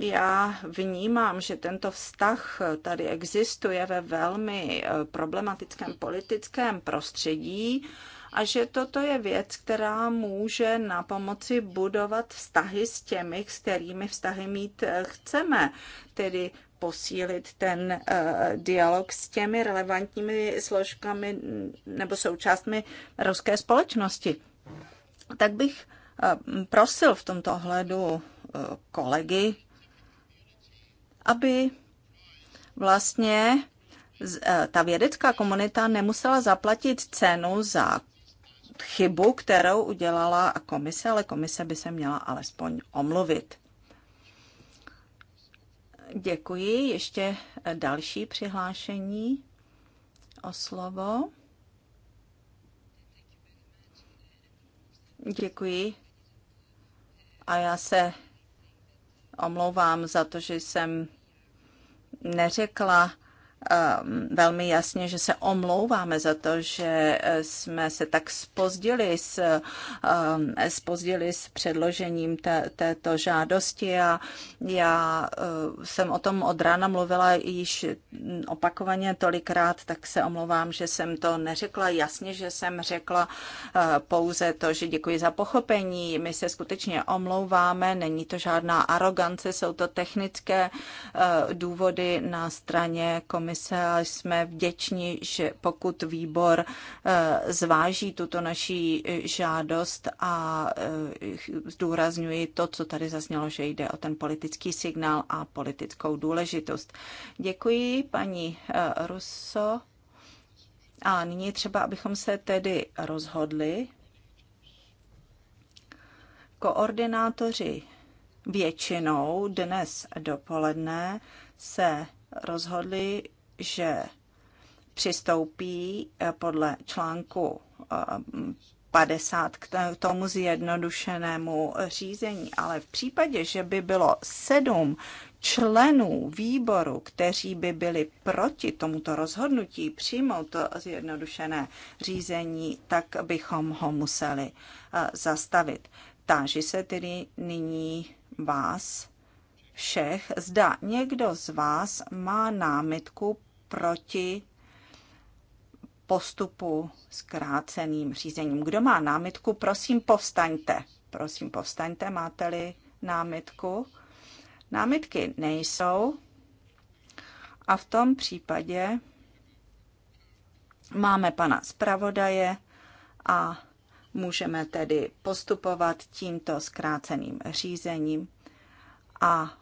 Speaker 2: Já vnímám, že tento vztah tady existuje ve velmi eh, problematickém politickém prostředí a že toto je věc, která může na pomoci budovat vztahy s těmi, s kterými vztahy mít eh, chceme, tedy posílit ten eh, dialog s těmi relevantními složkami nebo součástmi ruské společnosti. Tak bych eh, prosil v tomto ohledu kolegy, aby vlastně ta vědecká komunita nemusela zaplatit cenu za chybu, kterou udělala komise, ale komise by se měla alespoň omluvit. Děkuji. Ještě další přihlášení o slovo. Děkuji. A já se omlouvám za to, že jsem neřekla Ehm, velmi jasně, že se omlouváme za to, že eh, jsme se tak spozdili s, ehm, spozdili s předložením té, této žádosti a já eh, jsem o tom od rána mluvila již mm, opakovaně tolikrát, tak se omlouvám, že jsem to neřekla jasně, že jsem řekla eh, pouze to, že děkuji za pochopení. My se skutečně omlouváme, není to žádná arogance, jsou to technické důvody na straně komise komise a jsme vděční, že pokud výbor eh, zváží tuto naší žádost a eh, zdůrazňuji to, co tady zaznělo, že jde o ten politický signál a politickou důležitost. Děkuji, paní eh, Russo. A nyní třeba, abychom se tedy rozhodli, koordinátoři většinou dnes dopoledne se rozhodli, že přistoupí eh, podle článku 50 eh, k tomu zjednodušenému řízení, ale v případě, že by bylo sedm členů výboru, kteří by byli proti tomuto rozhodnutí přijmout to zjednodušené řízení, tak bychom ho museli eh, zastavit. Táži se tedy nyní vás všech, zda někdo z vás má námitku proti postupu zkráceným řízením. Kdo má námitku, prosím povstaňte. Prosím povstaňte, máte-li námitku. Námitky nejsou a v tom případě máme pana zpravodaje a můžeme tedy postupovat tímto zkráceným řízením a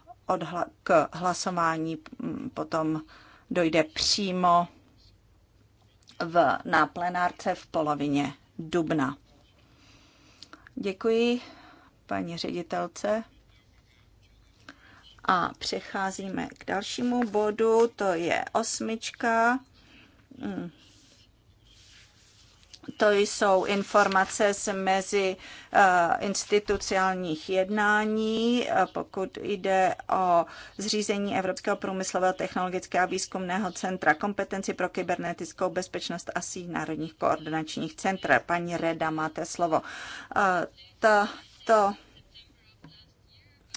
Speaker 2: k hlasování mm, potom dojde přímo v, na plenárce v polovině dubna. Děkuji paní ředitelce. A přecházíme k dalšímu bodu, to je osmička. Hmm. To jsou informace z mezi eh, institucionálních jednání, eh, pokud jde o zřízení Evropského průmyslového technologického a výzkumného centra kompetenci pro kybernetickou bezpečnost a síť národních koordinačních centr. Paní Reda, máte slovo. Eh, to, to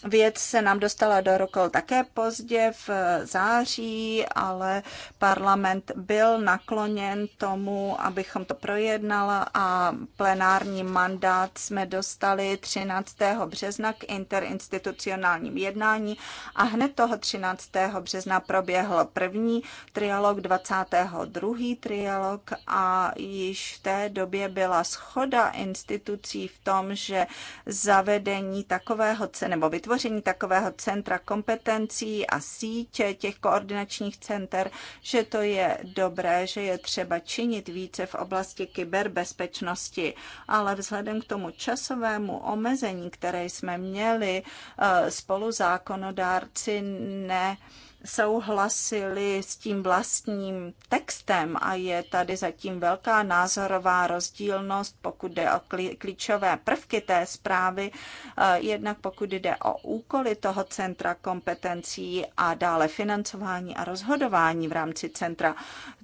Speaker 2: Věc se nám dostala do rukou také pozdě v září, ale parlament byl nakloněn tomu, abychom to projednala a plenární mandát jsme dostali 13. března k interinstitucionálním jednání a hned toho 13. března proběhl první trialog, 22. trialog a již v té době byla schoda institucí v tom, že zavedení takového cen, nebo vytvoření vytvoření takového centra kompetencí a sítě těch koordinačních center, že to je dobré, že je třeba činit více v oblasti kyberbezpečnosti, ale vzhledem k tomu časovému omezení, které jsme měli, eh, spoluzákonodárci ne souhlasili s tím vlastním textem a je tady zatím velká názorová rozdílnost, pokud jde o klíčové prvky té zprávy, eh, jednak pokud jde o úkoly toho centra kompetencí a dále financování a rozhodování v rámci centra.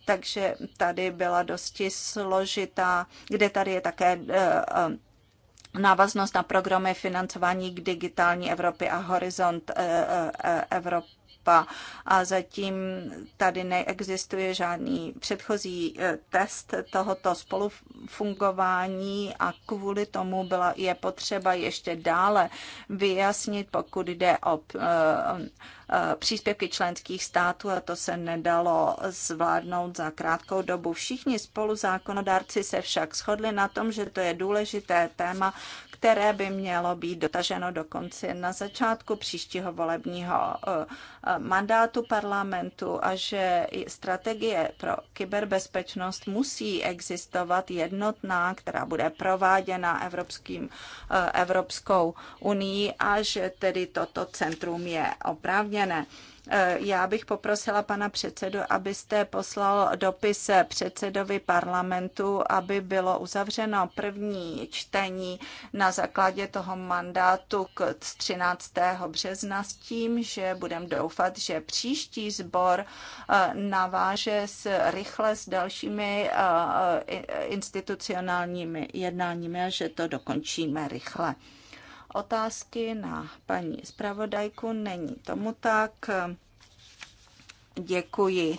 Speaker 2: Takže tady byla dosti složitá, kde tady je také eh, eh, návaznost na programy financování k digitální Evropy a Horizont Evropy Evropa a zatím tady neexistuje žádný předchozí eh, test tohoto spolufungování a kvůli tomu byla, je potřeba ještě dále vyjasnit, pokud jde o eh, eh, příspěvky členských států a to se nedalo zvládnout za krátkou dobu. Všichni spoluzákonodárci se však shodli na tom, že to je důležité téma, které by mělo být dotaženo do konce na začátku příštího volebního eh, eh, mandátu parlamentu a že strategie pro kyberbezpečnost musí existovat jednotná, která bude prováděna Evropským, eh, Evropskou unii a že tedy toto centrum je oprávněné. Eh, já bych poprosila pana předsedu, abyste poslal dopis předsedovi parlamentu, aby bylo uzavřeno první čtení na základě toho mandátu k 13. března s tím, že budeme doufat, že příští sbor eh, naváže s rychle s dalšími eh, institucionálními jednáními a že to dokončíme rychle otázky na paní zpravodajku. Není tomu tak. Děkuji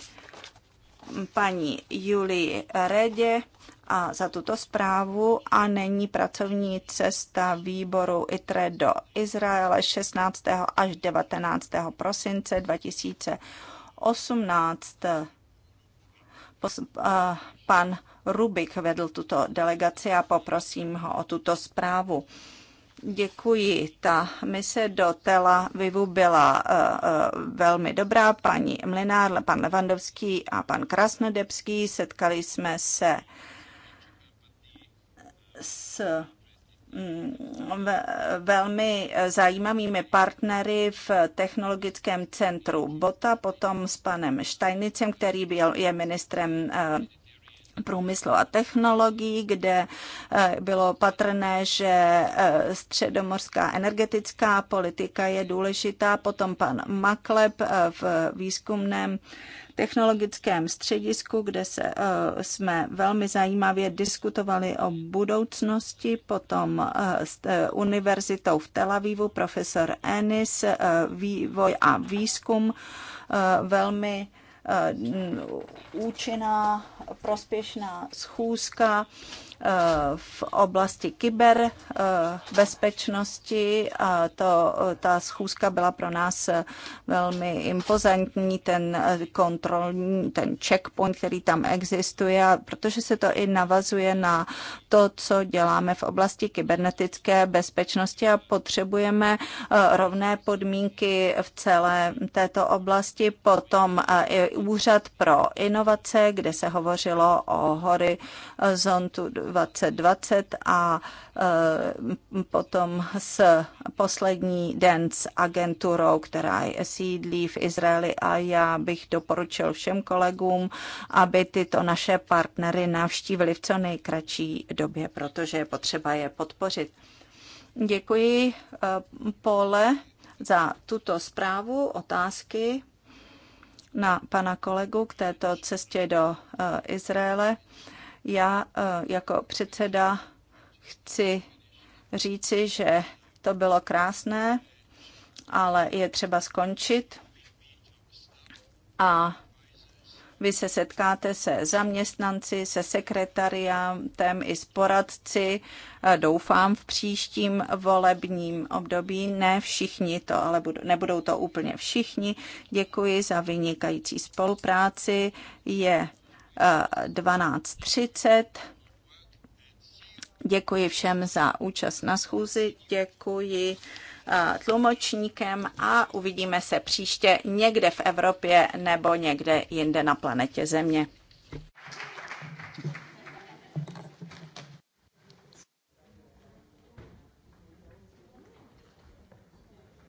Speaker 2: paní Julii Redě a za tuto zprávu a není pracovní cesta výboru ITRE do Izraele 16. až 19. prosince 2018. Pan Rubik vedl tuto delegaci a poprosím ho o tuto zprávu. Děkuji. Ta mise do Tel Avivu byla uh, uh, velmi dobrá. Paní Mlinár, pan Levandovský a pan Krasnodebský. Setkali jsme se s mm, velmi zajímavými partnery v technologickém centru BOTA, potom s panem Štajnicem, který byl, je ministrem eh, průmyslu a technologií, kde eh, bylo patrné, že eh, středomorská energetická politika je důležitá. Potom pan Makleb eh, v výzkumném technologickém středisku, kde se, jsme velmi zajímavě diskutovali o budoucnosti, potom s univerzitou v Tel Avivu profesor Ennis, vývoj a výzkum velmi Eh, účinná, prospěšná schůzka v oblasti kyberbezpečnosti. Eh, to, ta schůzka byla pro nás velmi impozantní, ten eh, kontrolní, ten checkpoint, který tam existuje, protože se to i navazuje na to, co děláme v oblasti kybernetické bezpečnosti a potřebujeme eh, rovné podmínky v celé této oblasti. Potom úřad pro inovace, kde se hovořilo o horizontu 2020 a eh, potom s poslední den s agenturou, která je sídlí v Izraeli a já bych doporučil všem kolegům, aby tyto naše partnery navštívili v co nejkratší době, protože je potřeba je podpořit. Děkuji, eh, Pole, za tuto zprávu, otázky na pana kolegu k této cestě do eh, Izraele. Já eh, jako předseda chci říci, že to bylo krásné, ale je třeba skončit a vy se setkáte se zaměstnanci, se sekretariátem i s poradci, eh, doufám v příštím volebním období. Ne všichni to, ale budou, nebudou to úplně všichni. Děkuji za vynikající spolupráci. Je 12.30. Děkuji všem za účast na schůzi, děkuji eh, tlumočníkem a uvidíme se příště někde v Evropě nebo někde jinde na planetě Země.